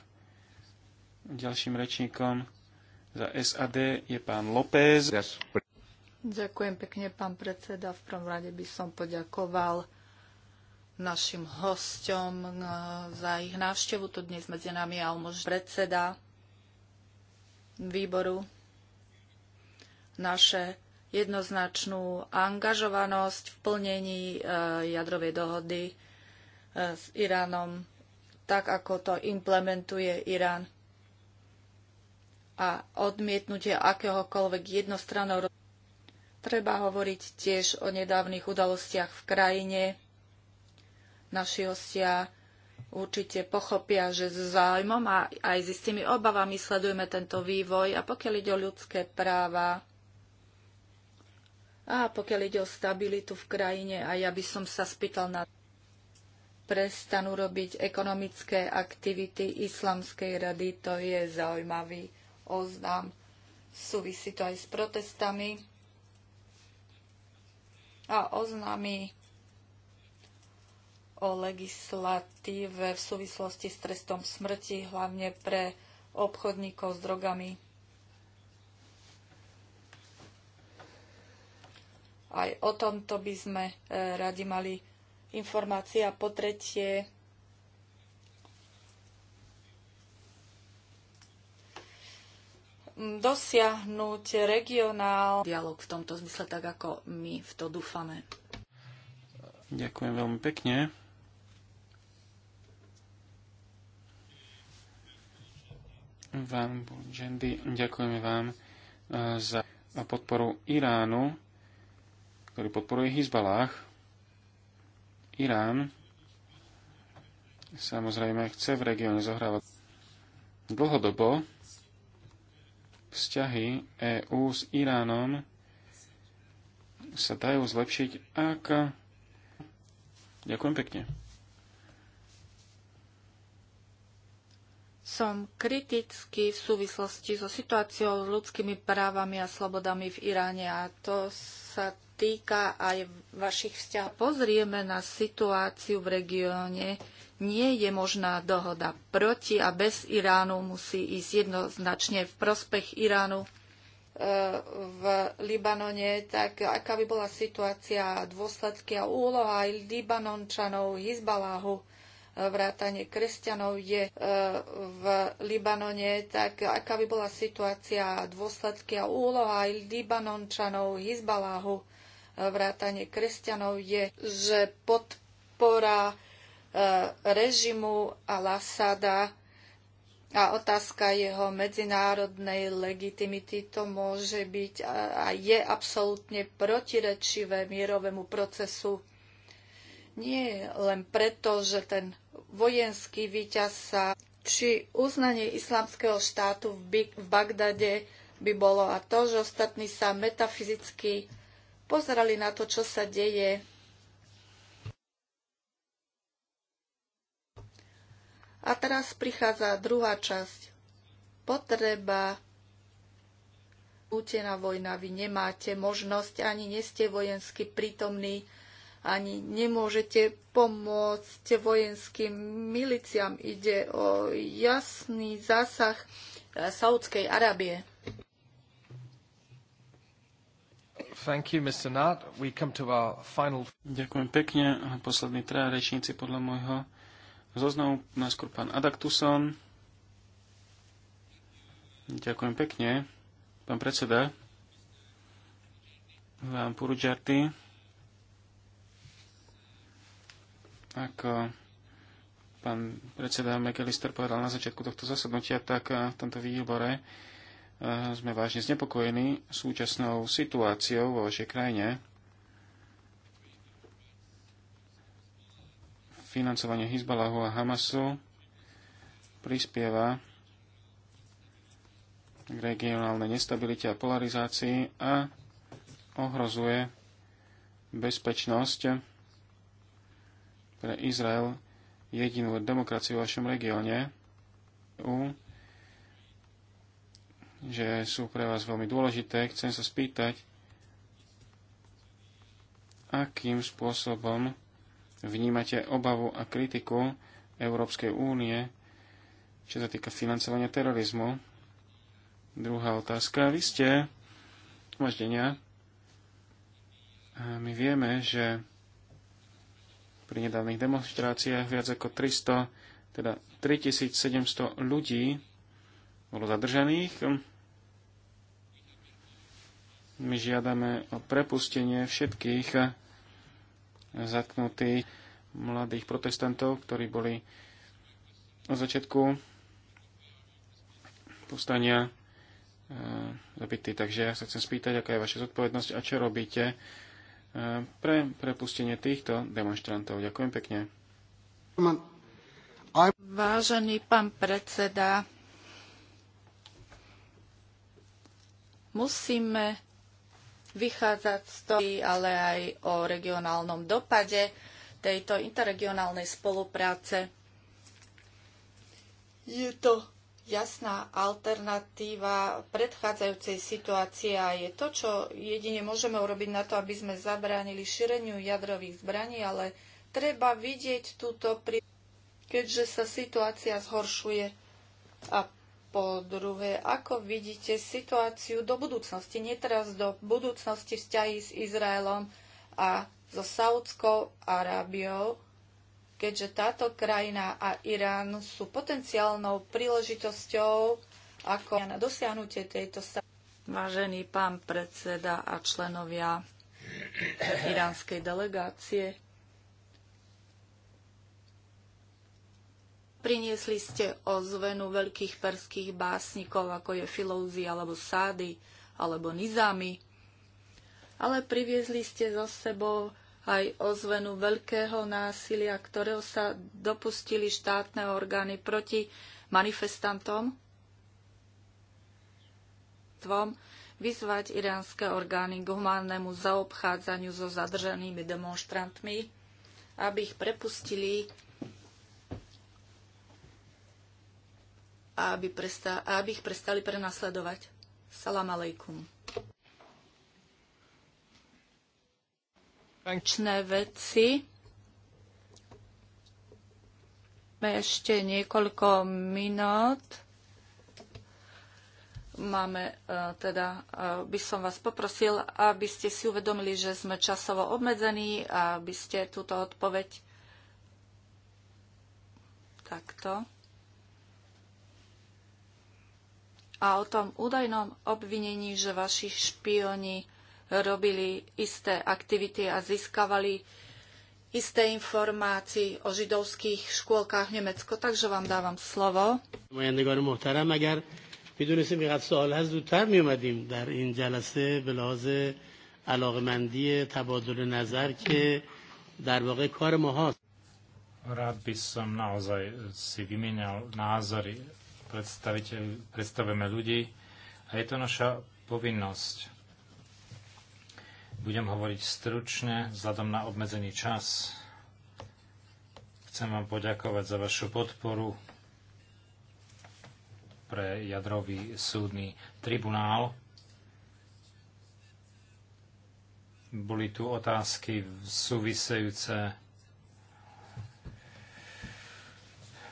Ďalším rečníkom za SAD je pán López. Ďakujem pekne, pán predseda. V prvom rade by som poďakoval našim hostom no, za ich návštevu tu dnes medzi nami je predseda výboru naše jednoznačnú angažovanosť v plnení e, jadrovej dohody e, s Iránom, tak ako to implementuje Irán a odmietnutie akéhokoľvek jednostranného. Treba hovoriť tiež o nedávnych udalostiach v krajine. Naši hostia určite pochopia, že s záujmom a aj s istými obavami sledujeme tento vývoj a pokiaľ ide o ľudské práva, a pokiaľ ide o stabilitu v krajine, a ja by som sa spýtal na prestanú robiť ekonomické aktivity Islamskej rady, to je zaujímavý oznám. Súvisí to aj s protestami a oznámy o legislatíve v súvislosti s trestom smrti, hlavne pre obchodníkov s drogami. Aj o tomto by sme e, radi mali informácie. A po tretie, dosiahnuť regionál dialog v tomto zmysle, tak ako my v to dúfame. Ďakujem veľmi pekne. Vám, Džendy, ďakujeme vám e, za podporu Iránu ktorý podporuje Hizbalách. Irán samozrejme chce v regióne zohrávať dlhodobo vzťahy EÚ s Iránom sa dajú zlepšiť, ak... Ďakujem pekne. Som kritický v súvislosti so situáciou s ľudskými právami a slobodami v Iráne a to sa týka aj vašich vzťahov. Pozrieme na situáciu v regióne. Nie je možná dohoda proti a bez Iránu musí ísť jednoznačne v prospech Iránu e, v Libanone, tak aká by bola situácia, dôsledky a úloha aj Libanončanov, Hizbaláhu, e, vrátanie kresťanov je e, v Libanone, tak aká by bola situácia, dôsledky a úloha aj Libanončanov, Hizbaláhu, vrátanie kresťanov je, že podpora e, režimu Al-Asada a otázka jeho medzinárodnej legitimity to môže byť a je absolútne protirečivé mierovému procesu. Nie len preto, že ten vojenský výťaz sa či uznanie islamského štátu v, Bagdade by bolo a to, že ostatní sa metafyzicky pozerali na to, čo sa deje. A teraz prichádza druhá časť. Potreba útená vojna. Vy nemáte možnosť, ani neste vojensky prítomní, ani nemôžete pomôcť vojenským miliciam. Ide o jasný zásah eh, Saudskej Arábie. Thank you, Mr. We come to our final... Ďakujem pekne. Poslední traja rečníci podľa môjho zoznamu. Najskôr pán Adaktuson. Ďakujem pekne. Pán predseda, vám Purujarty, ako pán predseda McAllister povedal na začiatku tohto zasadnutia, tak eh, v tomto výbore sme vážne znepokojení súčasnou situáciou vo vašej krajine. Financovanie Hizbalahu a Hamasu prispieva k regionálnej nestabilite a polarizácii a ohrozuje bezpečnosť pre Izrael jedinú demokraciu v vašom regióne. U že sú pre vás veľmi dôležité. Chcem sa spýtať, akým spôsobom vnímate obavu a kritiku Európskej únie, čo sa týka financovania terorizmu. Druhá otázka. Vy ste maždenia, My vieme, že pri nedávnych demonstráciách viac ako 300, teda 3700 ľudí bolo zadržaných. My žiadame o prepustenie všetkých zatknutých mladých protestantov, ktorí boli na začiatku povstania e, zabití. Takže ja sa chcem spýtať, aká je vaša zodpovednosť a čo robíte e, pre prepustenie týchto demonstrantov. Ďakujem pekne. Vážený pán predseda, Musíme vychádzať z toho, ale aj o regionálnom dopade tejto interregionálnej spolupráce. Je to jasná alternatíva predchádzajúcej situácie a je to, čo jedine môžeme urobiť na to, aby sme zabránili šíreniu jadrových zbraní, ale treba vidieť túto pri keďže sa situácia zhoršuje. A po druhé, ako vidíte situáciu do budúcnosti, nie teraz do budúcnosti vzťahy s Izraelom a so Saudskou Arábiou, keďže táto krajina a Irán sú potenciálnou príležitosťou ako na dosiahnutie tejto Vážený pán predseda a členovia iránskej delegácie, Priniesli ste ozvenu veľkých perských básnikov, ako je Filouzi alebo Sády alebo Nizami. Ale priviezli ste so sebou aj ozvenu veľkého násilia, ktorého sa dopustili štátne orgány proti manifestantom, tvom, vyzvať iránske orgány k humánnemu zaobchádzaniu so zadržanými demonstrantmi, aby ich prepustili a aby, presta- aby ich prestali prenasledovať. Salam aleikum. Čné veci. Máme Ešte niekoľko minút. Máme, eh, teda, eh, by som vás poprosil, aby ste si uvedomili, že sme časovo obmedzení a aby ste túto odpoveď takto. a o tom údajnom obvinení, že vaši špioni robili isté aktivity a získavali isté informácie o židovských škôlkách v Nemecku. Takže vám dávam slovo. Rád by som naozaj si vymenal názory predstavujeme ľudí a je to naša povinnosť. Budem hovoriť stručne, vzhľadom na obmedzený čas. Chcem vám poďakovať za vašu podporu pre jadrový súdny tribunál. Boli tu otázky súvisejúce,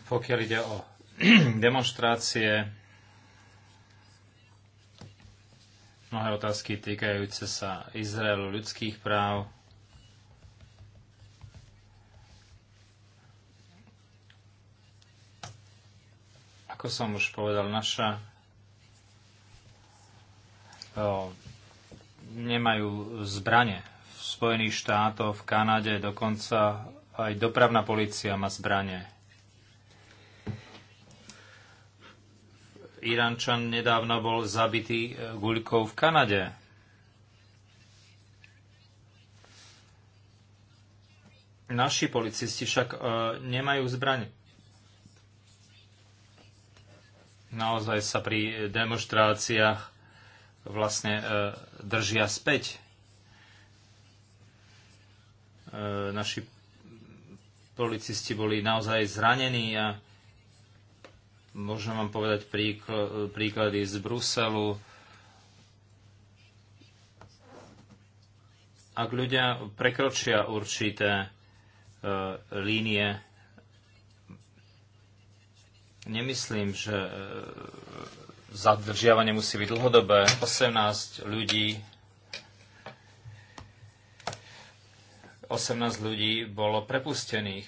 pokiaľ ide o [CLEARS THROAT] demonstrácie, mnohé otázky týkajúce sa Izraelu ľudských práv, ako som už povedal, naša o, nemajú zbranie. V Spojených štátoch, v Kanade dokonca aj dopravná policia má zbranie. Irančan nedávno bol zabitý e, guľkou v Kanade. Naši policisti však e, nemajú zbraň. Naozaj sa pri demonstráciách vlastne e, držia späť. E, naši policisti boli naozaj zranení a Môžem vám povedať príklady z Bruselu. Ak ľudia prekročia určité e, línie, nemyslím, že e, zadržiavanie musí byť dlhodobé. 18 ľudí 18 ľudí bolo prepustených.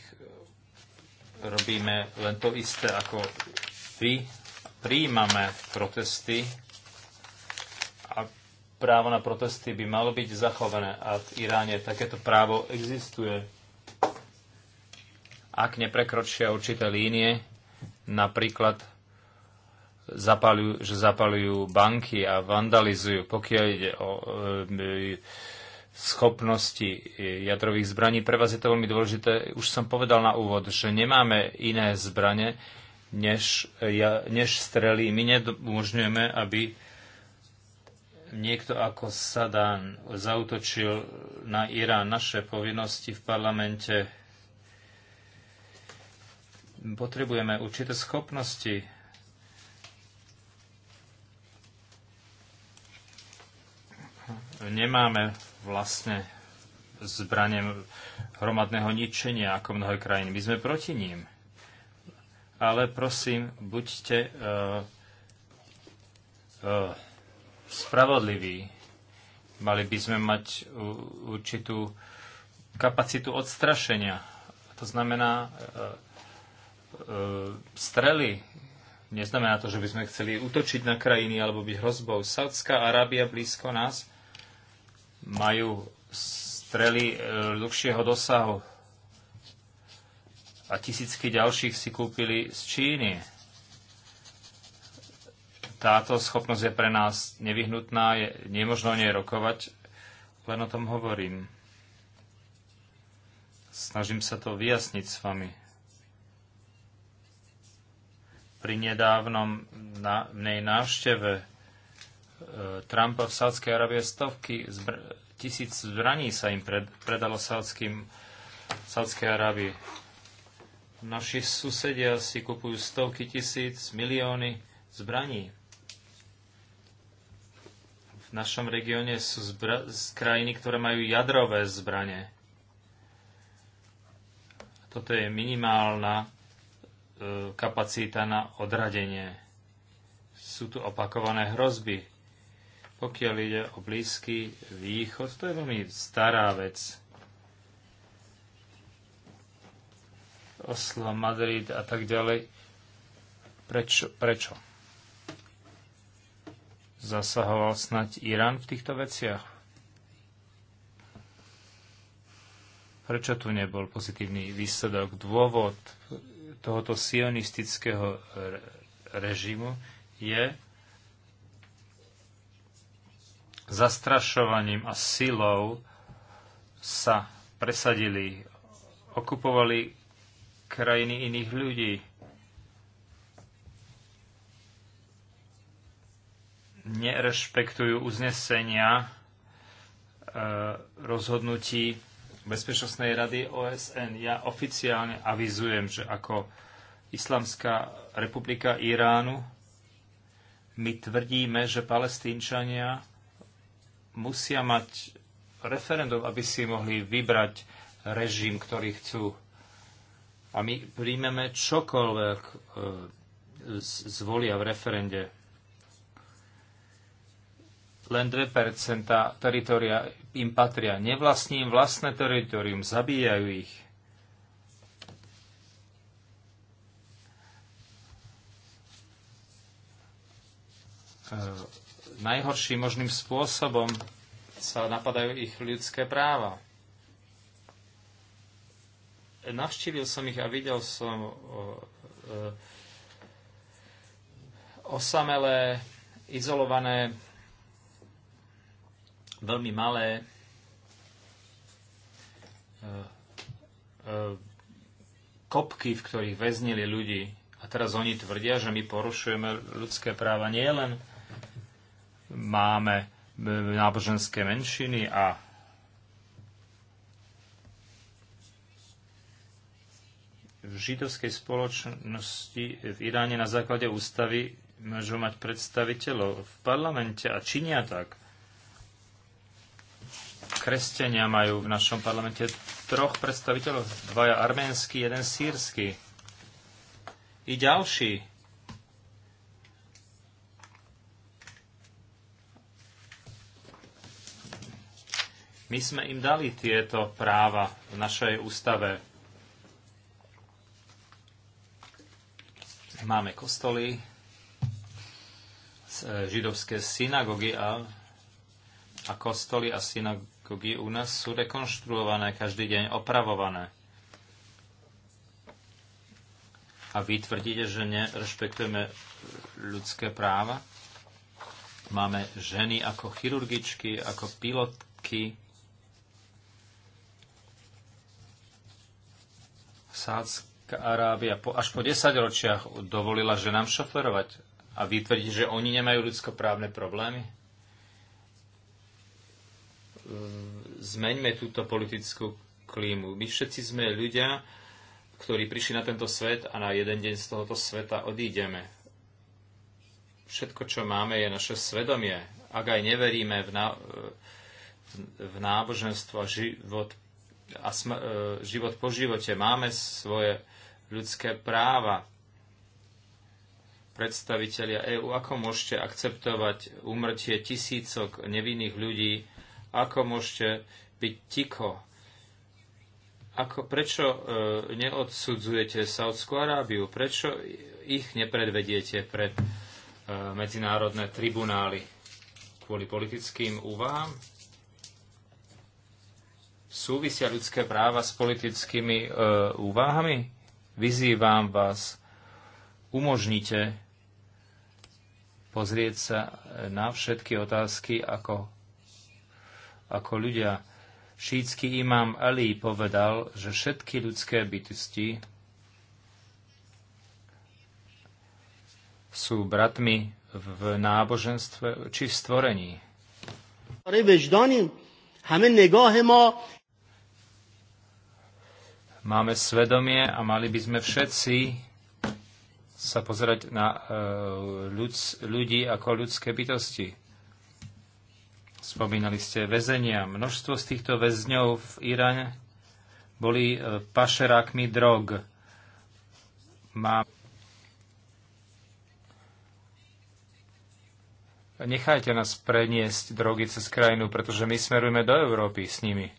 Robíme len to isté ako vždy príjmame protesty a právo na protesty by malo byť zachované a v Iráne takéto právo existuje. Ak neprekročia určité línie, napríklad zapalujú, že zapalujú banky a vandalizujú, pokiaľ ide o e, schopnosti jadrových zbraní. Pre vás je to veľmi dôležité. Už som povedal na úvod, že nemáme iné zbranie, než, ja, než strelí. My nedomožňujeme, aby niekto ako Sadán zautočil na Irán. Naše povinnosti v parlamente potrebujeme určité schopnosti. Nemáme vlastne zbranie hromadného ničenia ako mnohé krajiny. My sme proti ním ale prosím, buďte uh, uh, spravodliví. Mali by sme mať určitú kapacitu odstrašenia. To znamená, uh, uh, strely neznamená to, že by sme chceli útočiť na krajiny alebo byť hrozbou. Saudská Arábia blízko nás majú strely dlhšieho dosahu a tisícky ďalších si kúpili z Číny. Táto schopnosť je pre nás nevyhnutná, je nemožno o nej rokovať, len o tom hovorím. Snažím sa to vyjasniť s vami. Pri nedávnom na, nej návšteve e, Trumpa v Sádskej Arabie stovky zbr- tisíc zbraní sa im pred, predalo Sádskej Arabii. Naši susedia si kupujú stovky tisíc, milióny zbraní. V našom regióne sú zbra- z krajiny, ktoré majú jadrové zbranie. Toto je minimálna e, kapacita na odradenie. Sú tu opakované hrozby. Pokiaľ ide o Blízky východ, to je veľmi stará vec Oslo, Madrid a tak ďalej. Prečo? Prečo? Zasahoval snať Irán v týchto veciach? Prečo tu nebol pozitívny výsledok? Dôvod tohoto sionistického režimu je zastrašovaním a silou sa presadili, okupovali krajiny iných ľudí. Nerešpektujú uznesenia e, rozhodnutí Bezpečnostnej rady OSN. Ja oficiálne avizujem, že ako Islamská republika Iránu my tvrdíme, že palestínčania musia mať referendum, aby si mohli vybrať režim, ktorý chcú a my príjmeme čokoľvek e, zvolia v referende. Len 2% teritoria im patria. Nevlastní im vlastné teritorium, zabíjajú ich. E, najhorším možným spôsobom sa napadajú ich ľudské práva. Navštívil som ich a videl som e, osamelé, izolované, veľmi malé e, e, kopky, v ktorých väznili ľudí. A teraz oni tvrdia, že my porušujeme ľudské práva. Nie len máme náboženské menšiny a v židovskej spoločnosti v Iráne na základe ústavy môžu mať predstaviteľov v parlamente a činia tak. Kresťania majú v našom parlamente troch predstaviteľov, dvaja arménsky, jeden sírsky. I ďalší. My sme im dali tieto práva v našej ústave Máme kostoly, e, židovské synagogy a, a kostoly a synagogy u nás sú rekonštruované, každý deň opravované. A vy tvrdíte, že nerešpektujeme ľudské práva? Máme ženy ako chirurgičky, ako pilotky, sádzky, Arábia po, až po 10 ročiach dovolila ženám šoferovať. A vytvrdiť, že oni nemajú ľudskoprávne problémy? Zmeňme túto politickú klímu. My všetci sme ľudia, ktorí prišli na tento svet a na jeden deň z tohoto sveta odídeme. Všetko, čo máme, je naše svedomie. Ak aj neveríme v, ná, v náboženstvo a život, a sm, e, život po živote, máme svoje ľudské práva. Predstavitelia EÚ, ako môžete akceptovať úmrtie tisícok nevinných ľudí? Ako môžete byť ticho? Ako, prečo e, neodsudzujete Saudskú Arábiu? Prečo ich nepredvediete pred e, medzinárodné tribunály? Kvôli politickým úvahám? súvisia ľudské práva s politickými e, úvahami? Vyzývam vás, umožnite pozrieť sa na všetky otázky, ako, ako ľudia. Šícky imám Ali povedal, že všetky ľudské bytosti sú bratmi v náboženstve či v stvorení. Máme svedomie a mali by sme všetci sa pozerať na e, ľud, ľudí ako ľudské bytosti. Spomínali ste väzenia. Množstvo z týchto väzňov v Iráne boli e, pašerákmi drog. Má... Nechajte nás preniesť drogy cez krajinu, pretože my smerujeme do Európy s nimi.